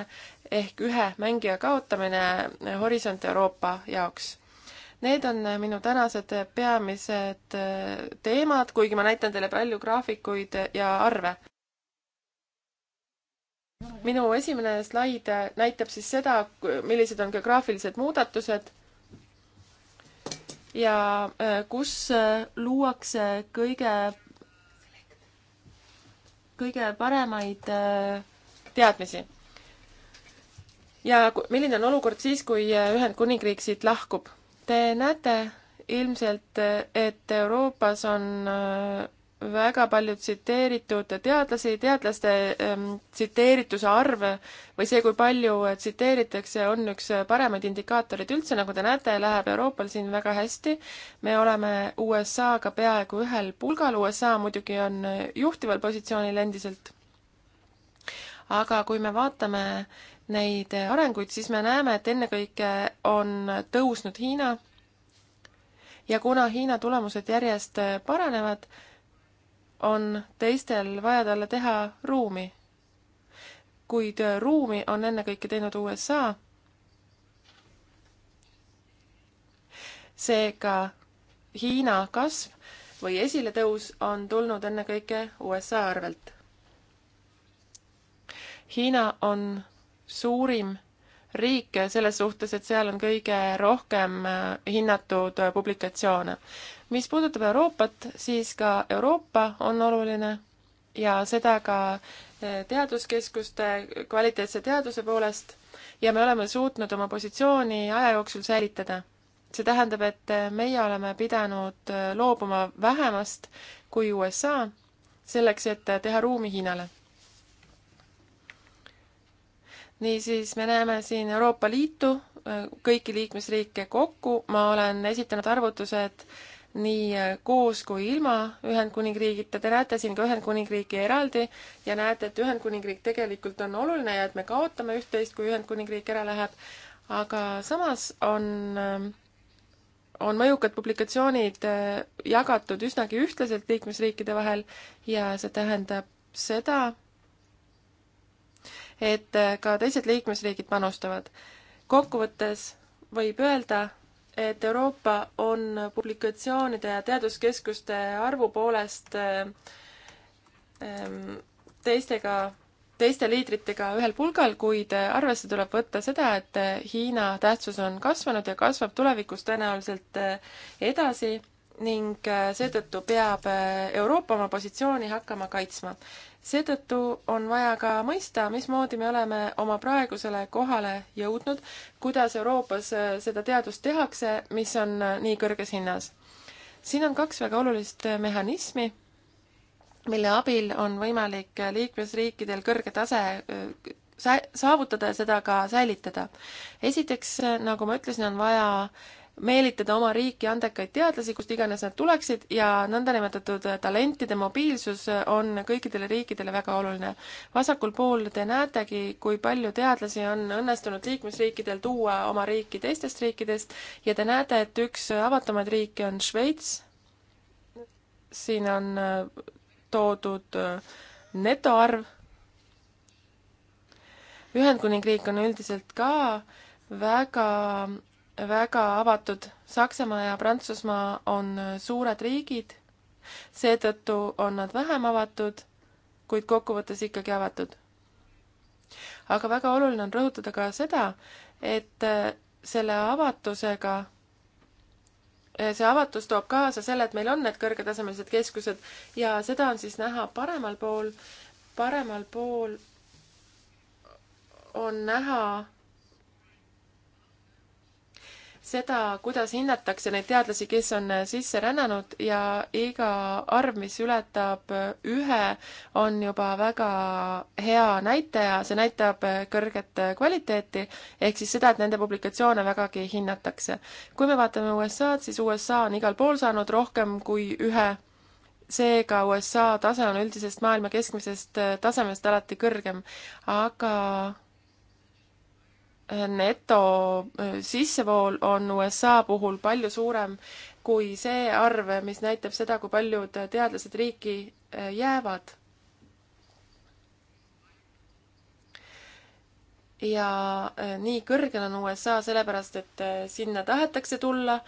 ehk ühe mängija kaotamine eh, Horisont Euroopa jaoks need on minu tänased peamised teemad, kuigi ma näitan teile palju graafikuid ja arve. minu esimene slaid näitab siis seda, millised on geograafilised muudatused ja kus luuakse kõige kõige paremaid äh, teadmisi. ja milline on olukord siis, kui äh, Ühendkuningriik siit lahkub? Te näete ilmselt, äh, et Euroopas on väga palju tsiteeritud teadlasi, teadlaste ähm, tsiteerituse arv või see, kui palju äh, tsiteeritakse, on üks paremaid indikaatoreid üldse, nagu te näete, läheb Euroopal siin väga hästi. me oleme USA-ga peaaegu ühel pulgal, USA muidugi on juhtival positsioonil endiselt. aga kui me vaatame neid arenguid, siis me näeme, et ennekõike on tõusnud Hiina ja kuna Hiina tulemused järjest paranevad, on teistel vaja talle teha ruumi. kuid ruumi on ennekõike teinud USA. seega Hiina kasv või esiletõus on tulnud ennekõike USA arvelt. Hiina on suurim riike selles suhtes, et seal on kõige rohkem äh, hinnatud äh, publikatsioone. mis puudutab Euroopat, siis ka Euroopa on oluline ja seda ka äh, teaduskeskuste kvaliteetse teaduse poolest ja me oleme suutnud oma positsiooni aja jooksul säilitada. see tähendab, et meie oleme pidanud loobuma vähemast kui USA, selleks et teha ruumi Hiinale niisiis, me näeme siin Euroopa Liitu, äh, kõiki liikmesriike kokku, ma olen esitanud arvutused nii äh, koos kui ilma Ühendkuningriigita, te näete siin ka Ühendkuningriiki eraldi ja näete, et Ühendkuningriik tegelikult on oluline ja et me kaotame üht-teist, kui Ühendkuningriik ära läheb, aga samas on, äh, on mõjukad publikatsioonid jagatud üsnagi ühtlaselt liikmesriikide vahel ja see tähendab seda, et äh, ka teised liikmesriigid panustavad. kokkuvõttes võib öelda, et Euroopa on publikatsioonide ja teaduskeskuste arvu poolest äh, ähm, teistega teiste liidritega ühel pulgal, kuid äh, arvesse tuleb võtta seda, et Hiina tähtsus on kasvanud ja kasvab tulevikus tõenäoliselt edasi ning seetõttu peab Euroopa oma positsiooni hakkama kaitsma seetõttu on vaja ka mõista, mismoodi me oleme oma praegusele kohale jõudnud, kuidas Euroopas äh, seda teadust tehakse, mis on äh, nii kõrges hinnas. siin on kaks väga olulist äh, mehhanismi, mille abil on võimalik liikmesriikidel kõrge tase saavutada ja seda ka säilitada. esiteks, nagu ma ütlesin, on vaja meelitada oma riiki andekaid teadlasi, kust iganes nad tuleksid ja nõndanimetatud talentide mobiilsus on kõikidele riikidele väga oluline. vasakul pool te näetegi, kui palju teadlasi on õnnestunud liikmesriikidel tuua oma riiki teistest riikidest ja te näete, et üks avatumaid riike on Šveits. siin on äh, toodud äh, netoarv. Ühendkuningriik on üldiselt ka väga väga avatud. Saksamaa ja Prantsusmaa on äh, suured riigid, seetõttu on nad vähem avatud, kuid kokkuvõttes ikkagi avatud. aga väga oluline on rõhutada ka seda, et äh, selle avatusega, äh, see avatus toob kaasa selle, et meil on need kõrgetasemelised keskused ja seda on siis näha paremal pool, paremal pool on näha seda, kuidas hinnatakse neid teadlasi, kes on sisse rännanud ja iga arv, mis ületab ühe, on juba väga hea näitaja, see näitab kõrget kvaliteeti, ehk siis seda, et nende publikatsioone vägagi hinnatakse. kui me vaatame USA-d, siis USA on igal pool saanud rohkem kui ühe seega USA tase on üldisest maailma keskmisest tasemest alati kõrgem, aga neto äh, sissevool on USA puhul palju suurem kui see arv, mis näitab seda, kui paljud teadlased riiki äh, jäävad. ja äh, nii kõrgel on USA sellepärast, et sinna tahetakse tulla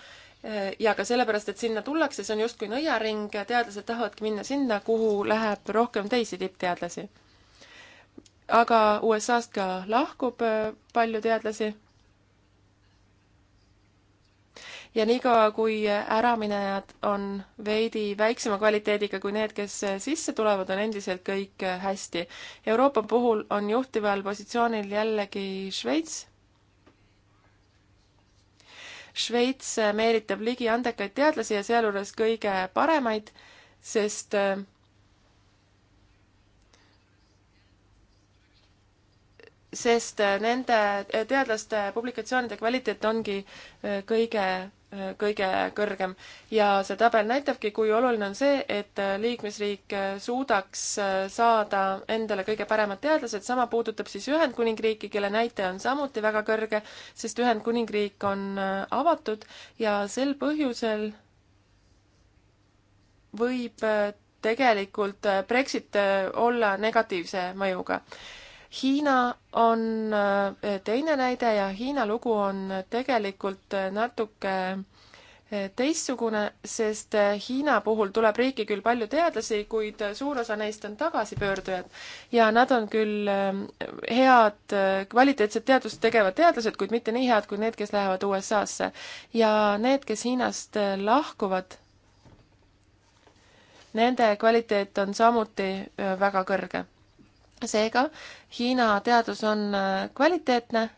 ja ka sellepärast, et sinna tullakse, see on justkui nõiaring, teadlased tahavadki minna sinna, kuhu läheb rohkem teisi tippteadlasi aga USA-st ka lahkub äh, palju teadlasi. ja niikaua, kui äraminejad on veidi väiksema kvaliteediga kui need, kes äh, sisse tulevad, on endiselt kõik äh, hästi. Euroopa puhul on juhtival positsioonil jällegi Šveits. Šveits meelitab ligi andekaid teadlasi ja sealjuures kõige paremaid, sest äh, sest äh, nende äh, teadlaste publikatsioonide kvaliteet ongi äh, kõige, kõige kõrgem. ja see tabel näitabki, kui oluline on see, et liikmesriik suudaks saada endale kõige paremad teadlased, sama puudutab siis Ühendkuningriiki, kelle näitaja on samuti väga kõrge, sest Ühendkuningriik on avatud ja sel põhjusel võib tegelikult Brexit olla negatiivse mõjuga Hiina on äh, teine näide ja Hiina lugu on tegelikult äh, natuke äh, teistsugune, sest Hiina puhul tuleb riiki küll palju teadlasi, kuid suur osa neist on tagasipöördujad. ja nad on küll head, kvaliteetset teadust tegevad teadlased, kuid mitte nii head kui need, kes lähevad USA-sse. ja need, kes Hiinast lahkuvad, nende kvaliteet on samuti väga kõrge seega Hiina teadus on äh, kvaliteetne.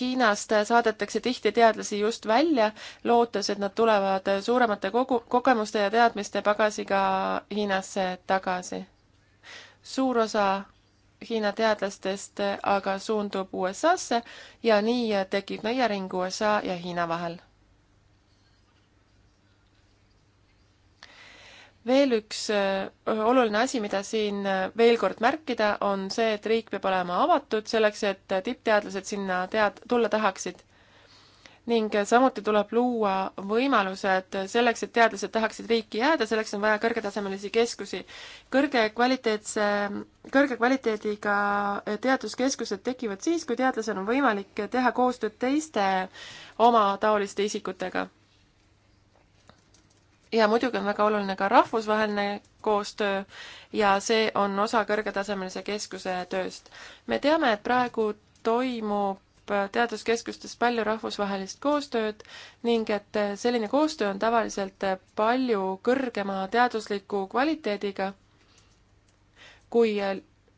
Hiinast äh, saadetakse tihti teadlasi just välja, lootes, et nad tulevad äh, suuremate kogu, kogemuste ja teadmiste pagasiga Hiinasse tagasi. suur osa Hiina teadlastest aga suundub USA-sse ja nii tekib nõiaring USA ja Hiina vahel veel üks äh, oluline asi, mida siin äh, veel kord märkida, on see, et riik peab olema avatud selleks, et äh, tippteadlased sinna tead-, tulla tahaksid. ning samuti tuleb luua võimalused selleks, et teadlased tahaksid riiki jääda, selleks on vaja kõrgetasemelisi keskusi. kõrge kvaliteetse, kõrge kvaliteediga teaduskeskused tekivad siis, kui teadlasel on võimalik teha koostööd teiste omataoliste isikutega ja muidugi on väga oluline ka rahvusvaheline koostöö ja see on osa kõrgetasemelise keskuse tööst. me teame, et praegu toimub teaduskeskustes palju rahvusvahelist koostööd ning et selline koostöö on tavaliselt palju kõrgema teadusliku kvaliteediga kui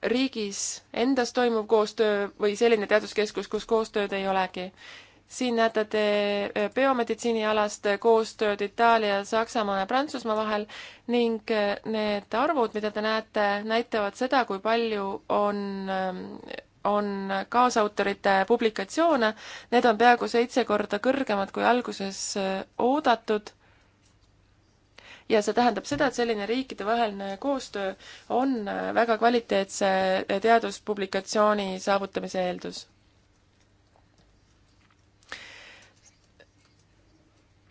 riigis endas toimuv koostöö või selline teaduskeskus, kus koostööd ei olegi siin näete te äh, biomeditsiinialast koostööd Itaalia, Saksamaa ja Prantsusmaa vahel ning äh, need arvud, mida te näete, näitavad seda, kui palju on, ähm, on kaasautorite publikatsioone. Need on peaaegu seitse korda kõrgemad kui alguses äh, oodatud. ja see tähendab seda, et selline riikidevaheline koostöö on väga kvaliteetse teaduspublikatsiooni saavutamise eeldus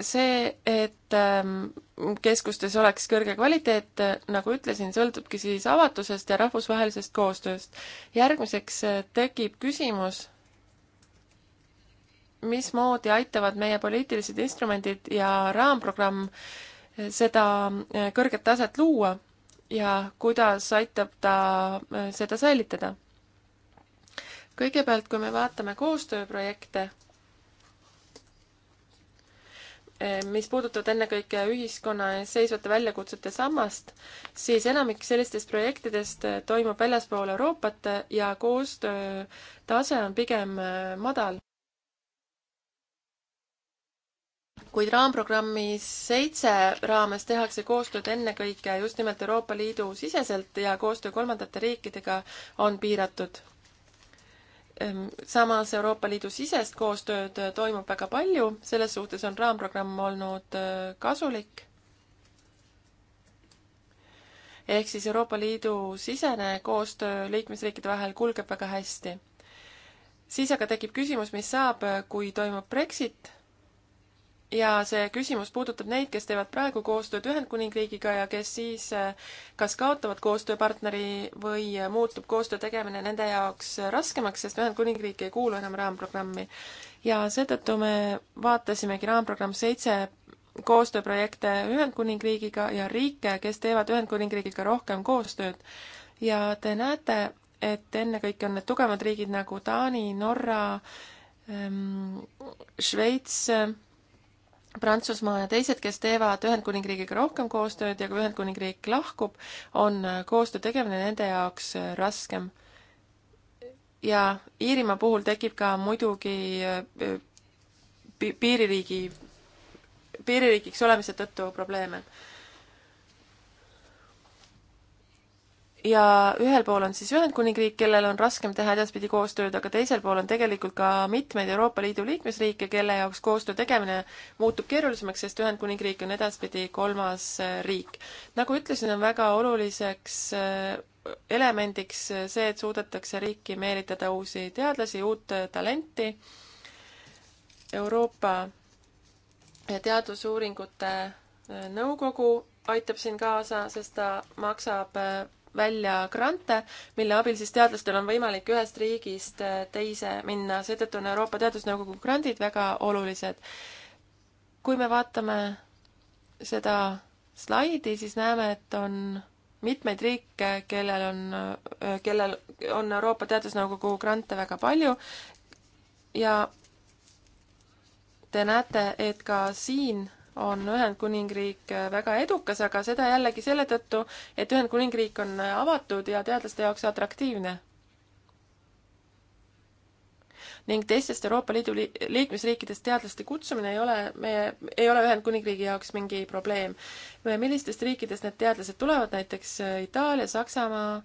see, et ähm, keskustes oleks kõrge kvaliteet, nagu ütlesin, sõltubki siis avatusest ja rahvusvahelisest koostööst. järgmiseks äh, tekib küsimus, mismoodi aitavad meie poliitilised instrumendid ja raamprogramm äh, seda äh, kõrget taset luua ja kuidas aitab ta seda säilitada. kõigepealt, kui me vaatame koostööprojekte mis puudutavad ennekõike ühiskonna ees seisvate väljakutsete sammast, siis enamik sellistest projektidest eh, toimub väljaspool Euroopat eh, ja koostöö tase on pigem eh, madal. kuid raamprogrammi seitse raames tehakse koostööd ennekõike just nimelt Euroopa Liidu siseselt ja koostöö kolmandate riikidega on piiratud Ehm, samas Euroopa Liidu sisest koostööd äh, toimub väga palju, selles suhtes on raamprogramm olnud äh, kasulik. ehk siis Euroopa Liidu sisene koostöö liikmesriikide vahel kulgeb väga hästi. siis aga tekib küsimus, mis saab, äh, kui toimub Brexit ja see küsimus puudutab neid, kes teevad praegu koostööd Ühendkuningriigiga ja kes siis eh, kas kaotavad koostööpartneri või eh, muutub koostöö tegemine nende jaoks eh, raskemaks, sest Ühendkuningriik ei kuulu enam raamprogrammi. ja seetõttu me vaatasimegi raamprogramm seitse koostööprojekte Ühendkuningriigiga ja riike, kes teevad Ühendkuningriigiga rohkem koostööd. ja te näete, et ennekõike on need tugevad riigid nagu Taani, Norra ähm,, Šveits äh,, Prantsusmaa ja teised, kes teevad Ühendkuningriigiga rohkem koostööd ja kui Ühendkuningriik lahkub, on äh, koostöö tegemine nende jaoks äh, raskem. ja Iirimaa puhul tekib ka muidugi äh, piiririigi, piiririigiks olemise tõttu probleeme ja ühel pool on siis Ühendkuningriik, kellel on raskem teha edaspidi koostööd, aga teisel pool on tegelikult ka mitmeid Euroopa Liidu liikmesriike, kelle jaoks koostöö tegemine muutub keerulisemaks, sest Ühendkuningriik on edaspidi kolmas äh, riik. nagu ütlesin, on väga oluliseks äh, elemendiks äh, see, et suudetakse riiki meelitada uusi teadlasi, uut talenti, Euroopa teadusuuringute nõukogu aitab siin kaasa, sest ta maksab välja grante, mille abil siis teadlastel on võimalik ühest riigist äh, teise minna, seetõttu on Euroopa Teadusnõukogu grandid väga olulised. kui me vaatame seda slaidi, siis näeme, et on mitmeid riike, kellel on, äh, kellel on Euroopa Teadusnõukogu grante väga palju ja te näete, et ka siin on Ühendkuningriik väga edukas, aga seda jällegi selle tõttu, et Ühendkuningriik on avatud ja teadlaste jaoks atraktiivne. ning teistest Euroopa Liidu liikmesriikidest teadlaste kutsumine ei ole meie, ei ole Ühendkuningriigi jaoks mingi probleem. millistest riikidest need teadlased tulevad, näiteks Itaalia, Saksamaa,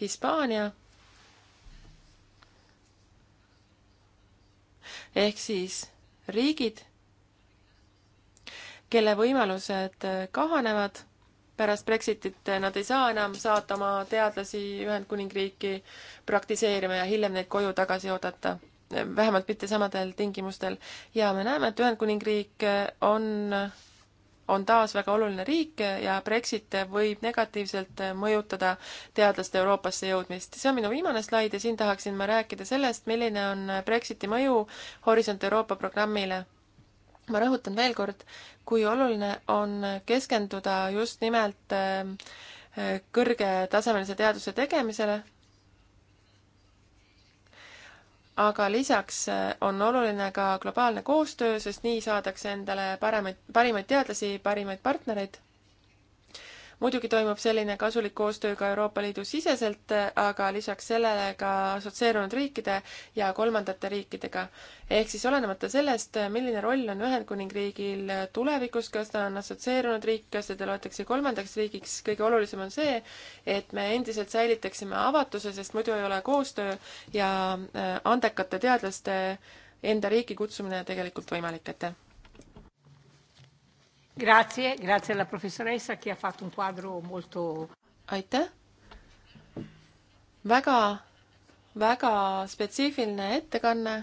Hispaania ehk siis riigid kelle võimalused kahanevad pärast Brexitit, nad ei saa enam saata oma teadlasi Ühendkuningriiki praktiseerima ja hiljem neid koju tagasi oodata. vähemalt mitte samadel tingimustel. ja me näeme, et Ühendkuningriik on, on taas väga oluline riik ja Brexit võib negatiivselt mõjutada teadlaste Euroopasse jõudmist. see on minu viimane slaid ja siin tahaksin ma rääkida sellest, milline on Brexiti mõju Horisont Euroopa programmile ma rõhutan veel kord, kui oluline on keskenduda just nimelt äh, äh, kõrgetasemelise teaduse tegemisele, aga lisaks äh, on oluline ka globaalne koostöö, sest nii saadakse endale paremaid, parimaid teadlasi, parimaid partnereid muidugi toimub selline kasulik koostöö ka Euroopa Liidu siseselt, äh, aga lisaks sellele ka assotsieerunud riikide ja kolmandate riikidega. ehk siis olenemata sellest, äh, milline roll on Ühendkuningriigil äh, tulevikus, kas ta on assotsieerunud riik, kas teda loetakse kolmandaks riigiks, kõige olulisem on see, et me endiselt säilitaksime avatuse, sest muidu ei ole koostöö ja andekate teadlaste enda riiki kutsumine tegelikult võimalik, aitäh! Grazie, grazie alla professoressa che ha fatto un quadro molto. aitäh. väga, väga spetsiifiline ettekanne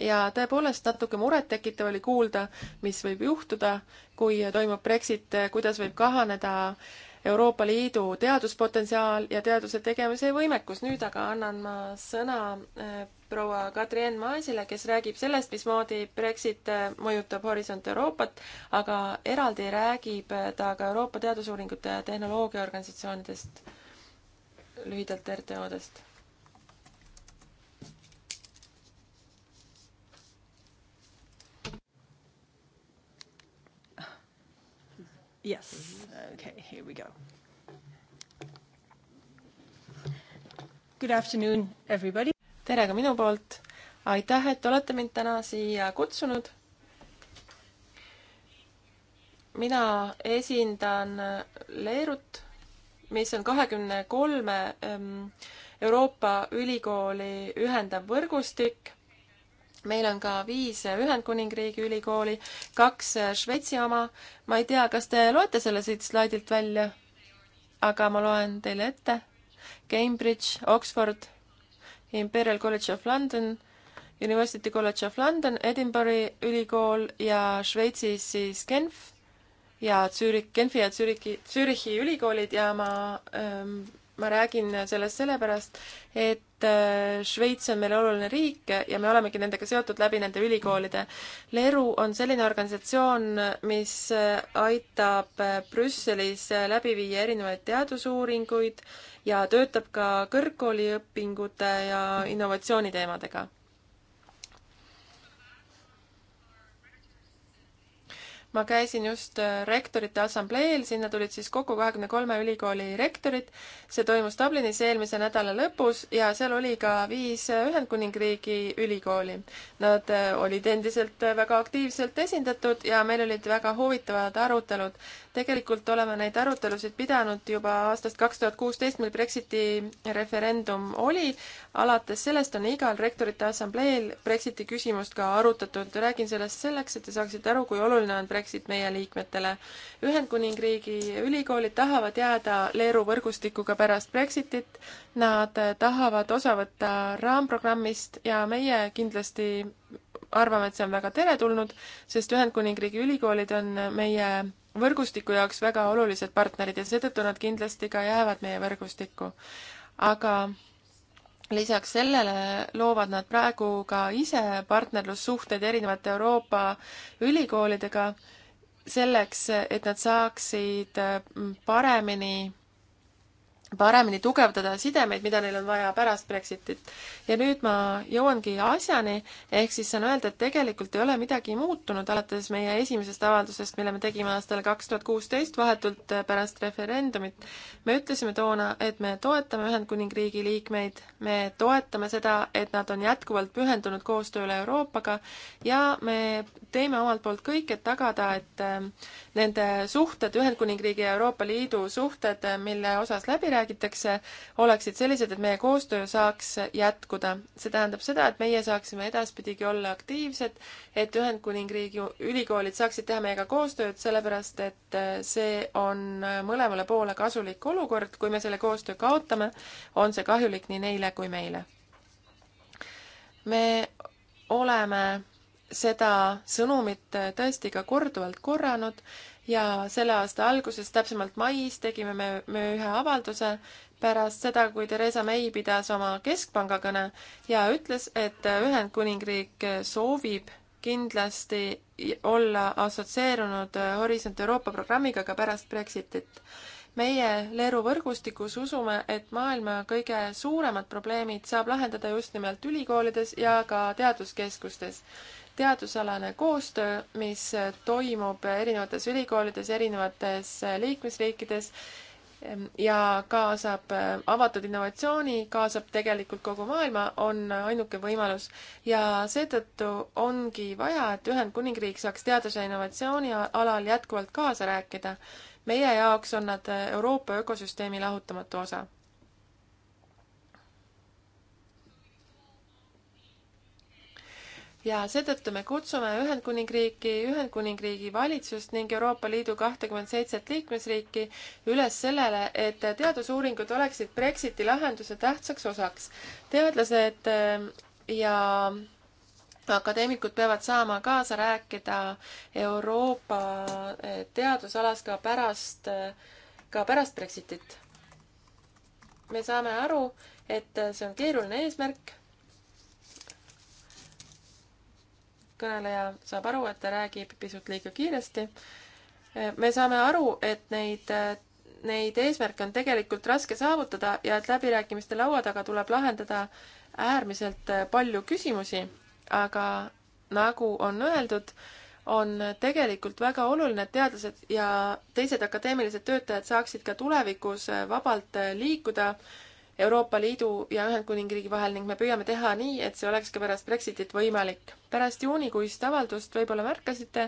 ja tõepoolest natuke murettekitav oli kuulda, mis võib juhtuda, kui toimub Brexit, kuidas võib kahaneda äh, Euroopa Liidu teaduspotentsiaal ja teaduse tegemise võimekus. nüüd aga annan ma sõna äh, proua Katrin Maasile, kes räägib sellest, mismoodi Brexit äh, mõjutab Horisont Euroopat, aga eraldi räägib äh, ta ka Euroopa Teadusuuringute ja Tehnoloogiaorganisatsioonidest, lühidalt RTO-dest. Yes Okay, here we go. Good afternoon, everybody. tere ka minu poolt. aitäh, et olete mind täna siia kutsunud. mina esindan Leerut, mis on kahekümne kolme ähm, Euroopa ülikooli ühendav võrgustik meil on ka viis Ühendkuningriigi ülikooli, kaks Šveitsi oma. ma ei tea, kas te loete selle siit slaidilt välja, aga ma loen teile ette. Cambridge, Oxford, Imperial College of London, University College of London, Edinburghi ülikool ja Šveitsis siis Genf ja Zürich, Genfi ja Zürichi, Zürichi ülikoolid ja ma ähm, ma räägin sellest sellepärast, et äh, Šveits on meile oluline riik ja me olemegi nendega seotud läbi nende ülikoolide. Leru on selline organisatsioon, mis äh, aitab äh, Brüsselis läbi viia erinevaid teadusuuringuid ja töötab ka kõrgkooliõpingute ja innovatsiooniteemadega ma käisin just äh, rektorite assambleel, sinna tulid siis kokku kahekümne kolme ülikooli rektorid. see toimus Dublinis eelmise nädala lõpus ja seal oli ka viis äh, Ühendkuningriigi ülikooli. Nad äh, olid endiselt väga aktiivselt esindatud ja meil olid väga huvitavad arutelud tegelikult oleme neid arutelusid pidanud juba aastast kaks tuhat kuusteist, mil Brexiti referendum oli. alates sellest on igal Rektorite Assambleel Brexiti küsimust ka arutatud. räägin sellest selleks, et te saaksite aru, kui oluline on Brexit meie liikmetele. Ühendkuningriigi ülikoolid tahavad jääda Leeru võrgustikku ka pärast Brexitit. Nad tahavad osa võtta raamprogrammist ja meie kindlasti arvame, et see on väga teretulnud, sest Ühendkuningriigi ülikoolid on meie võrgustiku jaoks väga olulised partnerid ja seetõttu nad kindlasti ka jäävad meie võrgustikku. aga lisaks sellele loovad nad praegu ka ise partnerlussuhteid erinevate Euroopa ülikoolidega, selleks, et nad saaksid mm, paremini paremini tugevdada sidemeid, mida neil on vaja pärast Brexitit. ja nüüd ma jõuangi asjani, ehk siis saan öelda, et tegelikult ei ole midagi muutunud alates meie esimesest avaldusest, mille me tegime aastal kaks tuhat kuusteist, vahetult pärast referendumit. me ütlesime toona, et me toetame Ühendkuningriigi liikmeid, me toetame seda, et nad on jätkuvalt pühendunud koostööle Euroopaga ja me teeme omalt poolt kõik, et tagada, et äh, nende suhted, Ühendkuningriigi ja Euroopa Liidu suhted, äh, mille osas läbi räägitakse, räägitakse, oleksid sellised, et meie koostöö saaks jätkuda. see tähendab seda, et meie saaksime edaspidigi olla aktiivsed, et Ühendkuningriigi ülikoolid saaksid teha meiega koostööd, sellepärast et äh, see on mõlemale poole kasulik olukord, kui me selle koostöö kaotame, on see kahjulik nii neile kui meile. me oleme seda sõnumit tõesti ka korduvalt korranud ja selle aasta alguses, täpsemalt mais, tegime me, me ühe avalduse pärast seda, kui Theresa May pidas oma keskpanga kõne ja ütles, et Ühendkuningriik soovib kindlasti olla assotsieerunud Horisont Euroopa programmiga ka pärast Brexitit meie Leeru võrgustikus usume, et maailma kõige suuremad probleemid saab lahendada just nimelt ülikoolides ja ka teaduskeskustes teadusalane koostöö, mis toimub erinevates ülikoolides, erinevates liikmesriikides ehm, ja kaasab ehm, avatud innovatsiooni, kaasab tegelikult kogu maailma, on ainuke võimalus. ja seetõttu ongi vaja, et Ühendkuningriik saaks teaduse ja innovatsiooni alal jätkuvalt kaasa rääkida. meie jaoks on nad Euroopa ökosüsteemi lahutamatu osa ja seetõttu me kutsume Ühendkuningriiki, Ühendkuningriigi valitsust ning Euroopa Liidu kahtekümmet seitset liikmesriiki üles sellele, et teadusuuringud oleksid Brexiti lahenduse tähtsaks osaks. teadlased äh, ja akadeemikud peavad saama kaasa rääkida Euroopa äh, teadusalas ka pärast, äh, ka pärast Brexitit. me saame aru, et see on keeruline eesmärk kõneleja saab aru, et ta räägib pisut liiga kiiresti. me saame aru, et neid, neid eesmärke on tegelikult raske saavutada ja et läbirääkimiste laua taga tuleb lahendada äärmiselt palju küsimusi, aga nagu on öeldud, on tegelikult väga oluline, et teadlased ja teised akadeemilised töötajad saaksid ka tulevikus vabalt liikuda äh, Euroopa Liidu ja Ühendkuningriigi vahel ning me püüame teha nii, et see oleks ka pärast Brexitit võimalik. pärast juunikuist avaldust võib-olla märkasite,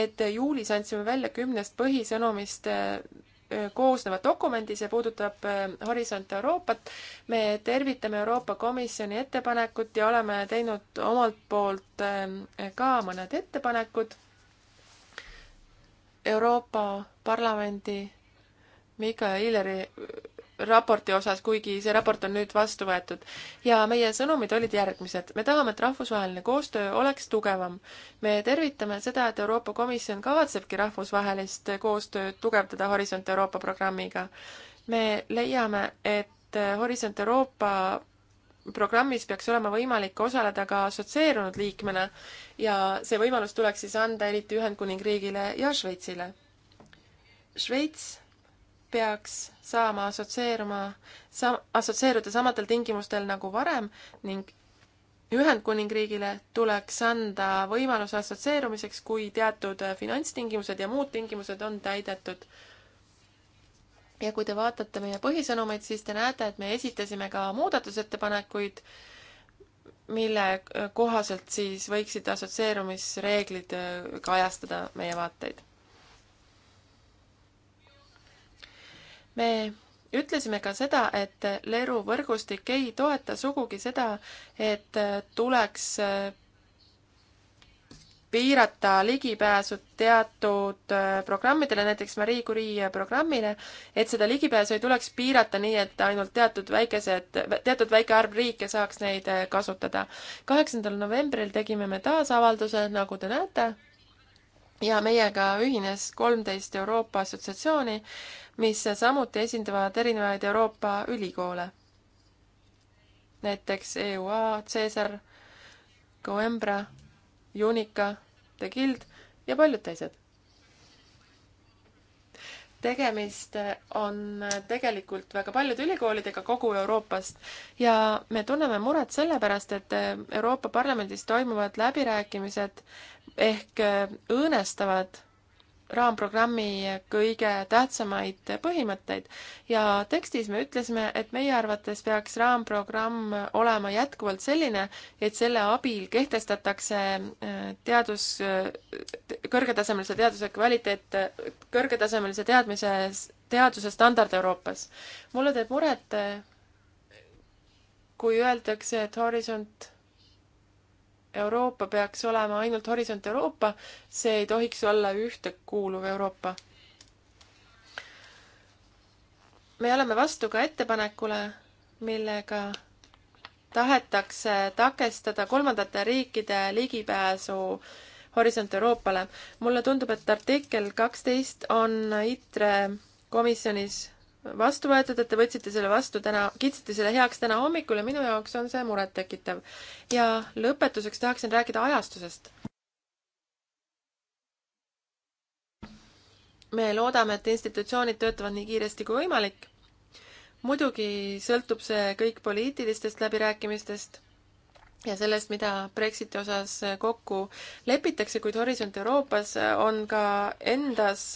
et juulis andsime välja kümnest põhisõnumist äh, äh, koosneva dokumendi, see puudutab äh, Horisont Euroopat. me tervitame Euroopa Komisjoni ettepanekut ja oleme teinud omalt poolt ka mõned ettepanekud Euroopa Parlamendi Mika Hilleri raporti osas, kuigi see raport on nüüd vastu võetud. ja meie sõnumid olid järgmised. me tahame, et rahvusvaheline koostöö oleks tugevam. me tervitame seda, et Euroopa Komisjon kavatsebki rahvusvahelist koostööd tugevdada Horisont Euroopa programmiga. me leiame, et Horisont Euroopa programmis peaks olema võimalik osaleda ka assotsieerunud liikmena ja see võimalus tuleks siis anda eriti Ühendkuningriigile ja Šveitsile. Šveits peaks saama assotsieeruma, sa-, assotsieeruda samadel tingimustel nagu varem ning Ühendkuningriigile tuleks anda võimalus assotsieerumiseks, kui teatud finantstingimused ja muud tingimused on täidetud. ja kui te vaatate meie põhisõnumeid, siis te näete, et me esitasime ka muudatusettepanekuid, mille kohaselt siis võiksid assotsieerumisreeglid kajastada meie vaateid me ütlesime ka seda, et Leru võrgustik ei toeta sugugi seda, et tuleks äh, piirata ligipääsu teatud äh, programmidele, näiteks Marie Curie äh, programmile, et seda ligipääsu ei tuleks piirata nii, et ainult teatud väikesed, teatud väike arv riike saaks neid kasutada. kaheksandal novembril tegime me taas avalduse, nagu te näete ja meiega ühines kolmteist Euroopa assotsiatsiooni, mis samuti esindavad erinevaid Euroopa ülikoole. näiteks EUA, Cesar, Coembra, Unica, The Guild ja paljud teised. tegemist on tegelikult väga paljude ülikoolidega kogu Euroopast ja me tunneme muret selle pärast, et Euroopa Parlamendis toimuvad läbirääkimised ehk äh, õõnestavad raamprogrammi kõige tähtsamaid põhimõtteid ja tekstis me ütlesime, et meie arvates peaks raamprogramm olema jätkuvalt selline, et selle abil kehtestatakse äh, teadus, äh, kõrgetasemelise teaduse kvaliteet, kõrgetasemelise teadmise, teaduse standard Euroopas. mulle teeb muret, kui öeldakse, et Horisont Euroopa peaks olema ainult Horisont Euroopa, see ei tohiks olla ühtekuuluv Euroopa. me oleme vastu ka ettepanekule, millega tahetakse takestada kolmandate riikide ligipääsu Horisont Euroopale. mulle tundub, et artikkel kaksteist on ITRE komisjonis vastu võetud, et te võtsite selle vastu täna, kiitsite selle heaks täna hommikul ja minu jaoks on see murettekitav. ja lõpetuseks tahaksin rääkida ajastusest. me loodame, et institutsioonid töötavad nii kiiresti kui võimalik. muidugi sõltub see kõik poliitilistest läbirääkimistest ja sellest, mida Brexiti osas kokku lepitakse, kuid Horisont Euroopas on ka endas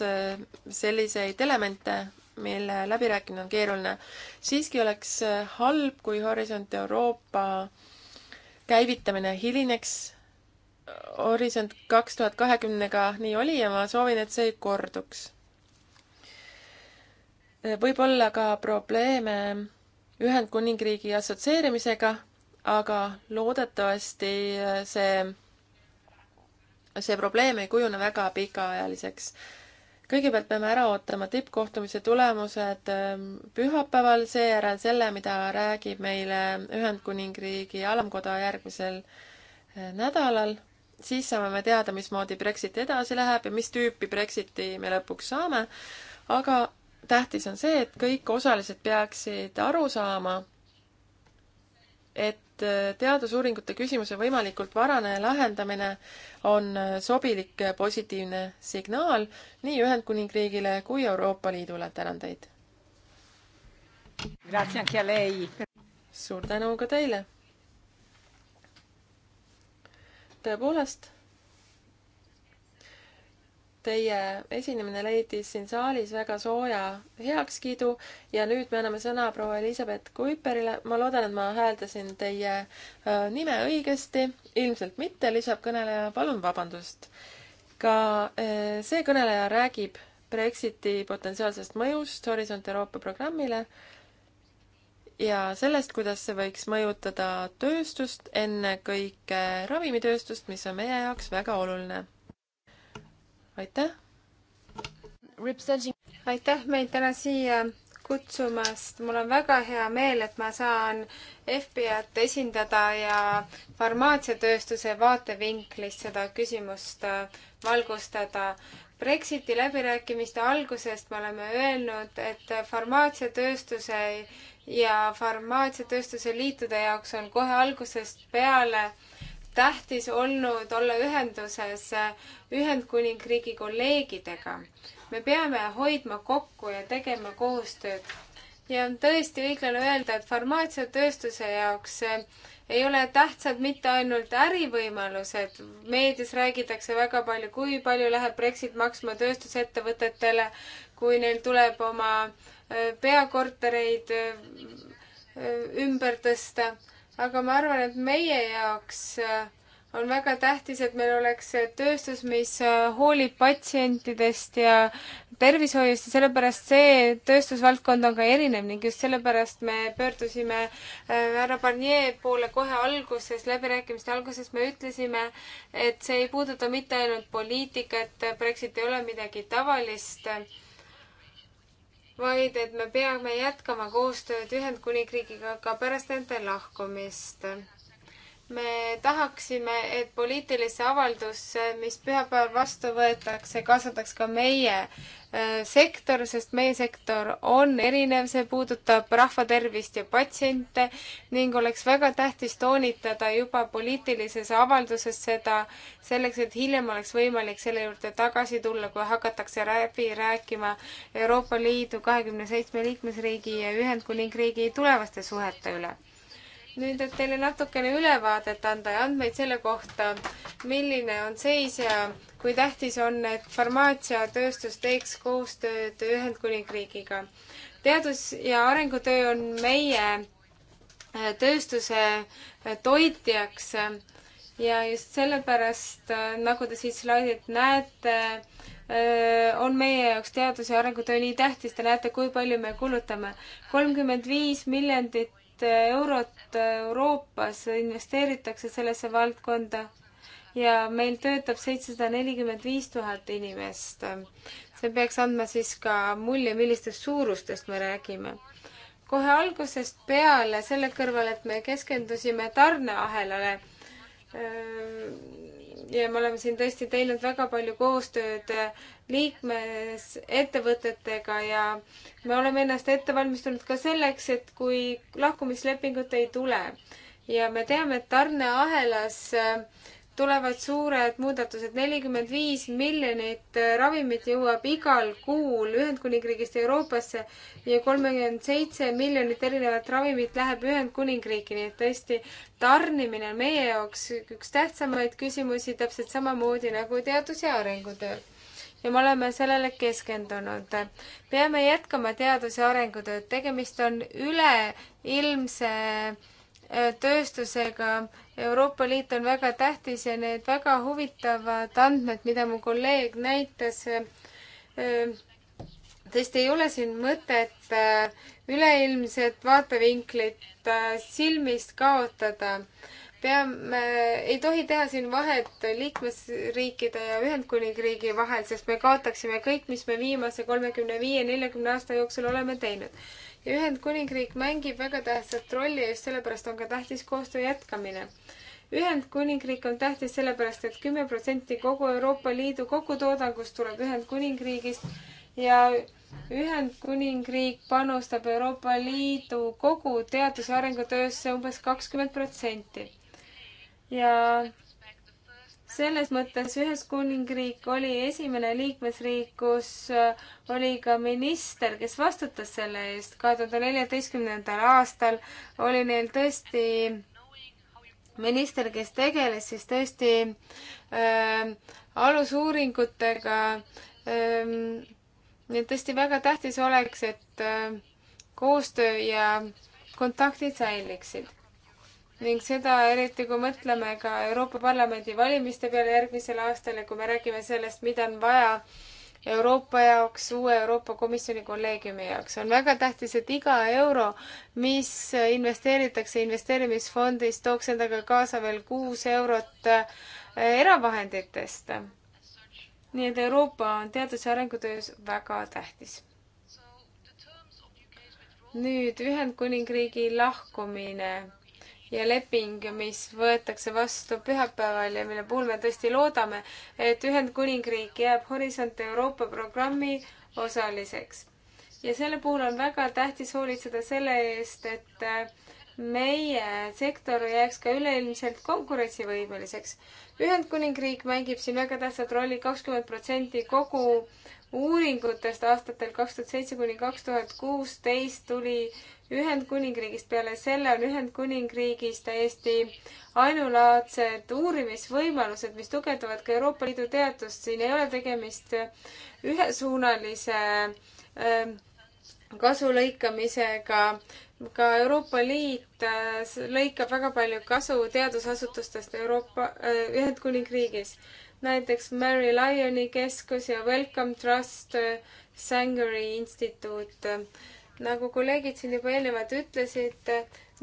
selliseid elemente, mille läbirääkimine on keeruline. siiski oleks äh, halb, kui Horisont Euroopa käivitamine hilineks. Horisont kaks tuhat kahekümnega nii oli ja ma soovin, et see ei korduks. Äh, võib olla ka probleeme Ühendkuningriigi assotsieerimisega, aga loodetavasti äh, see, see probleem ei kujune väga pikaajaliseks kõigepealt peame ära ootama tippkohtumise tulemused ehm, pühapäeval, seejärel selle, mida räägib meile Ühendkuningriigi alamkoda järgmisel eh, nädalal. siis saame me teada, mismoodi Brexit edasi läheb ja mis tüüpi Brexiti me lõpuks saame. aga tähtis on see, et kõik osalised peaksid aru saama, et äh, teadusuuringute küsimuse võimalikult varane lahendamine on äh, sobilik äh, positiivne signaal nii Ühendkuningriigile kui Euroopa Liidule. tänan teid! suur tänu ka teile! tõepoolest teie esinemine leidis siin saalis väga sooja heakskiidu ja nüüd me anname sõna proua Elizabeth Kuiperile. ma loodan, et ma hääldasin teie äh, nime õigesti. ilmselt mitte, lisab kõneleja. palun vabandust. ka äh, see kõneleja räägib Brexiti potentsiaalsest mõjust Horisont Euroopa programmile ja sellest, kuidas see võiks mõjutada tööstust, ennekõike ravimitööstust, mis on meie jaoks väga oluline aitäh! aitäh meid täna siia kutsumast, mul on väga hea meel, et ma saan FBA-t esindada ja farmaatsiatööstuse vaatevinklist seda küsimust äh, valgustada. Brexiti läbirääkimiste algusest me oleme öelnud, et farmaatsiatööstuse ja farmaatsiatööstuse liitude jaoks on kohe algusest peale äh, tähtis olnud olla ühenduses Ühendkuningriigi kolleegidega. me peame hoidma kokku ja tegema koostööd. ja on tõesti õiglane öelda, et farmaatsiatööstuse jaoks ei ole tähtsad mitte ainult ärivõimalused, meedias räägitakse väga palju, kui palju läheb Brexit maksma tööstusettevõtetele, kui neil tuleb oma äh, peakortereid äh, ümber tõsta aga ma arvan, et meie jaoks äh, on väga tähtis, et meil oleks äh, tööstus, mis äh, hoolib patsientidest ja tervishoiust ja sellepärast see tööstusvaldkond on ka erinev ning just sellepärast me pöördusime härra Barnier poole kohe alguses, läbirääkimiste alguses me ütlesime, et see ei puuduta mitte ainult poliitikat, Brexit ei ole midagi tavalist vaid et me peame jätkama koostööd Ühendkuningriigiga ka pärast nende lahkumist me tahaksime, et poliitilisse avaldusse, mis pühapäeval vastu võetakse, kaasataks ka meie äh, sektor, sest meie sektor on erinev, see puudutab rahva tervist ja patsiente ning oleks väga tähtis toonitada juba poliitilises avalduses seda, selleks et hiljem oleks võimalik selle juurde tagasi tulla, kui hakatakse läbi rääkima Euroopa Liidu kahekümne seitsme liikmesriigi ja Ühendkuningriigi tulevaste suhete üle nüüd, et teile natukene ülevaadet anda ja andmeid selle kohta, milline on seis ja kui tähtis on, et farmaatsiatööstus teeks koostööd Ühendkuningriigiga. teadus- ja arengutöö on meie äh, tööstuse äh, toitjaks ja just sellepärast, äh, nagu te siit slaidilt näete, on meie jaoks teadus- ja arengutöö nii tähtis, te näete, kui palju me kulutame. kolmkümmend viis miljardit eurot Euroopas investeeritakse sellesse valdkonda ja meil töötab seitsesada nelikümmend viis tuhat inimest. see peaks andma siis ka mulje, millistest suurustest me räägime. kohe algusest peale, selle kõrval, et me keskendusime tarneahelale, ja me oleme siin tõesti teinud väga palju koostööd äh, liikmesettevõtetega ja me oleme ennast ette valmistunud ka selleks, et kui lahkumislepingut ei tule ja me teame, et tarneahelas äh, tulevad suured muudatused, nelikümmend viis miljonit ravimit jõuab igal kuul Ühendkuningriigist Euroopasse ja kolmekümmend seitse miljonit erinevat ravimit läheb Ühendkuningriiki, nii et tõesti tarnimine on meie jaoks üks tähtsamaid küsimusi, täpselt samamoodi nagu teadus- ja arengutöö ja me oleme sellele keskendunud. peame jätkama teadus- ja arengutööd, tegemist on üleilmse äh, tööstusega Euroopa Liit on väga tähtis ja need väga huvitavad andmed, mida mu kolleeg näitas, äh, äh, tõesti ei ole siin mõtet äh, üleilmset vaatevinklit silmist kaotada. peame, ei tohi teha siin vahet liikmesriikide ja Ühendkuningriigi vahel, sest me kaotaksime kõik, mis me viimase kolmekümne viie, neljakümne aasta jooksul oleme teinud ja Ühendkuningriik mängib väga tähtsat rolli ja just sellepärast on ka tähtis koostöö jätkamine. Ühendkuningriik on tähtis sellepärast et, et kümme protsenti kogu Euroopa Liidu kogutoodangust tuleb Ühendkuningriigist ja Ühendkuningriik panustab Euroopa Liidu kogu teadus- ja arengutöösse umbes kakskümmend protsenti. ja selles mõttes Ühendkuningriik oli esimene liikmesriik, kus äh, oli ka minister, kes vastutas selle eest. kahe tuhande neljateistkümnendal aastal oli neil tõesti minister, kes tegeles siis tõesti äh, alusuuringutega äh,. nii et tõesti väga tähtis oleks, et äh, koostöö ja kontaktid säiliksid ning seda eriti, kui mõtleme ka Euroopa Parlamendi valimiste peale järgmisel aastal ja kui me räägime sellest, mida on vaja Euroopa jaoks, uue Euroopa Komisjoni kolleegiumi jaoks. on väga tähtis, et iga euro, mis investeeritakse investeerimisfondis, tooks endaga kaasa veel kuus eurot eh, eravahenditest. nii et Euroopa on teadus- ja arengutöös väga tähtis nüüd Ühendkuningriigi lahkumine ja leping, mis võetakse vastu pühapäeval ja mille puhul me tõesti loodame, et Ühendkuningriik jääb Horisont Euroopa programmi osaliseks. ja selle puhul on väga tähtis hoolitseda selle eest, et äh, meie sektor jääks ka üleilmselt konkurentsivõimeliseks. Ühendkuningriik mängib siin väga tähtsat rolli, kakskümmend protsenti kogu uuringutest aastatel kaks tuhat seitse kuni kaks tuhat kuusteist tuli Ühendkuningriigist. peale selle on Ühendkuningriigis täiesti ainulaadsed uurimisvõimalused, mis tugevdavad ka Euroopa Liidu teadust. siin ei ole tegemist ühesuunalise ähm, kasulõikamisega. ka Euroopa Liit äh, lõikab väga palju kasu teadusasutustest Euroopa, äh, Ühendkuningriigis. näiteks Mary Lyoni keskus ja Wellcome Trust, äh, Sangeri instituut nagu kolleegid siin juba eelnevalt ütlesid,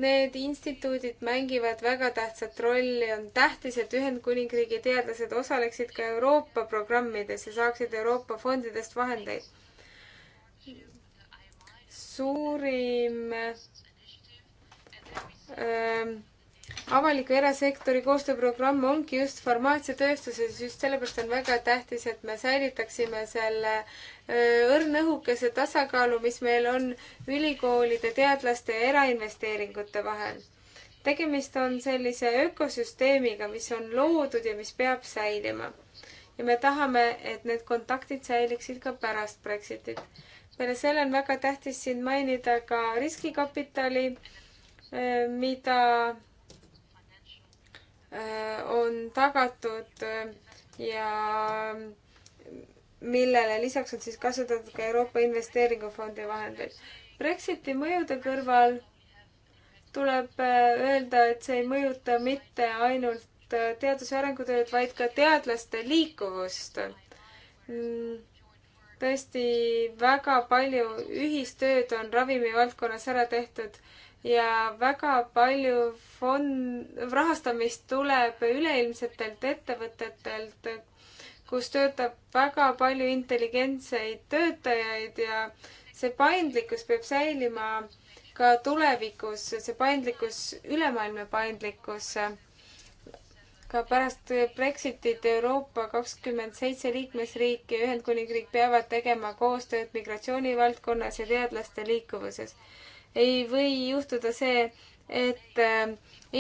need instituudid mängivad väga tähtsat rolli, on tähtis, et Ühendkuningriigi teadlased osaleksid ka Euroopa programmides ja saaksid Euroopa fondidest vahendeid. suurim öö, ähm, avaliku erasektori koostööprogramm ongi just farmaatsiatööstuses, just sellepärast on väga tähtis, et me säilitaksime selle õrna õhukese tasakaalu, mis meil on ülikoolide, teadlaste ja erainvesteeringute vahel. tegemist on sellise ökosüsteemiga, mis on loodud ja mis peab säilima. ja me tahame, et need kontaktid säiliksid ka pärast Brexitit. peale selle on väga tähtis siin mainida ka riskikapitali, mida Äh, on tagatud äh, ja millele lisaks on siis kasutatud ka Euroopa Investeeringufondi vahendeid. Brexiti mõjude kõrval tuleb äh, öelda, et see ei mõjuta mitte ainult teadus- ja arengutööd, vaid ka teadlaste liikuvust mm, tõesti väga palju ühistööd on ravimivaldkonnas ära tehtud ja väga palju fond, rahastamist tuleb üleilmsetelt ettevõtetelt, kus töötab väga palju intelligentseid töötajaid ja see paindlikkus peab säilima ka tulevikus, see paindlikkus, ülemaailmne paindlikkus ka pärast Brexitit Euroopa kakskümmend seitse liikmesriiki ja Ühendkuningriik peavad tegema koostööd migratsioonivaldkonnas ja teadlaste liikuvuses. ei või juhtuda see, et äh,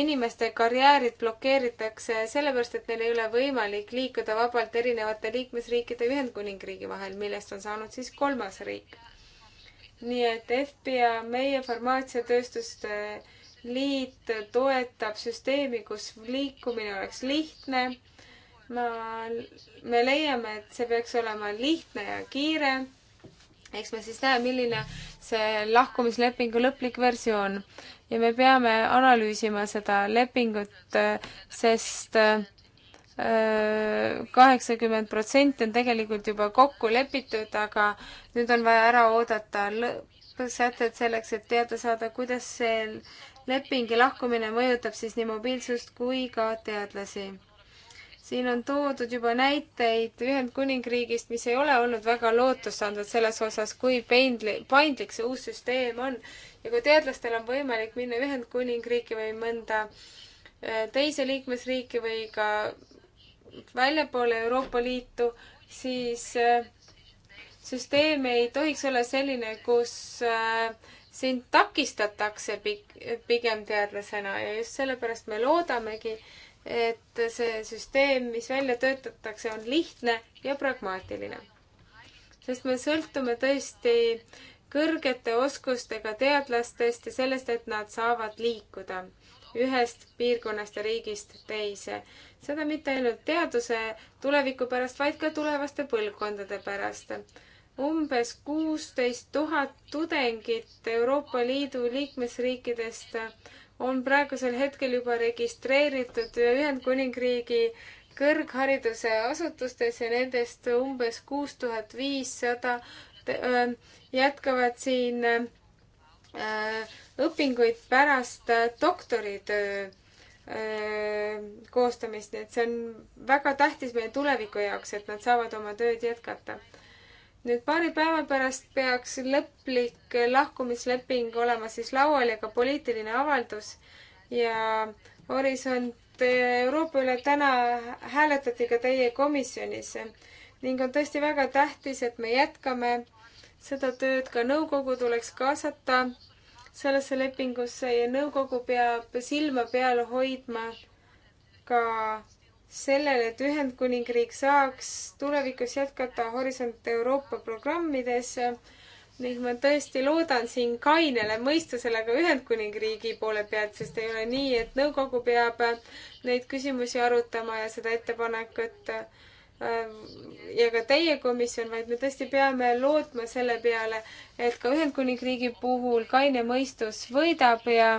inimeste karjäärid blokeeritakse sellepärast, et neil ei ole võimalik liikuda vabalt erinevate liikmesriikide ja Ühendkuningriigi vahel, millest on saanud siis kolmas riik. nii et FBA meie farmaatsiatööstuste äh, liit toetab süsteemi, kus liikumine oleks lihtne. ma, me leiame, et see peaks olema lihtne ja kiire. eks me siis näe, milline see lahkumislepingu lõplik versioon ja me peame analüüsima seda lepingut, sest äh, kaheksakümmend protsenti on tegelikult juba kokku lepitud, aga nüüd on vaja ära oodata lõpp sätted selleks, et teada saada, kuidas see lepingi lahkumine mõjutab siis nii mobiilsust kui ka teadlasi. siin on toodud juba näiteid Ühendkuningriigist, mis ei ole olnud väga lootustandvad selles osas, kui peindli-, paindlik see uus süsteem on. ja kui teadlastel on võimalik minna Ühendkuningriiki või mõnda äh, teise liikmesriiki või ka väljapoole Euroopa Liitu, siis äh, süsteem ei tohiks olla selline, kus äh, sind takistatakse pigem teadlasena ja just sellepärast me loodamegi, et see süsteem, mis välja töötatakse, on lihtne ja pragmaatiline. sest me sõltume tõesti kõrgete oskustega teadlastest ja sellest, et nad saavad liikuda ühest piirkonnast ja riigist teise. seda mitte ainult teaduse tuleviku pärast, vaid ka tulevaste põlvkondade pärast umbes kuusteist tuhat tudengit Euroopa Liidu liikmesriikidest on praegusel hetkel juba registreeritud Ühendkuningriigi kõrghariduse asutustes ja nendest umbes kuus tuhat viissada äh, jätkavad siin äh, õpinguid pärast äh, doktoritöö koostamist, nii et see on väga tähtis meie tuleviku jaoks, et nad saavad oma tööd jätkata nüüd paari päeva pärast peaks lõplik lahkumisleping olema siis laual ja ka poliitiline avaldus ja Horisont Euroopa üle täna hääletati ka teie komisjonis ning on tõesti väga tähtis, et me jätkame seda tööd, ka nõukogu tuleks kaasata sellesse lepingusse ja nõukogu peab silma peal hoidma ka sellele, et Ühendkuningriik saaks tulevikus jätkata Horisont Euroopa programmides ning ma tõesti loodan siin kainele mõistusele ka Ühendkuningriigi poole pealt, sest ei ole nii, et nõukogu peab neid küsimusi arutama ja seda ettepanekut äh, ja ka teie komisjon, vaid me tõesti peame lootma selle peale, et ka Ühendkuningriigi puhul kaine mõistus võidab ja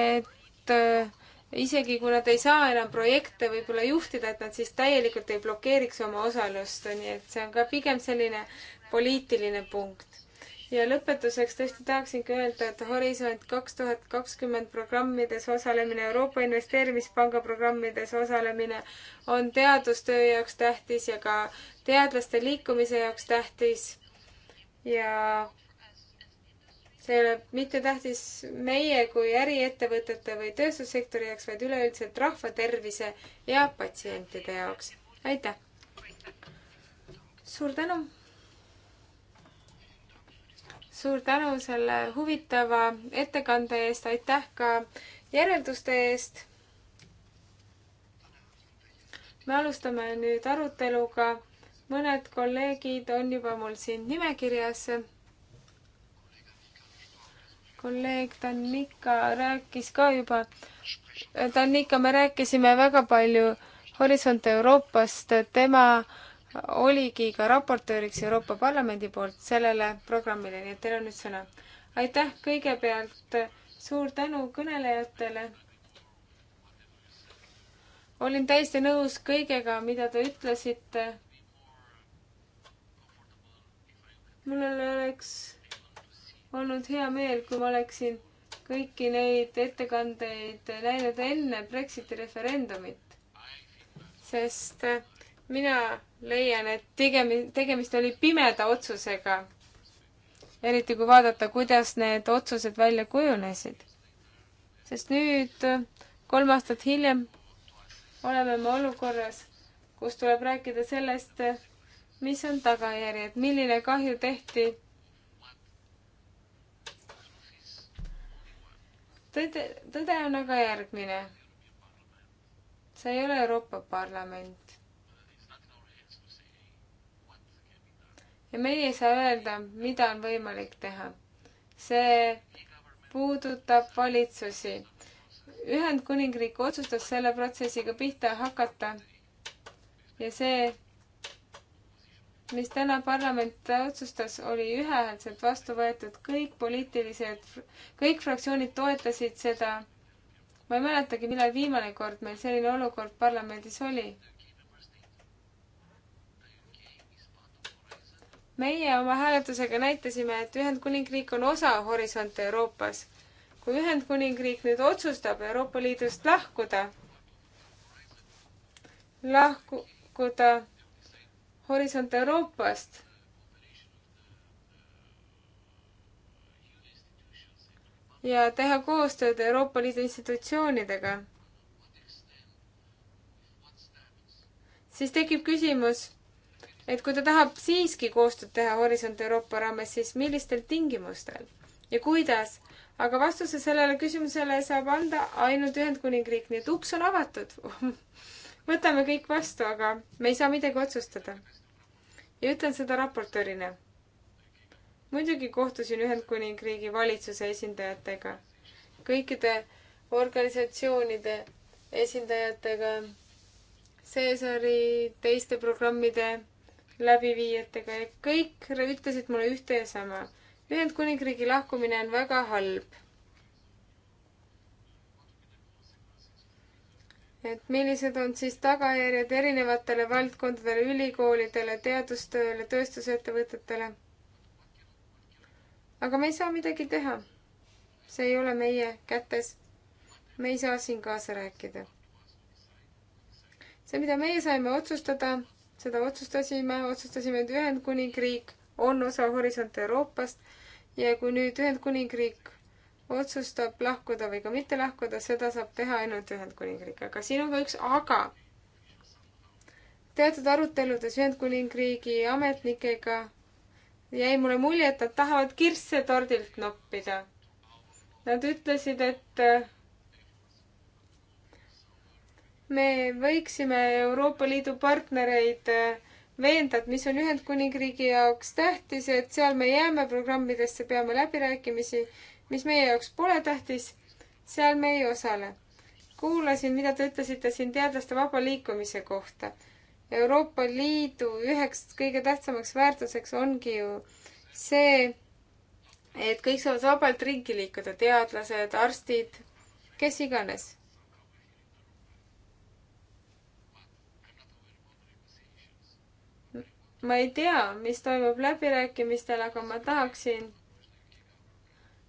et äh, isegi kui nad ei saa enam projekte võib-olla juhtida, et nad siis täielikult ei blokeeriks oma osalust, nii et see on ka pigem selline poliitiline punkt. ja lõpetuseks tõesti tahaksingi öelda, et Horisont kaks tuhat kakskümmend programmides osalemine, Euroopa Investeerimispanga programmides osalemine on teadustöö jaoks tähtis ja ka teadlaste liikumise jaoks tähtis ja see ei ole mitte tähtis meie kui äriettevõtete või tööstussektori jaoks, vaid üleüldiselt rahva tervise ja patsientide jaoks. aitäh! suur tänu! suur tänu selle huvitava ettekande eest, aitäh ka järelduste eest! me alustame nüüd aruteluga. mõned kolleegid on juba mul siin nimekirjas kolleeg Danika rääkis ka juba, Danika, me rääkisime väga palju Horisont Euroopast, tema oligi ka raportööriks Euroopa Parlamendi poolt sellele programmile, nii et teil on nüüd sõna. aitäh kõigepealt, suur tänu kõnelejatele. olin täiesti nõus kõigega, mida te ütlesite. mul oleks olnud hea meel, kui ma oleksin kõiki neid ettekandeid näinud enne Brexiti referendumit. sest äh, mina leian, et tegemi-, tegemist oli pimeda otsusega. eriti kui vaadata, kuidas need otsused välja kujunesid. sest nüüd, äh, kolm aastat hiljem, oleme me olukorras, kus tuleb rääkida sellest, äh, mis on tagajärjed, milline kahju tehti tõde, tõde on aga järgmine. see ei ole Euroopa Parlament. ja meie ei saa öelda, mida on võimalik teha. see puudutab valitsusi. Ühendkuningriik otsustas selle protsessiga pihta hakata ja see mis täna parlament otsustas, oli ühehäälselt vastu võetud, kõik poliitilised, kõik fraktsioonid toetasid seda. ma ei mäletagi, millal viimane kord meil selline olukord parlamendis oli. meie oma hääletusega näitasime, et Ühendkuningriik on osa Horisont Euroopas. kui Ühendkuningriik nüüd otsustab Euroopa Liidust lahkuda, lahkuda Horisont Euroopast. ja teha koostööd Euroopa Liidu institutsioonidega. siis tekib küsimus, et kui ta tahab siiski koostööd teha Horisont Euroopa raames, siis millistel tingimustel ja kuidas? aga vastuse sellele küsimusele saab anda ainult Ühendkuningriik, nii et uks on avatud võtame kõik vastu, aga me ei saa midagi otsustada. ja ütlen seda raportöörina. muidugi kohtusin Ühendkuningriigi valitsuse esindajatega, kõikide organisatsioonide esindajatega, Caesari teiste programmide läbiviijatega ja kõik ütlesid mulle ühte ja sama. Ühendkuningriigi lahkumine on väga halb et millised on siis tagajärjed erinevatele valdkondadele, ülikoolidele, teadustööle, tööstusettevõtetele. aga me ei saa midagi teha. see ei ole meie kätes. me ei saa siin kaasa rääkida. see, mida meie saime otsustada, seda otsustasime, otsustasime, et Ühendkuningriik on osa Horisont Euroopast ja kui nüüd Ühendkuningriik otsustab lahkuda või ka mitte lahkuda, seda saab teha ainult Ühendkuningriik, aga siin on ka üks aga. teatud aruteludes Ühendkuningriigi ametnikega jäi mulle mulje, et nad tahavad kirsse tordilt noppida. Nad ütlesid, et äh, me võiksime Euroopa Liidu partnereid äh, veenda, et mis on Ühendkuningriigi jaoks tähtis, et seal me jääme programmidesse, peame läbirääkimisi mis meie jaoks pole tähtis, seal me ei osale. kuulasin, mida te ütlesite siin teadlaste vaba liikumise kohta. Euroopa Liidu üheks kõige tähtsamaks väärtuseks ongi ju see, et kõik saavad vabalt ringi liikuda, teadlased, arstid, kes iganes ma ei tea, mis toimub läbirääkimistel, aga ma tahaksin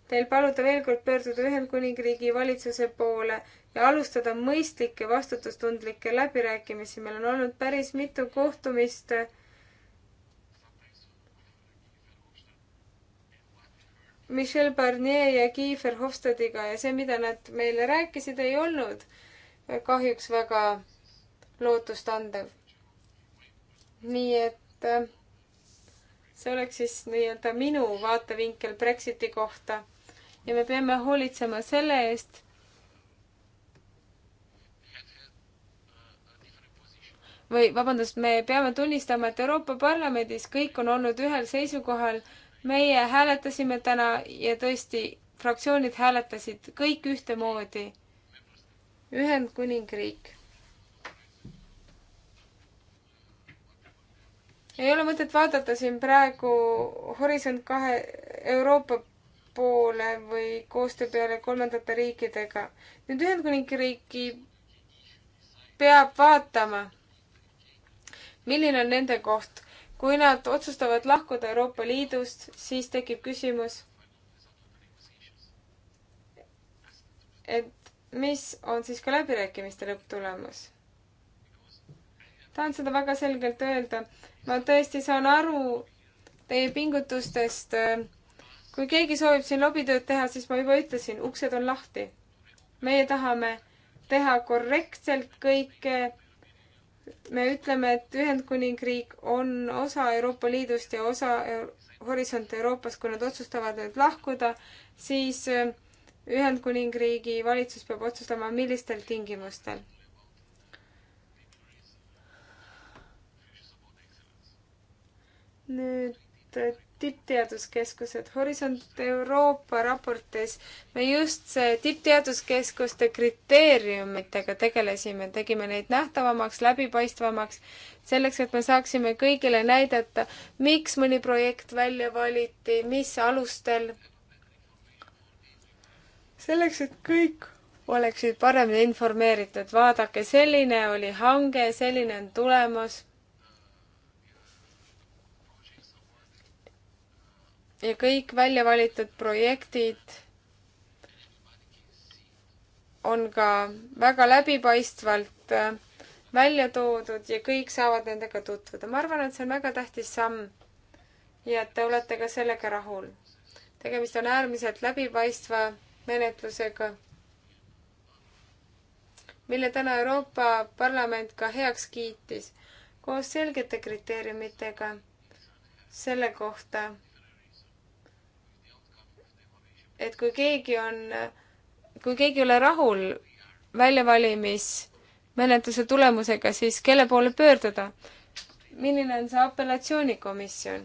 Teil paluda veel kord pöörduda Ühendkuningriigi valitsuse poole ja alustada mõistlikke vastutustundlikke läbirääkimisi. meil on olnud päris mitu kohtumist Michel Barnier ja Kiefer Hofstadiga ja see, mida nad meile rääkisid, ei olnud kahjuks väga lootustandev. nii et äh, see oleks siis nii-öelda minu vaatevinkel Brexiti kohta ja me peame hoolitsema selle eest, või vabandust, me peame tunnistama, et Euroopa Parlamendis kõik on olnud ühel seisukohal. meie hääletasime täna ja tõesti, fraktsioonid hääletasid kõik ühtemoodi. Ühendkuningriik. ei ole mõtet vaadata siin praegu Horisont kahe Euroopa poole või koostöö peale kolmandate riikidega. nüüd Ühendkuningriiki peab vaatama, milline on nende koht. kui nad otsustavad lahkuda Euroopa Liidust, siis tekib küsimus, et mis on siis ka läbirääkimiste lõpptulemus. tahan seda väga selgelt öelda. ma tõesti saan aru teie pingutustest äh, kui keegi soovib siin lobitööd teha, siis ma juba ütlesin, uksed on lahti. meie tahame teha korrektselt kõike. me ütleme, et Ühendkuningriik on osa Euroopa Liidust ja osa Horisont Euroopas, kui nad otsustavad nüüd lahkuda, siis äh, Ühendkuningriigi valitsus peab otsustama, millistel tingimustel. nüüd tippteaduskeskused, Horisont Euroopa raportis me just tippteaduskeskuste kriteeriumitega tegelesime, tegime neid nähtavamaks, läbipaistvamaks, selleks, et me saaksime kõigile näidata, miks mõni projekt välja valiti, mis alustel. selleks, et kõik oleksid paremini informeeritud, vaadake, selline oli hange, selline on tulemus ja kõik välja valitud projektid on ka väga läbipaistvalt äh, välja toodud ja kõik saavad nendega tutvuda. ma arvan, et see on väga tähtis samm ja et te olete ka sellega rahul. tegemist on äärmiselt läbipaistva menetlusega, mille täna Euroopa Parlament ka heaks kiitis koos selgete kriteeriumitega selle kohta, et kui keegi on, kui keegi ei ole rahul väljavalimismenetluse tulemusega, siis kelle poole pöörduda? milline on see apellatsioonikomisjon?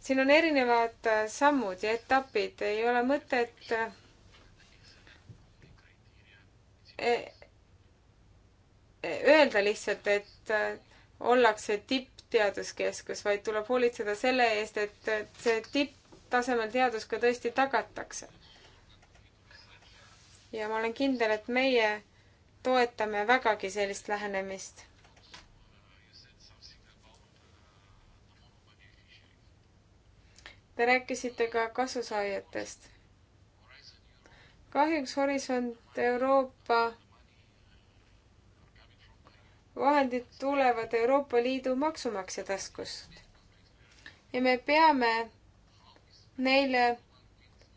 siin on erinevad äh, sammud ja etapid, ei ole mõtet äh, e, e, öelda lihtsalt, et äh, ollakse tippteaduskeskus, vaid tuleb hoolitseda selle eest, et see tipp tasemel teadus ka tõesti tagatakse. ja ma olen kindel, et meie toetame vägagi sellist lähenemist. Te rääkisite ka kasusaajatest. kahjuks Horisont Euroopa vahendid tulevad Euroopa Liidu maksumaksja taskust. ja me peame neile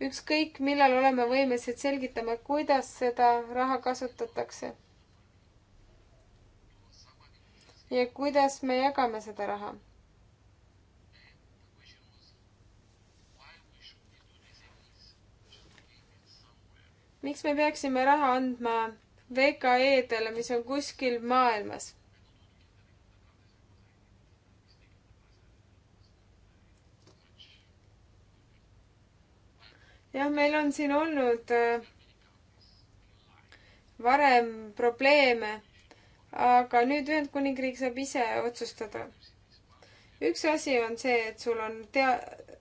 ükskõik millal oleme võimelised selgitama, kuidas seda raha kasutatakse. ja kuidas me jagame seda raha. miks me peaksime raha andma VKE-dele, mis on kuskil maailmas? jah, meil on siin olnud äh, varem probleeme, aga nüüd Ühendkuningriik saab ise otsustada. üks asi on see, et sul on tea-,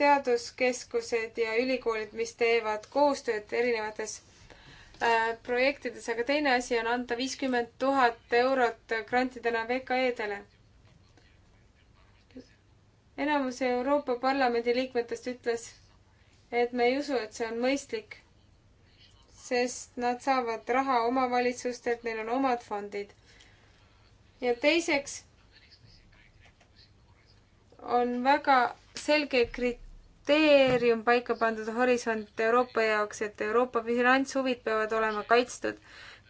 teaduskeskused ja ülikoolid, mis teevad koostööd erinevates äh, projektides, aga teine asi on anda viiskümmend tuhat eurot grantidena VKE-dele enamus Euroopa Parlamendi liikmetest ütles, et me ei usu, et see on mõistlik, sest nad saavad raha omavalitsustelt, neil on omad fondid. ja teiseks on väga selge kriteerium paika pandud horisont Euroopa jaoks, et Euroopa finantshuvid peavad olema kaitstud.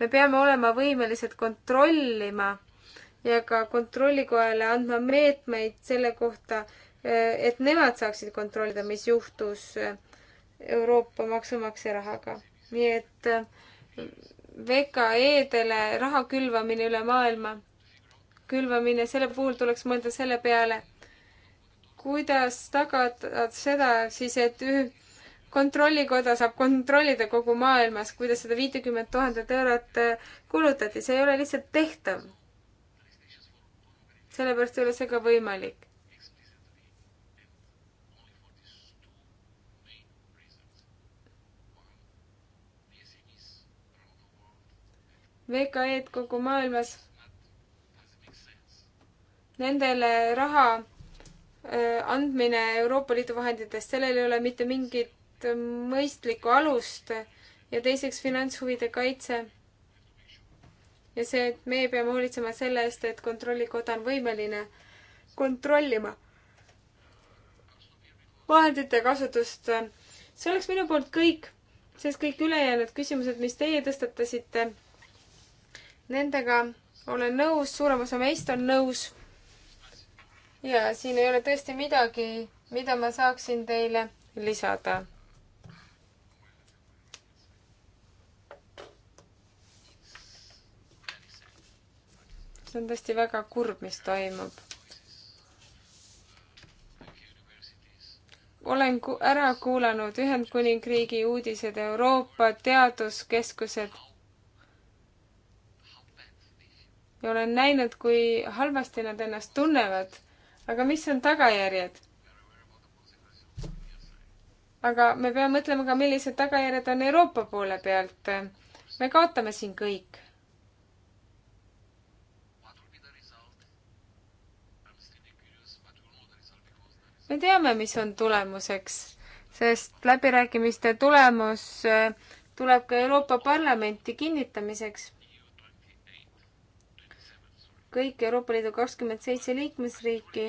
me peame olema võimelised kontrollima ja ka kontrollikojale andma meetmeid selle kohta, et nemad saaksid kontrollida, mis juhtus Euroopa maksumaksja rahaga. nii et äh, VKE-dele raha külvamine üle maailma, külvamine, selle puhul tuleks mõelda selle peale, kuidas tagada seda siis, et kontrollikoda saab kontrollida kogu maailmas, kuidas seda viitekümmet tuhandet eurot äh, kulutati, see ei ole lihtsalt tehtav. sellepärast ei ole see ka võimalik. VKE-d kogu maailmas. Nendele raha andmine Euroopa Liidu vahenditest, sellel ei ole mitte mingit mõistlikku alust ja teiseks finantshuvide kaitse. ja see, et meie peame hoolitsema selle eest, et kontrollikoda on võimeline kontrollima vahendite kasutust. see oleks minu poolt kõik, sest kõik ülejäänud küsimused, mis teie tõstatasite Nendega olen nõus, suurem osa meist on nõus. ja siin ei ole tõesti midagi, mida ma saaksin teile lisada. see on tõesti väga kurb, mis toimub. olen ku-, ära kuulanud Ühendkuningriigi uudised, Euroopa teaduskeskused ja olen näinud, kui halvasti nad ennast tunnevad. aga mis on tagajärjed? aga me peame mõtlema ka, millised tagajärjed on Euroopa poole pealt. me kaotame siin kõik. me teame, mis on tulemuseks, sest läbirääkimiste tulemus eh, tuleb ka Euroopa Parlamenti kinnitamiseks kõik Euroopa Liidu kakskümmend seitse liikmesriiki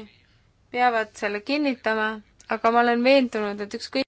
peavad selle kinnitama, aga ma olen veendunud, et ükskõik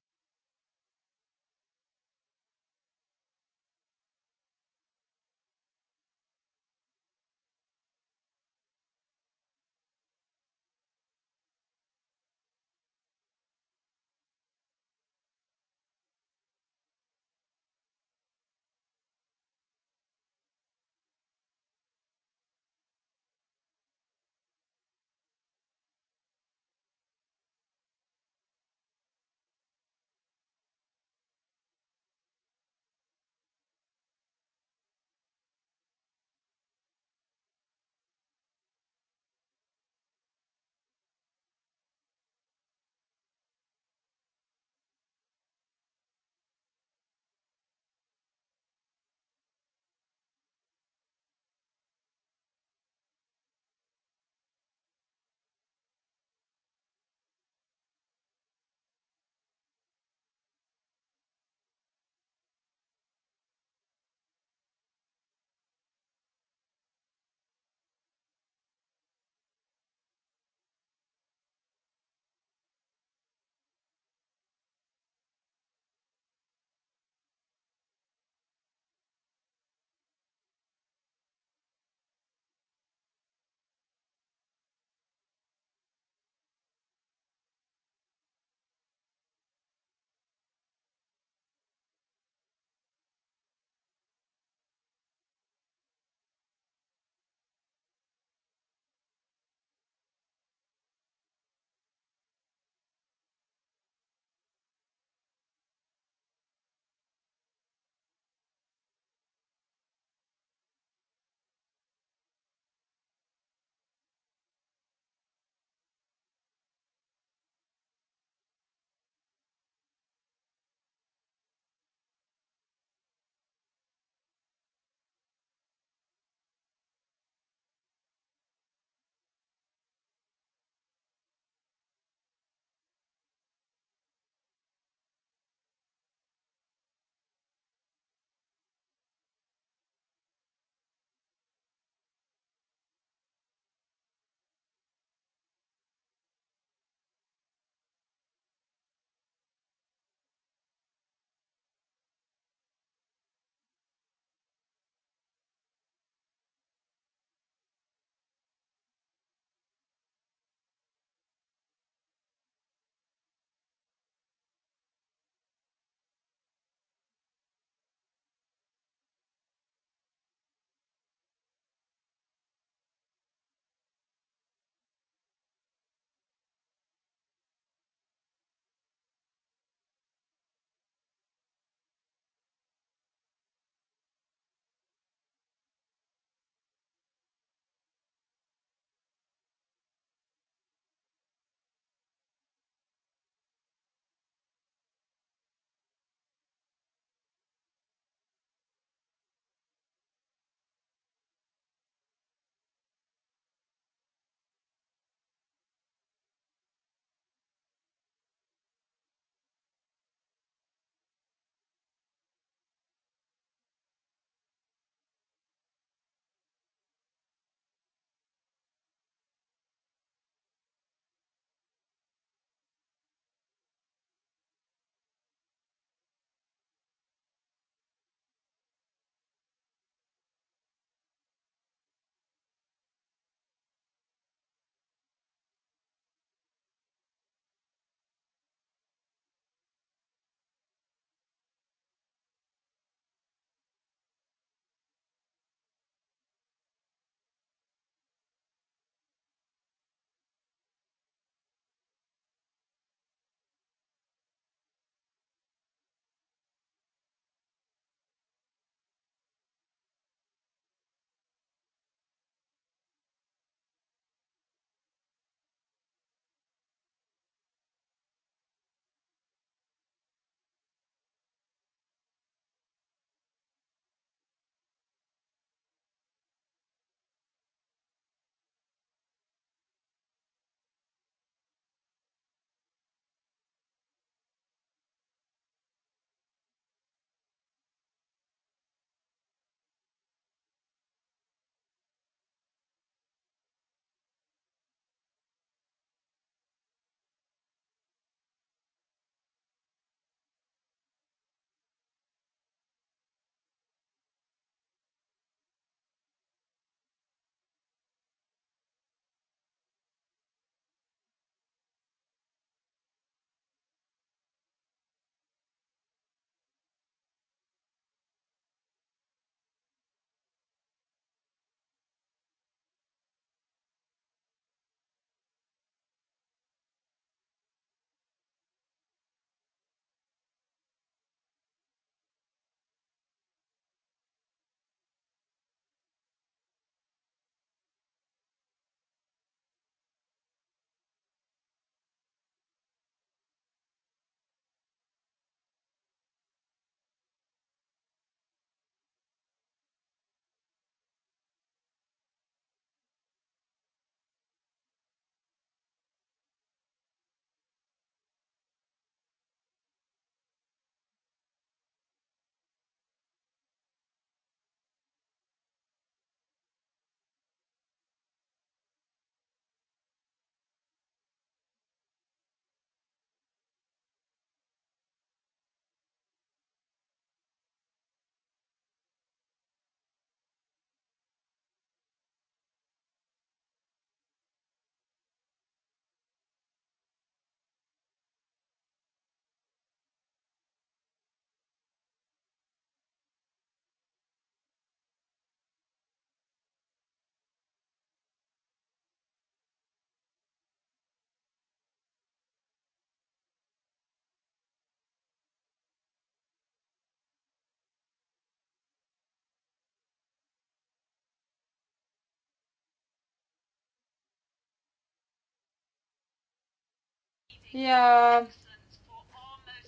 ja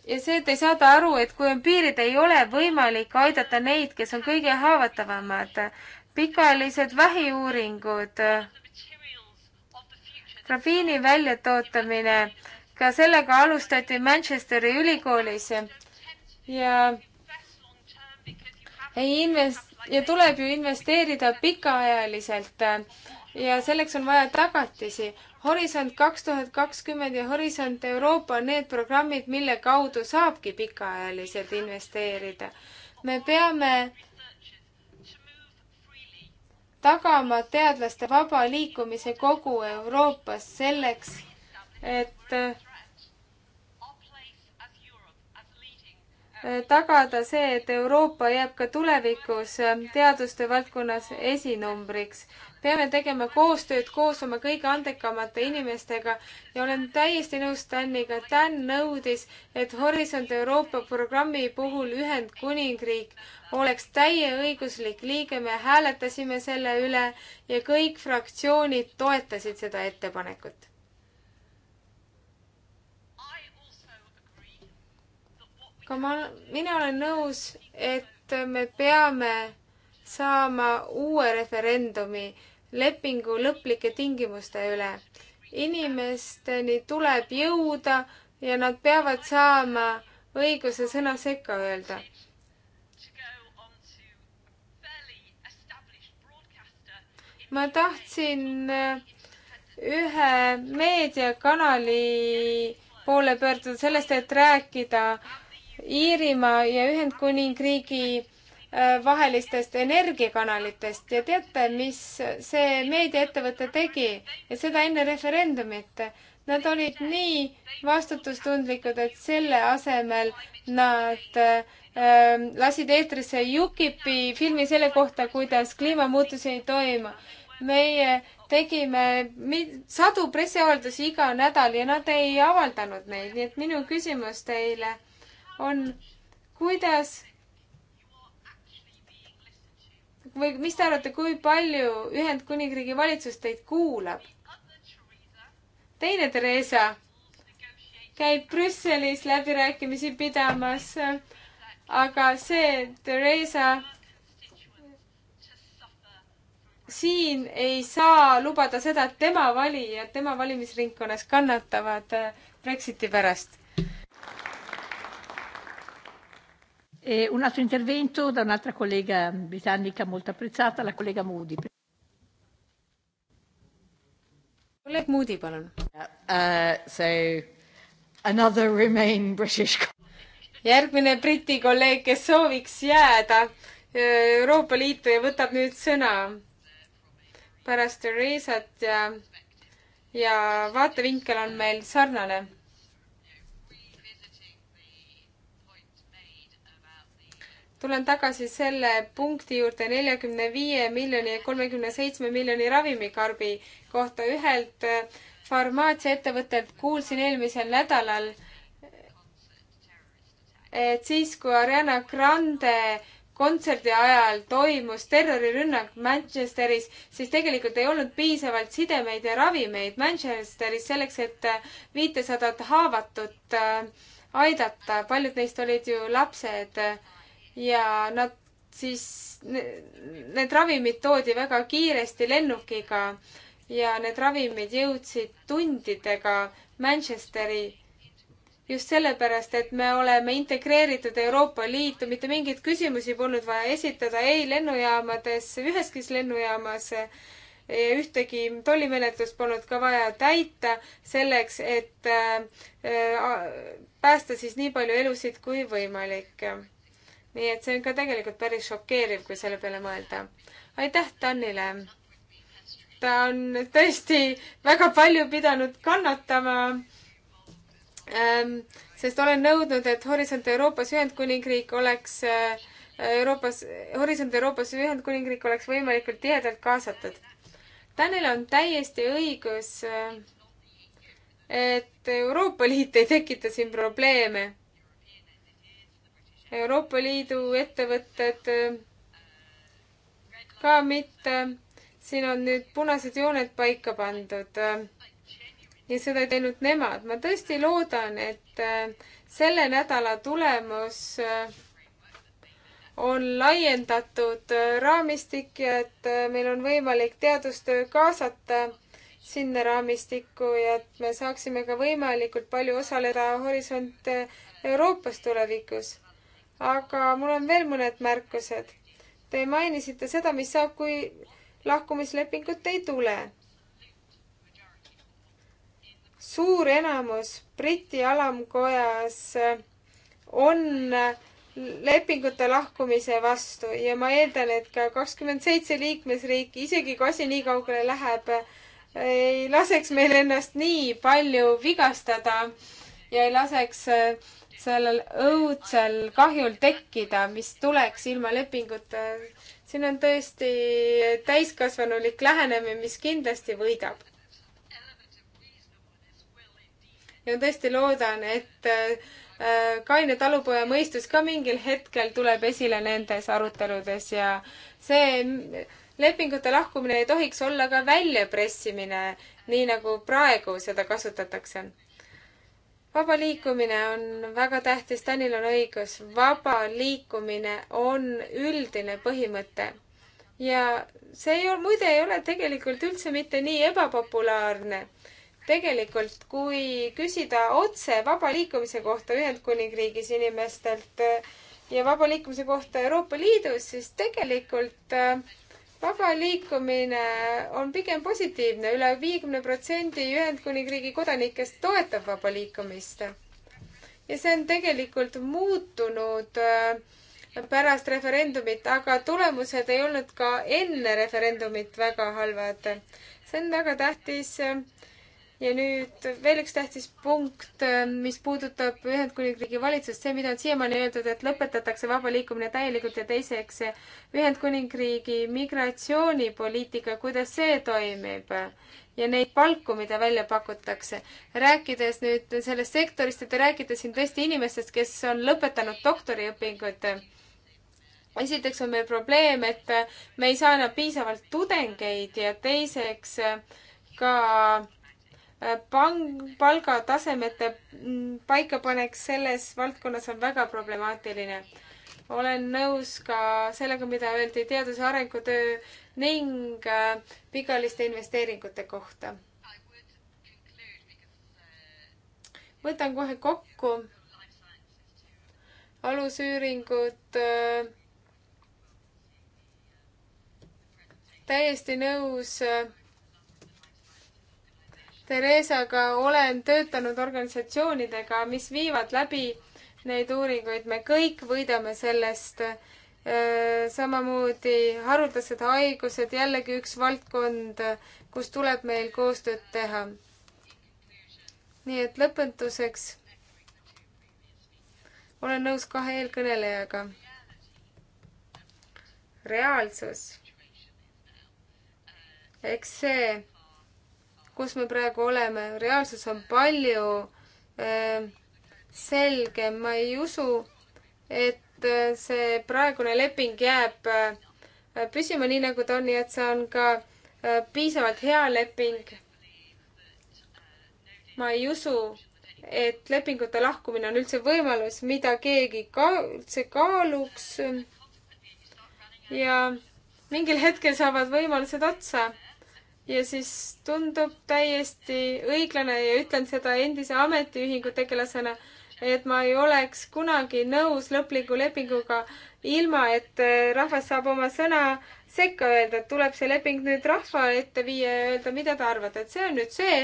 ja see, et ei saada aru, et kui on piirid, ei ole võimalik aidata neid, kes on kõige haavatavamad. pikaajalised vähiuuringud, grafiini väljatootamine, ka sellega alustati Manchesteri ülikoolis ja ei invest- ja tuleb ju investeerida pikaajaliselt ja selleks on vaja tagatisi. Horisont kaks tuhat kakskümmend ja Horisont Euroopa on need programmid, mille kaudu saabki pikaajaliselt investeerida. me peame tagama teadlaste vaba liikumise kogu Euroopas selleks, et Äh, tagada see, et Euroopa jääb ka tulevikus äh, teaduste valdkonnas esinumbriks. peame tegema koostööd koos oma kõige andekamate inimestega ja olen täiesti nõus Staniga. Dan nõudis, et Horisont Euroopa programmi puhul Ühendkuningriik oleks täieõiguslik liige. me hääletasime selle üle ja kõik fraktsioonid toetasid seda ettepanekut ka ma, mina olen nõus, et me peame saama uue referendumi lepingu lõplike tingimuste üle. inimesteni tuleb jõuda ja nad peavad saama õiguse sõna sekka öelda. ma tahtsin äh, ühe meediakanali poole pöörduda sellest, et rääkida Iirimaa ja Ühendkuningriigi äh, vahelistest energiakanalitest ja teate, mis see meediaettevõte tegi ja seda enne referendumit. Nad olid nii vastutustundlikud, et selle asemel nad äh, äh lasid eetrisse UKIP-i filmi selle kohta, kuidas kliimamuutusi ei toimu. meie tegime sadu pressiavaldusi iga nädal ja nad ei avaldanud neid, nii et minu küsimus teile on, kuidas või mis te arvate, kui palju Ühendkuningriigi valitsus teid kuulab? teine Theresa käib Brüsselis läbirääkimisi pidamas, aga see Theresa siin ei saa lubada seda, et tema valijad tema valimisringkonnas kannatavad Brexiti pärast. E un altro intervento da un'altra collega britannica molto apprezzata, la collega Moody. kolleeg Moody, palun uh, uh,. So another remain British. järgmine Briti kolleeg, kes sooviks jääda uh, Euroopa Liitu ja võtab nüüd sõna pärast Theresat ja, ja vaatevinkel on meil sarnane tulen tagasi selle punkti juurde neljakümne viie miljoni ja kolmekümne seitsme miljoni ravimikarbi kohta. ühelt äh, farmaatsiaettevõttelt kuulsin eelmisel nädalal, et siis, kui Ariana Grande kontserdi ajal toimus terrorirünnak Manchesteris, siis tegelikult ei olnud piisavalt sidemeid ja ravimeid Manchesteris selleks, et äh, viitesadat haavatut äh, aidata. paljud neist olid ju lapsed ja nad siis, need ravimid toodi väga kiiresti lennukiga ja need ravimid jõudsid tundidega Manchesteri just sellepärast, et me oleme integreeritud Euroopa Liitu, mitte mingeid küsimusi polnud vaja esitada ei lennujaamades, üheski lennujaamas ühtegi tollimenetlust polnud ka vaja täita selleks, et äh, äh, päästa siis nii palju elusid kui võimalik nii et see on ka tegelikult päris šokeeriv, kui selle peale mõelda. aitäh Tanile! ta on tõesti väga palju pidanud kannatama ähm,, sest olen nõudnud, et Horisont Euroopas Ühendkuningriik oleks äh, Euroopas, Horisont Euroopas Ühendkuningriik oleks võimalikult tihedalt kaasatud. Tanel on täiesti õigus, äh, et Euroopa Liit ei tekita siin probleeme Euroopa Liidu ettevõtted äh, ka mitte. siin on nüüd punased jooned paika pandud. ja seda ei teinud nemad. ma tõesti loodan, et äh, selle nädala tulemus äh, on laiendatud raamistik ja et meil on võimalik teadustöö kaasata sinna raamistikku ja et me saaksime ka võimalikult palju osaleda Horisont Euroopas tulevikus aga mul on veel mõned märkused. Te mainisite seda, mis saab, kui lahkumislepingut ei tule. suur enamus Briti alamkojas on lepingute lahkumise vastu ja ma eeldan, et ka kakskümmend seitse liikmesriiki, isegi kui asi nii kaugele läheb, ei laseks meil ennast nii palju vigastada ja ei laseks sellel õudsel kahjul tekkida, mis tuleks ilma lepinguta. siin on tõesti täiskasvanulik lähenemine, mis kindlasti võidab. ja tõesti loodan, et äh, kaine talupoja mõistus ka mingil hetkel tuleb esile nendes aruteludes ja see lepingute lahkumine ei tohiks olla ka väljapressimine, nii nagu praegu seda kasutatakse vaba liikumine on väga tähtis, Tanil on õigus, vaba liikumine on üldine põhimõte. ja see ei ole, muide ei ole tegelikult üldse mitte nii ebapopulaarne. tegelikult, kui küsida otse vaba liikumise kohta Ühendkuningriigis inimestelt äh, ja vaba liikumise kohta Euroopa Liidus, siis tegelikult äh, vaba liikumine on pigem positiivne üle, üle viiekümne protsendi Ühendkuningriigi kodanikest toetab vaba liikumist. ja see on tegelikult muutunud äh, pärast referendumit, aga tulemused ei olnud ka enne referendumit väga halvad. see on väga tähtis äh, ja nüüd veel üks tähtis punkt, äh, mis puudutab Ühendkuningriigi valitsust, see, mida on siiamaani öeldud, et lõpetatakse vaba liikumine täielikult ja teiseks Ühendkuningriigi migratsioonipoliitika, kuidas see toimib ja neid palku, mida välja pakutakse. rääkides nüüd sellest sektorist, et te räägite siin tõesti inimestest, kes on lõpetanud doktoriõpingud. esiteks on meil probleem, et me ei saa enam piisavalt tudengeid ja teiseks ka pang-, palgatasemete paikapanek selles valdkonnas on väga problemaatiline. olen nõus ka sellega, mida öeldi teaduse arengutöö ning äh, pikaajaliste investeeringute kohta. võtan kohe kokku alusüüringud äh, täiesti nõus äh, Theresaga olen töötanud organisatsioonidega, mis viivad läbi neid uuringuid, me kõik võidame sellest. samamoodi haruldased haigused, jällegi üks valdkond, kus tuleb meil koostööd teha. nii et lõpetuseks olen nõus kahe eelkõnelejaga. reaalsus. eks see kus me praegu oleme. reaalsus on palju äh, selgem. ma ei usu, et äh, see praegune leping jääb äh, püsima nii, nagu ta on, nii et see on ka äh, piisavalt hea leping. ma ei usu, et lepingute lahkumine on üldse võimalus, mida keegi ka üldse kaaluks. ja mingil hetkel saavad võimalused otsa ja siis tundub täiesti õiglane ja ütlen seda endise ametiühingu tegelasena, et ma ei oleks kunagi nõus lõpliku lepinguga, ilma et äh, rahvas saab oma sõna sekka öelda, et tuleb see leping nüüd rahva ette viia ja öelda, mida te arvate, et see on nüüd see,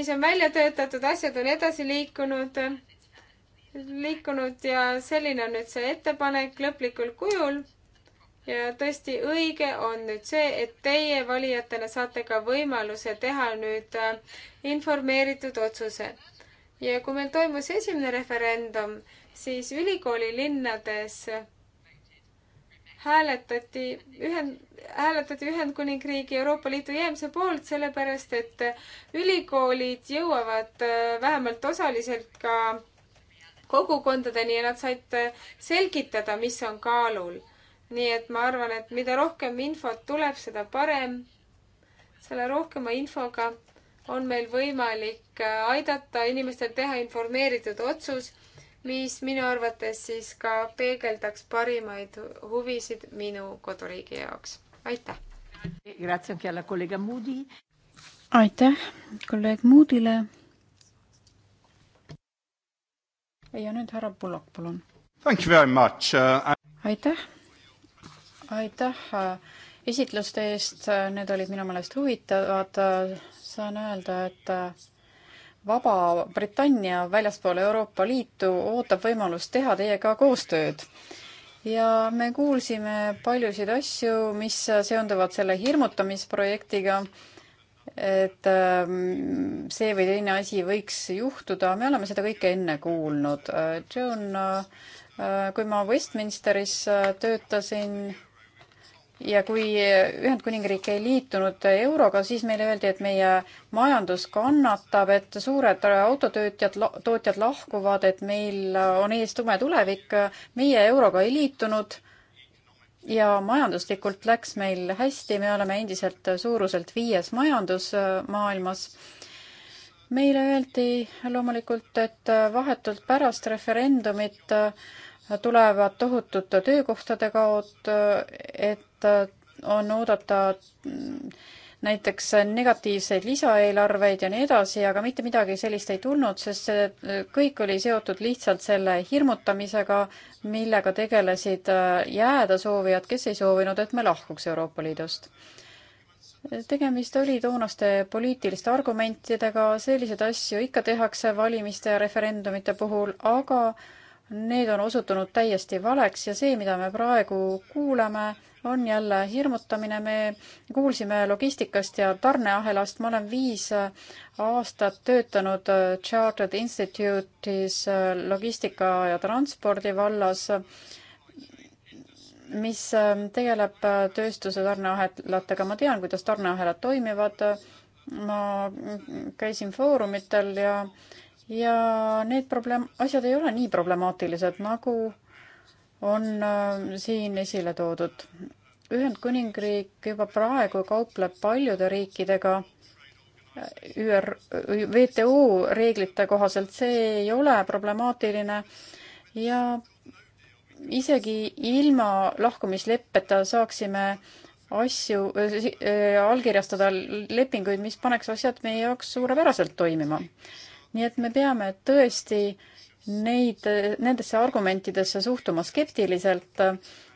mis on välja töötatud, asjad on edasi liikunud, liikunud ja selline on nüüd see ettepanek lõplikul kujul ja tõesti õige on nüüd see, et teie valijatena saate ka võimaluse teha nüüd äh, informeeritud otsuse. ja kui meil toimus esimene referendum, siis ülikoolilinnades hääletati ühend, hääletati Ühendkuningriigi Euroopa Liidu jäämise poolt, sellepärast et ülikoolid jõuavad äh, vähemalt osaliselt ka kogukondadeni ja nad said äh, selgitada, mis on kaalul nii et ma arvan, et mida rohkem infot tuleb, seda parem. selle rohkema infoga on meil võimalik äh, aidata inimestel teha informeeritud otsus, mis minu arvates siis ka peegeldaks parimaid huvisid minu koduriigi jaoks. aitäh! aitäh kolleeg Moodile. ja nüüd härra Pullak, palun. Uh, aitäh! aitäh äh, esitluste eest, need olid minu meelest huvitavad. saan öelda, et äh, vaba Britannia väljaspool Euroopa Liitu ootab võimalust teha teiega koostööd. ja me kuulsime paljusid asju, mis seonduvad selle hirmutamisprojektiga, et ähm, see või teine asi võiks juhtuda, me oleme seda kõike enne kuulnud. Joan, äh, kui ma Westminsteris töötasin, ja kui Ühendkuningriik ei liitunud euroga, siis meile öeldi, et meie majandus kannatab, et suured autotöötjad, tootjad lahkuvad, et meil on ees tume tulevik. meie euroga ei liitunud ja majanduslikult läks meil hästi, me oleme endiselt suuruselt viies majandus maailmas. meile öeldi loomulikult, et vahetult pärast referendumit tulevad tohutute töökohtade kaod, et on oodata näiteks negatiivseid lisaeelarveid ja nii edasi, aga mitte midagi sellist ei tulnud, sest see kõik oli seotud lihtsalt selle hirmutamisega, millega tegelesid jääda soovijad, kes ei soovinud, et me lahkuks Euroopa Liidust. tegemist oli toonaste poliitiliste argumentidega, selliseid asju ikka tehakse valimiste ja referendumite puhul, aga need on osutunud täiesti valeks ja see, mida me praegu kuuleme, on jälle hirmutamine. me kuulsime logistikast ja tarneahelast. ma olen viis aastat töötanud Chartered Institute'is logistika ja transpordi vallas, mis tegeleb tööstuse tarneahelatega. ma tean, kuidas tarneahelad toimivad. ma käisin foorumitel ja äh, ja need probleem, asjad ei ole nii problemaatilised, nagu on äh, siin esile toodud. Ühendkuningriik juba praegu kaupleb paljude riikidega ÜR, WTO reeglite kohaselt, see ei ole problemaatiline ja isegi ilma lahkumisleppeta saaksime asju äh,, allkirjastada lepinguid, mis paneks asjad meie jaoks suurepäraselt toimima nii et me peame tõesti neid, nendesse argumentidesse suhtuma skeptiliselt.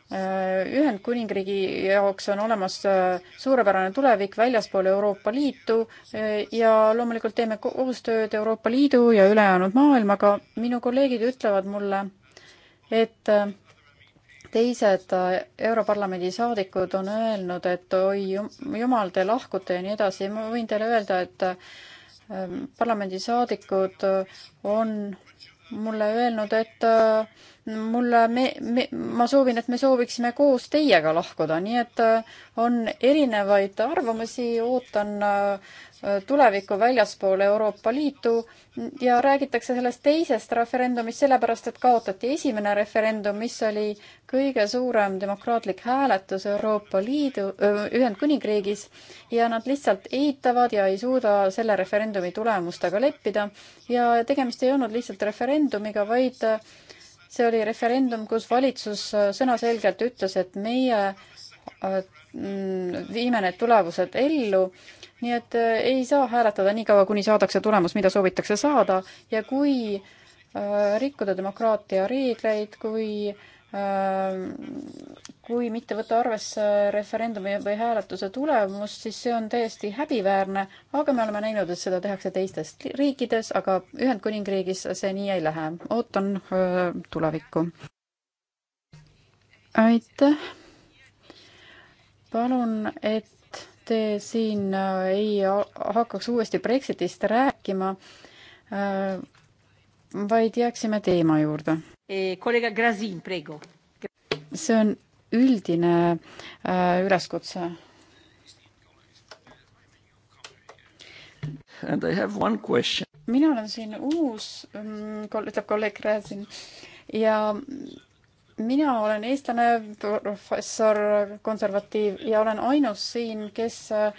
Ühendkuningriigi jaoks on olemas äh, suurepärane tulevik väljaspool Euroopa Liitu äh, ja loomulikult teeme koostööd Euroopa Liidu ja ülejäänud maailmaga. minu kolleegid ütlevad mulle, et äh, teised Europarlamendi saadikud on öelnud, et oi jumal, te lahkute ja nii edasi. ma võin teile öelda, et Ehm, parlamendisaadikud äh, on mulle öelnud, et äh, mulle, me, me, ma soovin, et me sooviksime koos teiega lahkuda, nii et äh, on erinevaid arvamusi, ootan äh, tulevikku väljaspool Euroopa Liitu ja räägitakse sellest teisest referendumist sellepärast, et kaotati esimene referendum, mis oli kõige suurem demokraatlik hääletus Euroopa Liidu, Ühendkuningriigis ja nad lihtsalt eitavad ja ei suuda selle referendumi tulemustega leppida ja tegemist ei olnud lihtsalt referendumiga, vaid see oli referendum, kus valitsus äh, sõnaselgelt ütles, et meie äh, viime need tulemused ellu, nii et äh, ei saa hääletada niikaua, kuni saadakse tulemus, mida soovitakse saada ja kui rikkuda demokraatia reegleid, kui äh, Äh, kui mitte võtta arvesse referendumi või hääletuse tulemust, siis see on täiesti häbiväärne, aga me oleme näinud, et seda tehakse teistes riikides, aga Ühendkuningriigis see nii ei lähe. ootan äh, tulevikku. aitäh. palun, et te siin äh, ei hakkaks uuesti Brexitist rääkima, vaid jääksime teema juurde. E, kolleeg Gräzin, praegu. see on üldine äh, üleskutse. And I have one question. mina olen siin uus, mm, ütleb kolleeg Gräzin ja mina olen eestlane, professor, konservatiiv ja olen ainus siin, kes äh,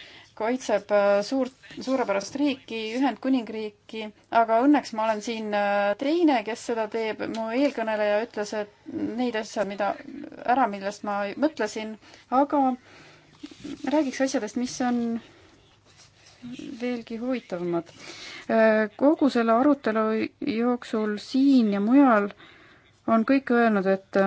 kaitseb äh, suurt, suurepärast riiki, Ühendkuningriiki, aga õnneks ma olen siin äh, teine, kes seda teeb. mu eelkõneleja ütles, et neid asju, mida, ära, millest ma mõtlesin, aga räägiks asjadest, mis on veelgi huvitavamad. Äh, kogu selle arutelu jooksul siin ja mujal on kõik öelnud, et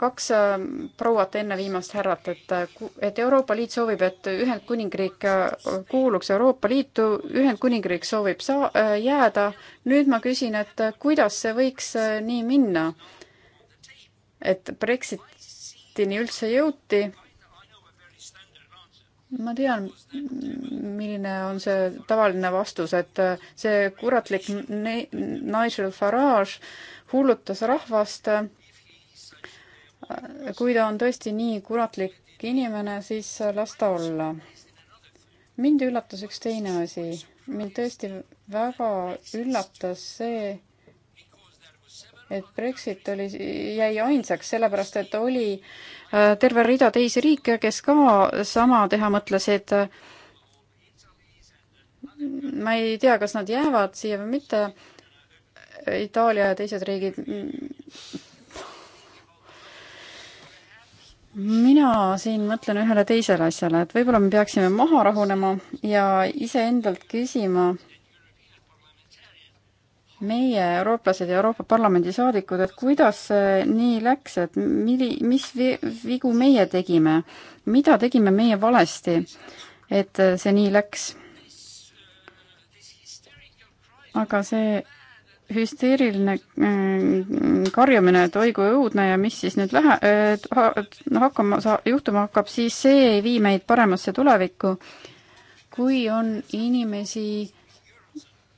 kaks äh, prouat enne viimast härrat, et, äh, et Euroopa Liit soovib, et Ühendkuningriik äh, kuuluks Euroopa Liitu, Ühendkuningriik soovib saa-, jääda, nüüd ma küsin, et kuidas see võiks nii minna, et Brexitini üldse jõuti? ma tean, milline on see tavaline vastus, et see kuratlik Nigel Farage hullutas rahvast äh, kui ta on tõesti nii kuratlik inimene, siis las ta olla. mind üllatas üks teine asi. mind tõesti väga üllatas see, et Brexit oli, jäi ainsaks, sellepärast et oli äh, terve rida teisi riike, kes ka sama teha mõtlesid. ma ei tea, kas nad jäävad siia või mitte. Itaalia ja teised riigid mina siin mõtlen ühele teisele asjale, et võib-olla me peaksime maha rahunema ja iseendalt küsima, meie, eurooplased ja Euroopa Parlamendi saadikud, et kuidas see nii läks, et milli, mis vigu meie tegime, mida tegime meie valesti, et see nii läks? aga see hüsteeriline mm, karjumine, et oi kui õudne ja mis siis nüüd lähe-, hakkama saa-, juhtuma hakkab, siis see ei vii meid paremasse tulevikku. kui on inimesi,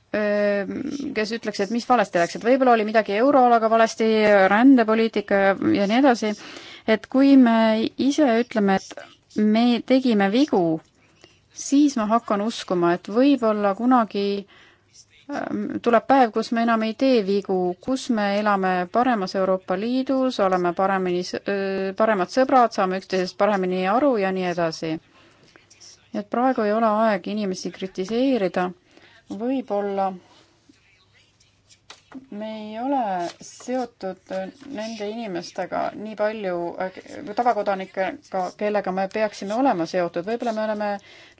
kes ütleks, et mis valesti läks, et võib-olla oli midagi euroalaga valesti, rändepoliitika ja, ja nii edasi, et kui me ise ütleme, et me tegime vigu, siis ma hakkan uskuma, et võib-olla kunagi äh, Ehm, tuleb päev, kus me enam ei tee vigu, kus me elame paremas Euroopa Liidus, oleme paremini, paremad sõbrad, saame üksteisest paremini aru ja nii edasi. nii et praegu ei ole aeg inimesi kritiseerida, võib-olla me ei ole seotud äh, nende inimestega nii palju äh, tavakodanikega, kellega me peaksime olema seotud, võib-olla me oleme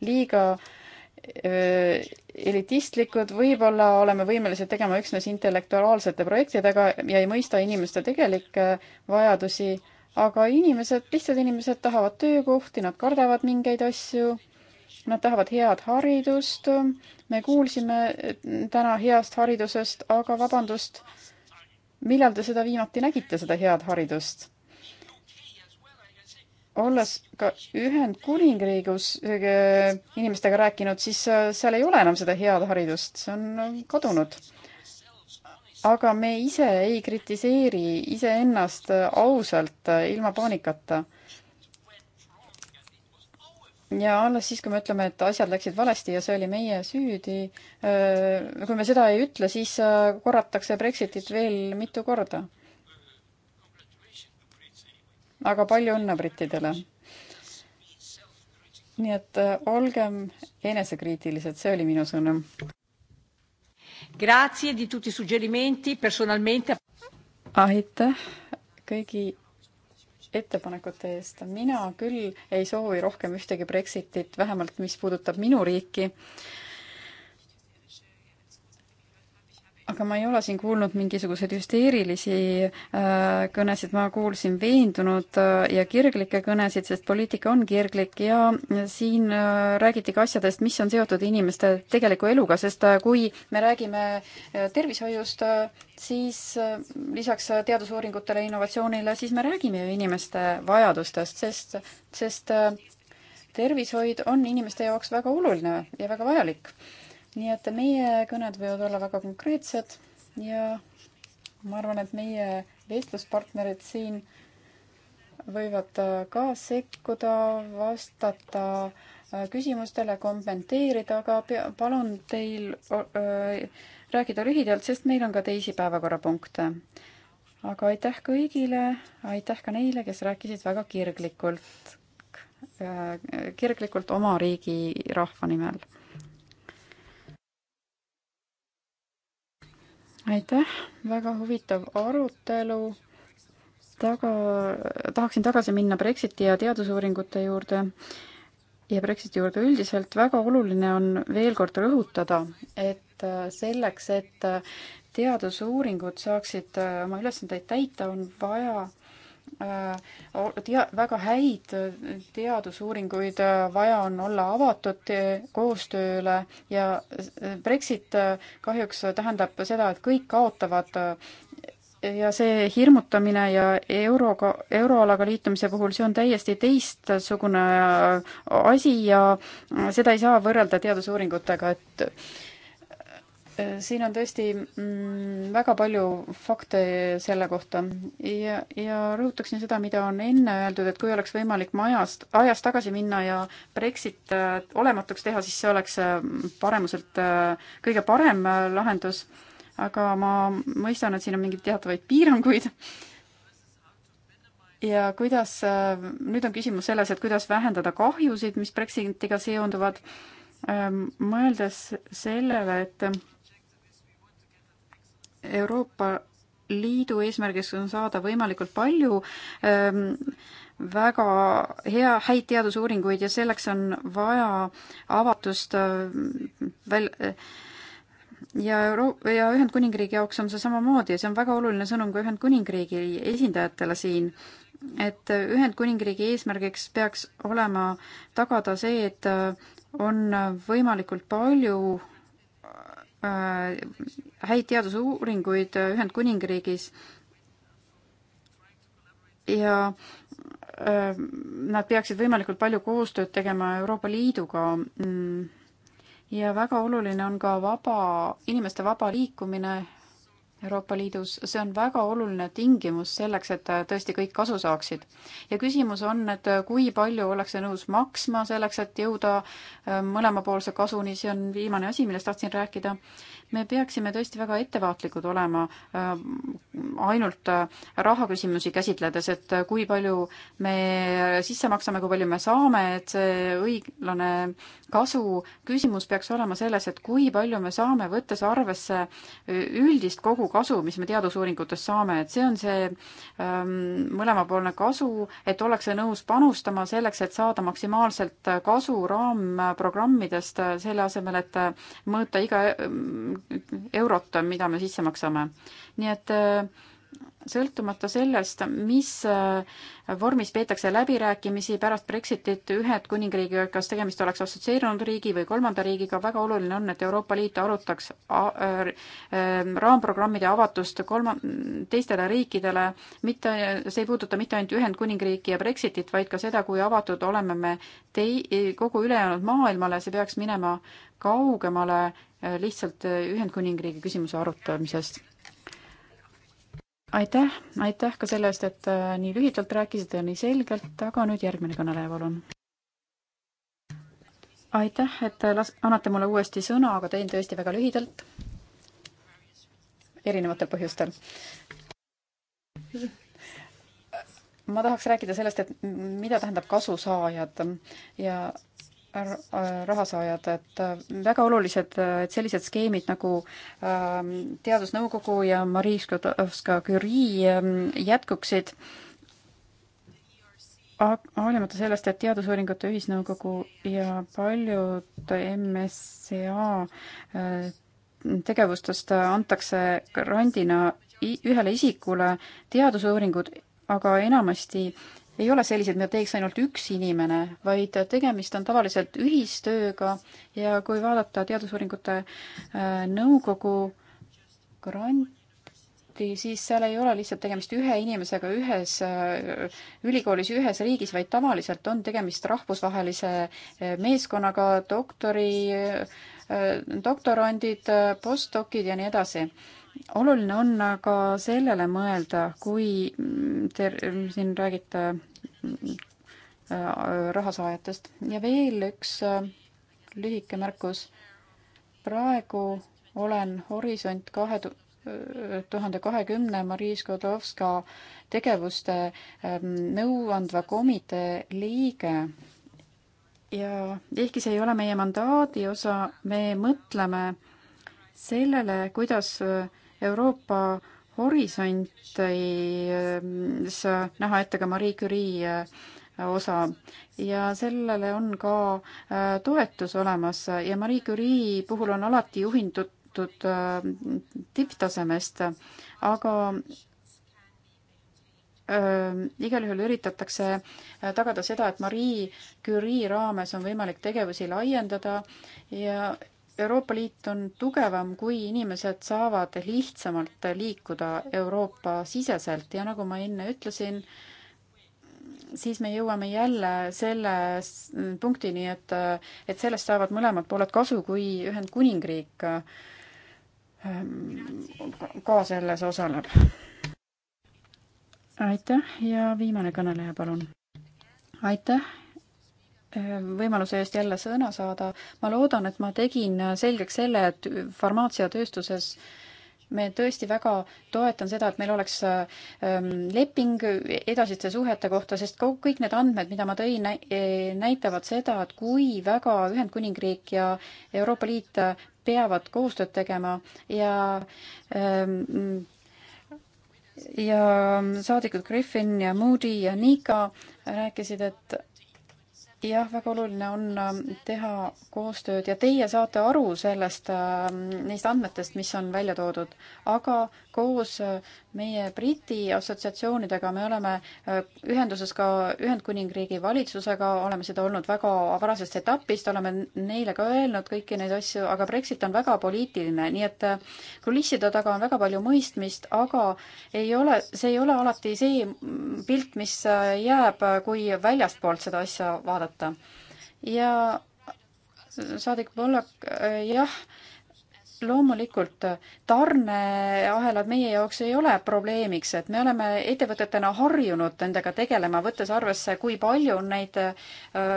liiga öö, elitistlikud, võib-olla oleme võimelised tegema üksnes intellektuaalsete projektidega ja ei mõista inimeste tegelikke vajadusi, aga inimesed, lihtsad inimesed tahavad töökohti, nad kardavad mingeid asju, nad tahavad head haridust, me kuulsime täna heast haridusest, aga vabandust, millal te seda viimati nägite, seda head haridust? olles ka Ühendkuningriigus äh, inimestega rääkinud, siis äh, seal ei ole enam seda head haridust, see on äh, kadunud. aga me ise ei kritiseeri iseennast ausalt, ilma paanikata. ja alles siis, kui me ütleme, et asjad läksid valesti ja see oli meie süüdi, kui me seda ei ütle, siis korratakse Brexitit veel mitu korda aga palju õnne brittidele. nii et äh, olgem enesekriitilised, see oli minu sõnum. Grazie di tutti suggerimenti personalmente. aitäh kõigi ettepanekute eest. mina küll ei soovi rohkem ühtegi Brexitit, vähemalt mis puudutab minu riiki aga ma ei ole siin kuulnud mingisuguseid hüsteerilisi äh, kõnesid, ma kuulsin veendunud äh, ja kirglikke kõnesid, sest poliitika on kirglik ja siin äh, räägiti ka asjadest, mis on seotud inimeste tegeliku eluga, sest kui me räägime tervishoiust, siis lisaks teadusuuringutele, innovatsioonile, siis me räägime ju inimeste vajadustest, sest, sest tervishoid on inimeste jaoks väga oluline ja väga vajalik nii et meie kõned võivad olla väga konkreetsed ja ma arvan, et meie vestluspartnerid siin võivad äh, ka sekkuda, vastata äh, küsimustele, kommenteerida, aga pea, palun teil öö, rääkida lühidalt, sest meil on ka teisi päevakorrapunkte. aga aitäh kõigile, aitäh ka neile, kes rääkisid väga kirglikult, äh, kirglikult oma riigi rahva nimel aitäh, väga huvitav arutelu. taga, tahaksin tagasi minna Brexiti ja teadusuuringute juurde ja Brexiti juurde üldiselt. väga oluline on veel kord rõhutada, et äh, selleks, et äh, teadusuuringud saaksid äh, oma ülesandeid täita, on vaja Äh, tea-, väga häid äh, teadusuuringuid, äh, vaja on olla avatud koostööle ja Brexit kahjuks tähendab seda, et kõik kaotavad ja see hirmutamine ja euroga, euroalaga liitumise puhul, see on täiesti teistsugune asi ja seda ei saa võrrelda teadusuuringutega, et siin on tõesti mm, väga palju fakte selle kohta ja, ja rõhutaksin seda, mida on enne öeldud, et kui oleks võimalik majast, ajas tagasi minna ja Brexit äh, olematuks teha, siis see oleks äh, paremuselt äh, kõige parem lahendus. aga ma mõistan, et siin on mingeid teatavaid piiranguid ja kuidas, nüüd on küsimus selles, et kuidas vähendada kahjusid, mis Brexitiga seonduvad, ähm, mõeldes sellele, et Euroopa Liidu eesmärgiks on saada võimalikult palju ähm, väga hea, häid teadusuuringuid ja selleks on vaja avatust äh, väl- äh, ja Euro-, ja Ühendkuningriigi jaoks on see samamoodi ja see on väga oluline sõnum ka Ühendkuningriigi esindajatele siin, et Ühendkuningriigi eesmärgiks peaks olema tagada see, et äh, on võimalikult palju Äh, häid teadusuuringuid äh, Ühendkuningriigis ja äh, nad peaksid võimalikult palju koostööd tegema Euroopa Liiduga. Mm. ja väga oluline on ka vaba, inimeste vaba liikumine Euroopa Liidus, see on väga oluline tingimus selleks, et tõesti kõik kasu saaksid. ja küsimus on, et kui palju ollakse nõus maksma selleks, et jõuda äh, mõlemapoolse kasuni, see on viimane asi, millest tahtsin rääkida me peaksime tõesti väga ettevaatlikud olema äh, ainult äh, rahaküsimusi käsitledes, et äh, kui palju me sisse maksame, kui palju me saame, et see õiglane kasu, küsimus peaks olema selles, et kui palju me saame, võttes arvesse üldist kogukasu, mis me teadusuuringutest saame, et see on see ähm, mõlemapoolne kasu, et ollakse nõus panustama selleks, et saada maksimaalselt kasu raamprogrammidest, selle asemel, et mõõta iga eurot, mida me sisse maksame. nii et äh, sõltumata sellest, mis äh, vormis peetakse läbirääkimisi pärast Brexitit Ühendkuningriigiga, kas tegemist oleks assotsieerunud riigi või kolmanda riigiga, väga oluline on, et Euroopa Liit arutaks äh, äh, raamprogrammide avatust kolma-, teistele riikidele, mitte, see ei puuduta mitte ainult Ühendkuningriiki ja Brexitit, vaid ka seda, kui avatud oleme me tei-, kogu ülejäänud maailmale, see peaks minema kaugemale lihtsalt Ühendkuningriigi küsimuse arutamisest aitäh, aitäh ka selle eest, et äh, nii lühidalt rääkisite ja nii selgelt, aga nüüd järgmine kõneleja, palun. aitäh, et äh, las-, annate mulle uuesti sõna, aga teen tõesti väga lühidalt. erinevatel põhjustel ma tahaks rääkida sellest, et mida tähendab kasusaajad ja Äh, rahasaajad, et äh, väga olulised, äh, et sellised skeemid nagu ähm, Teadusnõukogu ja Marie Skodovska-Curie ähm, jätkuksid, hoolimata sellest, et Teadusuuringute Ühisnõukogu ja paljud MSCA tegevustest antakse grandina ühele isikule, teadusuuringud aga enamasti ei ole sellised, mida teeks ainult üks inimene, vaid tegemist on tavaliselt ühistööga ja kui vaadata teadusuuringute äh, nõukogu granti, siis seal ei ole lihtsalt tegemist ühe inimesega ühes äh, ülikoolis, ühes riigis, vaid tavaliselt on tegemist rahvusvahelise äh, meeskonnaga, doktori, doktorandid, postdoc'id ja nii edasi oluline on aga sellele mõelda, kui te siin räägite äh, rahasaajatest ja veel üks äh, lühike märkus. praegu olen Horisont kahe äh, tuhande kahekümne Marii Skodovska tegevuste ähm, nõuandva komitee liige ja ehkki see ei ole meie mandaadi osa, me mõtleme sellele, kuidas äh, Euroopa horisontis äh, näha ette ka Marie Curie äh, osa ja sellele on ka äh, toetus olemas ja Marie Curie puhul on alati juhindutud tipptasemest, aga igal juhul üritatakse tagada seda, et Marie Curie raames on võimalik tegevusi laiendada ja Euroopa Liit on tugevam, kui inimesed saavad lihtsamalt liikuda Euroopa siseselt ja nagu ma enne ütlesin, siis me jõuame jälle selle punktini, et, et sellest saavad mõlemad pooled kasu, kui Ühendkuningriik ähm, ka selles osaleb. aitäh ja viimane kõneleja, palun. aitäh Ehm, võimaluse eest jälle sõna saada. ma loodan, et ma tegin selgeks selle, et farmaatsiatööstuses me tõesti väga toetan seda, et meil oleks ehm, leping edasiste suhete kohta, sest kõik need andmed, mida ma tõin, e, näitavad seda, et kui väga Ühendkuningriik ja Euroopa Liit peavad koostööd tegema ja ehm, ja saadikud Griffin ja Moody ja Nika rääkisid, et jah, väga oluline on ähm, teha koostööd ja teie saate aru sellest, ähm, neist andmetest, mis on välja toodud, aga koos äh, meie Briti assotsiatsioonidega, me oleme äh, ühenduses ka Ühendkuningriigi valitsusega, oleme seda olnud väga varasest etapist, oleme neile ka öelnud kõiki neid asju, aga Brexit on väga poliitiline, nii et äh, kulisside taga on väga palju mõistmist, aga ei ole, see ei ole alati see pilt, mis äh, jääb, kui väljastpoolt seda asja vaadata. ja saadik Pollak, jah loomulikult äh, tarneahelad meie jaoks ei ole probleemiks, et me oleme ettevõtetena harjunud nendega tegelema, võttes arvesse, kui palju on neid äh,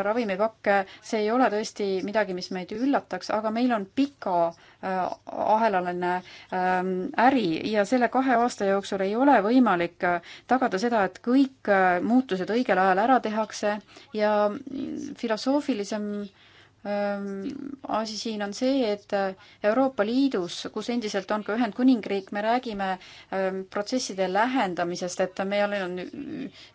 ravimipakke, see ei ole tõesti midagi, mis meid üllataks, aga meil on pika äh, ahelaline ähm, äri ja selle kahe aasta jooksul ei ole võimalik tagada seda, et kõik muutused õigel ajal ära tehakse ja mm, filosoofilisem Ehm, asi siin on see, et äh, Euroopa Liidus, kus endiselt on ka Ühendkuningriik, me räägime ehm, protsesside lähendamisest, et meil on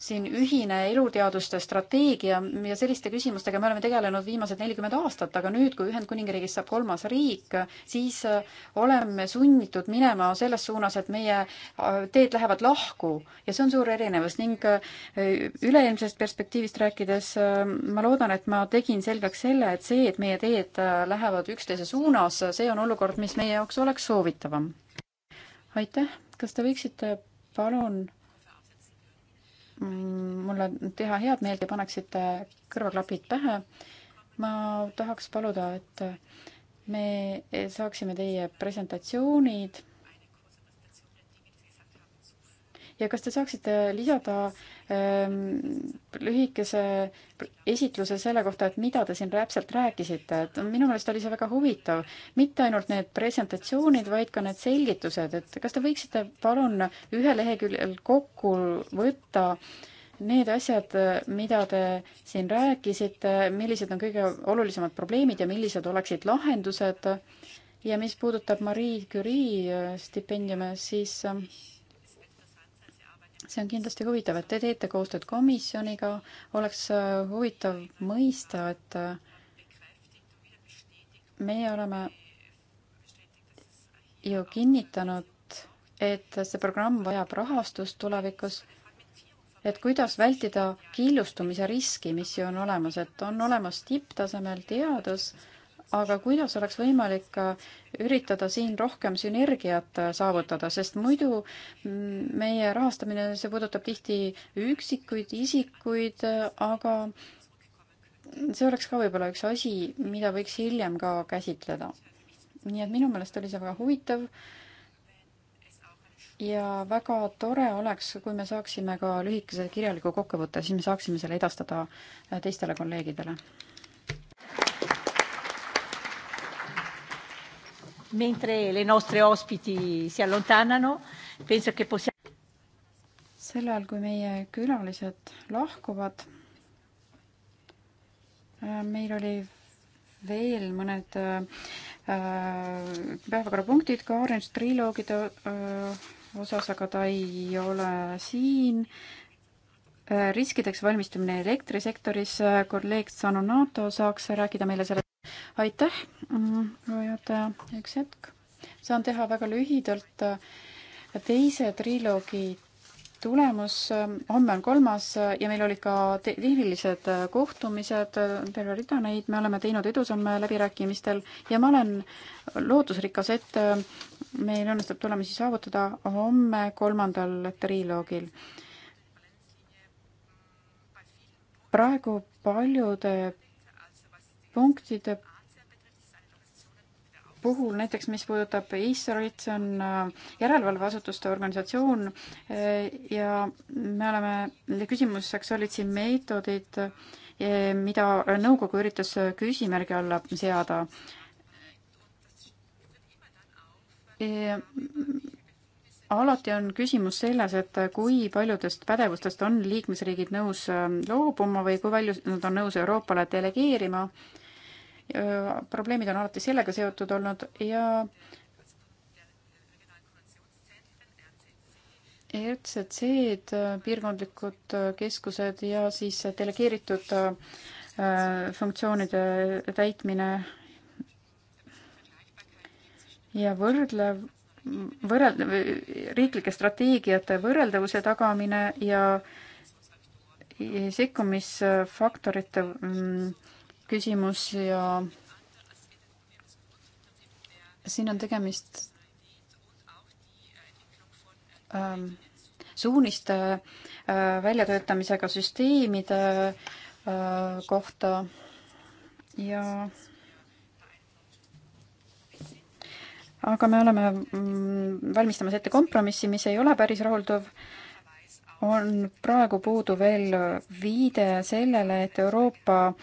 siin ühine eluteaduste strateegia ja selliste küsimustega me oleme tegelenud viimased nelikümmend aastat, aga nüüd, kui Ühendkuningriigist saab kolmas riik, siis äh, oleme sunnitud minema selles suunas, et meie äh, teed lähevad lahku ja see on suur erinevus ning üleilmsest perspektiivist rääkides ma loodan, et ma tegin selgeks selle, et see, see, et meie teed äh, lähevad üksteise suunas, see on olukord, mis meie jaoks oleks soovitavam. aitäh, kas te võiksite palun mm, mulle teha head meelt ja paneksite kõrvaklapid pähe? ma tahaks paluda, et me saaksime teie presentatsioonid ja kas te saaksite lisada ähm, lühikese esitluse selle kohta, et mida te siin täpselt rääkisite, et minu meelest oli see väga huvitav. mitte ainult need presentatsioonid, vaid ka need selgitused, et kas te võiksite palun ühe leheküljel kokku võtta need asjad, mida te siin rääkisite, millised on kõige olulisemad probleemid ja millised oleksid lahendused ja mis puudutab Marie Curie stipendiume, siis ähm, see on kindlasti huvitav, et te teete koostööd komisjoniga, oleks äh, huvitav mõista, et äh, meie oleme ju kinnitanud, et see programm vajab rahastust tulevikus, et kuidas vältida killustumise riski, mis ju on olemas, et on olemas tipptasemel teadus, aga kuidas oleks võimalik üritada siin rohkem sünergiat äh, saavutada, sest muidu mm, meie rahastamine, see puudutab tihti üksikuid isikuid, äh, aga see oleks ka võib-olla üks asi, mida võiks hiljem ka käsitleda. nii et minu meelest oli see väga huvitav ja väga tore oleks, kui me saaksime ka lühikese kirjaliku kokkuvõtte, siis me saaksime selle edastada äh, teistele kolleegidele Mentre le nostre ospiti si allontanano, penso che possiamo sel ajal, kui meie külalised lahkuvad, äh, meil oli veel mõned äh, äh, päevakorrapunktid ka Orange triloogide äh, osas, aga ta ei ole siin äh,. riskideks valmistumine elektrisektoris, äh, kolleeg Sanonato saaks rääkida meile selle aitäh, mm, proua juhataja, üks hetk. saan teha väga lühidalt teise triloogi tulemus, homme on kolmas ja meil olid ka tehnilised kohtumised, terve rida neid, me oleme teinud edusamme läbirääkimistel ja ma olen lootusrikas, et meil õnnestub tulemusi saavutada homme kolmandal triloogil. praegu paljude punktide puhul näiteks, mis puudutab Iisraelit, see on äh, järelevalveasutuste organisatsioon äh, ja me oleme, küsimuseks olid siin meetodid, äh, mida nõukogu üritas küsimärgi alla seada. alati on küsimus selles, et kui paljudest pädevustest on liikmesriigid nõus loobuma või kui palju nad on nõus Euroopale delegeerima probleemid on alati sellega seotud olnud ja RCC-d, piirkondlikud keskused ja siis delegeeritud funktsioonide täitmine ja võrdlev, võrreld-, riiklike strateegiate võrreldavuse tagamine ja sekkumisfaktorite mm, küsimus ja siin on tegemist ähm, suuniste äh, väljatöötamisega süsteemide äh, kohta ja aga me oleme mm, valmistamas ette kompromissi, mis ei ole päris rahuldav. on praegu puudu veel viide sellele, et Euroopa äh,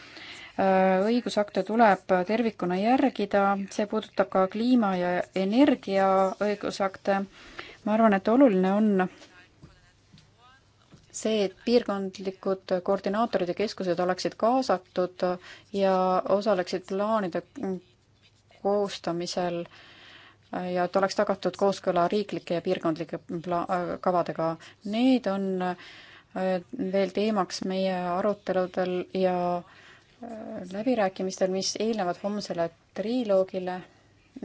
Äh, õigusakte tuleb tervikuna järgida, see puudutab ka kliima ja energia õigusakte. ma arvan, et oluline on see, et piirkondlikud koordinaatorid ja keskused oleksid kaasatud ja osaleksid plaanide koostamisel ja et oleks tagatud kooskõla riiklike ja piirkondlike pla-, kavadega. Need on äh, veel teemaks meie aruteludel ja äh, läbirääkimistel, mis eelnevad homsele triloogile.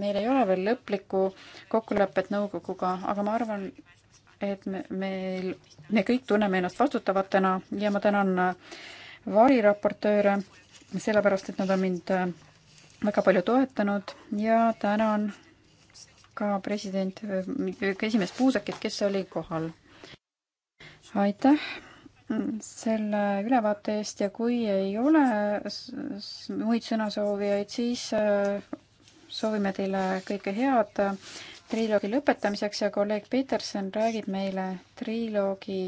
meil ei ole veel lõplikku kokkulepet nõukoguga, aga ma arvan, et me, meil, me kõik tunneme ennast vastutavatena ja ma tänan äh, variraportööre, sellepärast et nad on mind äh, väga palju toetanud ja tänan ka president, äh, esimees Puusakit, kes oli kohal. aitäh selle ülevaate eest ja kui ei ole muid sõnasoovijaid, siis äh, soovime teile kõike head äh, triloogi lõpetamiseks ja kolleeg Peterson räägib meile triloogi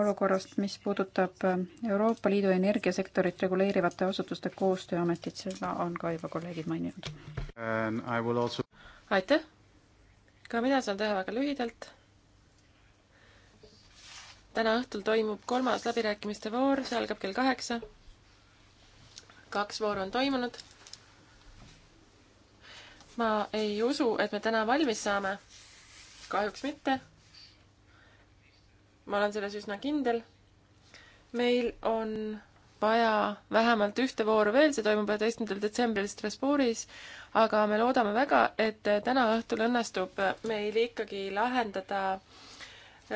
olukorrast, mis puudutab äh, Euroopa Liidu energiasektorit reguleerivate asutuste koostööametit, seda on ka juba kolleegid maininud. Also... aitäh! ka mina saan teha väga lühidalt täna õhtul toimub kolmas läbirääkimiste voor, see algab kell kaheksa. kaks vooru on toimunud. ma ei usu, et me täna valmis saame. kahjuks mitte. ma olen selles üsna kindel. meil on vaja vähemalt ühte vooru veel, see toimub üheteistkümnendal detsembril Strasbourgis, aga me loodame väga, et täna õhtul õnnestub meil ikkagi lahendada äh,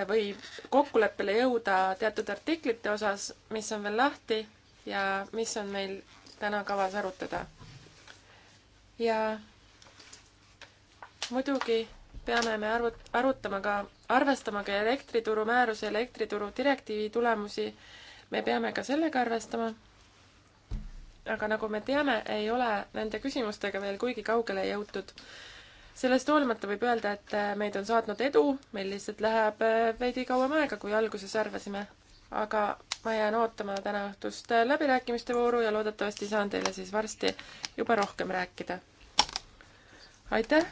või kokkuleppele jõuda teatud artiklite osas, mis on veel lahti ja mis on meil täna kavas arutada. ja muidugi peame me arvut-, arutama ka, arvestama ka elektrituru määruse, elektrituru direktiivi tulemusi. me peame ka sellega arvestama. aga nagu me teame, ei ole nende küsimustega veel kuigi kaugele jõutud sellest hoolimata võib öelda, et äh, meid on saatnud edu, meil lihtsalt läheb äh, veidi kauem aega, kui alguses arvasime. aga ma jään ootama täna õhtust äh, läbirääkimiste vooru ja loodetavasti saan teile siis varsti juba rohkem rääkida. aitäh!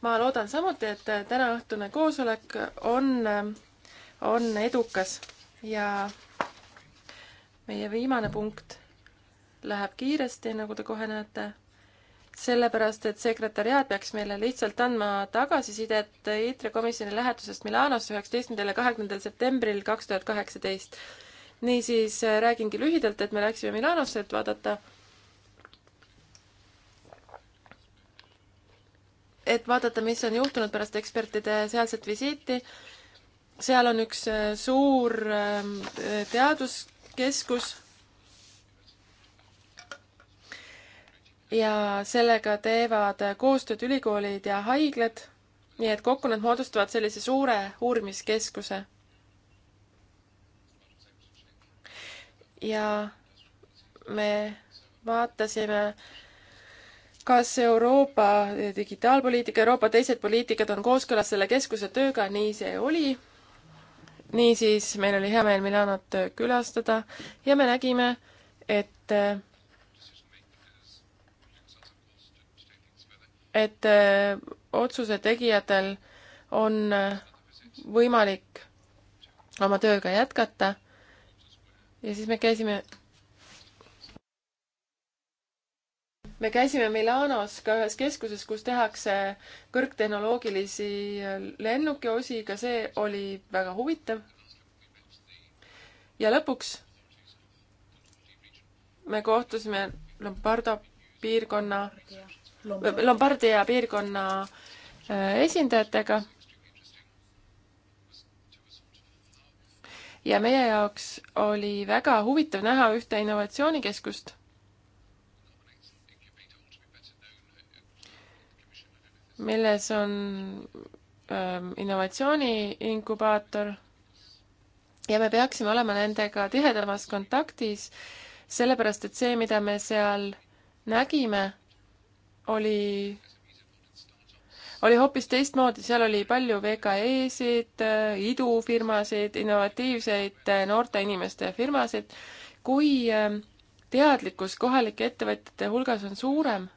ma loodan samuti, et tänaõhtune koosolek on, on edukas ja meie viimane punkt läheb kiiresti, nagu te kohe näete, sellepärast et sekretäriaat peaks meile lihtsalt andma tagasisidet ITRE komisjoni lähetusest Milanos üheksateistkümnendal ja kahekümnendal septembril kaks tuhat kaheksateist. niisiis äh, räägingi lühidalt, et me läksime Milanosse, et vaadata et vaadata, mis on juhtunud pärast ekspertide sealset visiiti. seal on üks äh, suur ähm, teaduskeskus, ja sellega teevad koostööd ülikoolid ja haiglad, nii et kokku nad moodustavad sellise suure uurimiskeskuse. ja me vaatasime kas Euroopa digitaalpoliitika, Euroopa teised poliitikad on kooskõlas selle keskuse tööga, nii see oli. niisiis, meil oli hea meel Milanot külastada ja me nägime, et et äh, otsuse tegijatel on äh, võimalik oma tööga jätkata. ja siis me käisime, me käisime Milanos ka ühes keskuses, kus tehakse kõrgtehnoloogilisi äh, lennukiosi, ka see oli väga huvitav. ja lõpuks me kohtusime Lombardo piirkonna Lombardia piirkonna äh, esindajatega. ja meie jaoks oli väga huvitav näha ühte innovatsioonikeskust milles on ähm, innovatsiooni inkubaator ja me peaksime olema nendega tihedamas kontaktis, sellepärast et see, mida me seal nägime, oli, oli hoopis teistmoodi, seal oli palju VKE-sid, äh, idufirmasid, innovatiivseid äh, noorte inimeste firmasid. kui äh, teadlikkus kohalike ettevõtjate hulgas on suurem,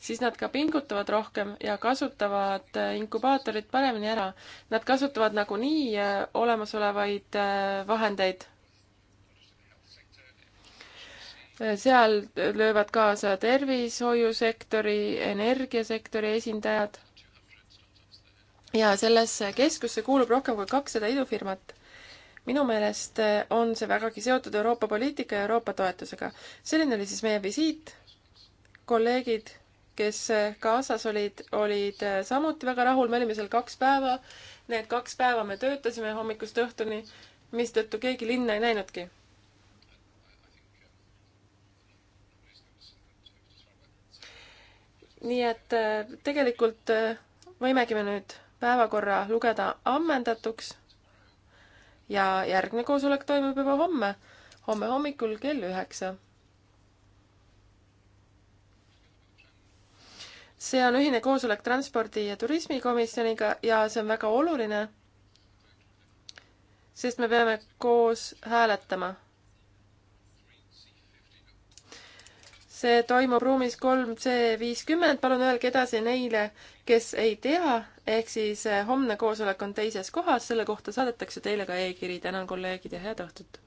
siis nad ka pingutavad rohkem ja kasutavad inkubaatorit paremini ära. Nad kasutavad nagunii olemasolevaid vahendeid seal löövad kaasa tervishoiusektori, energiasektori esindajad. ja sellesse keskusse kuulub rohkem kui kakssada idufirmat. minu meelest on see vägagi seotud Euroopa poliitika ja Euroopa toetusega. selline oli siis meie visiit. kolleegid, kes kaasas olid, olid samuti väga rahul, me olime seal kaks päeva. Need kaks päeva me töötasime hommikust õhtuni, mistõttu keegi linna ei näinudki nii et äh, tegelikult äh, võimegi me nüüd päevakorra lugeda ammendatuks ja järgmine koosolek toimub juba homme, homme hommikul kell üheksa. see on ühine koosolek Transpordi- ja Turismikomisjoniga ja see on väga oluline, sest me peame koos hääletama see toimub ruumis kolm C viiskümmend, palun öelge edasi neile, kes ei tea, ehk siis eh, homne koosolek on teises kohas, selle kohta saadetakse teile ka e-kiri, tänan kolleegid ja head õhtut!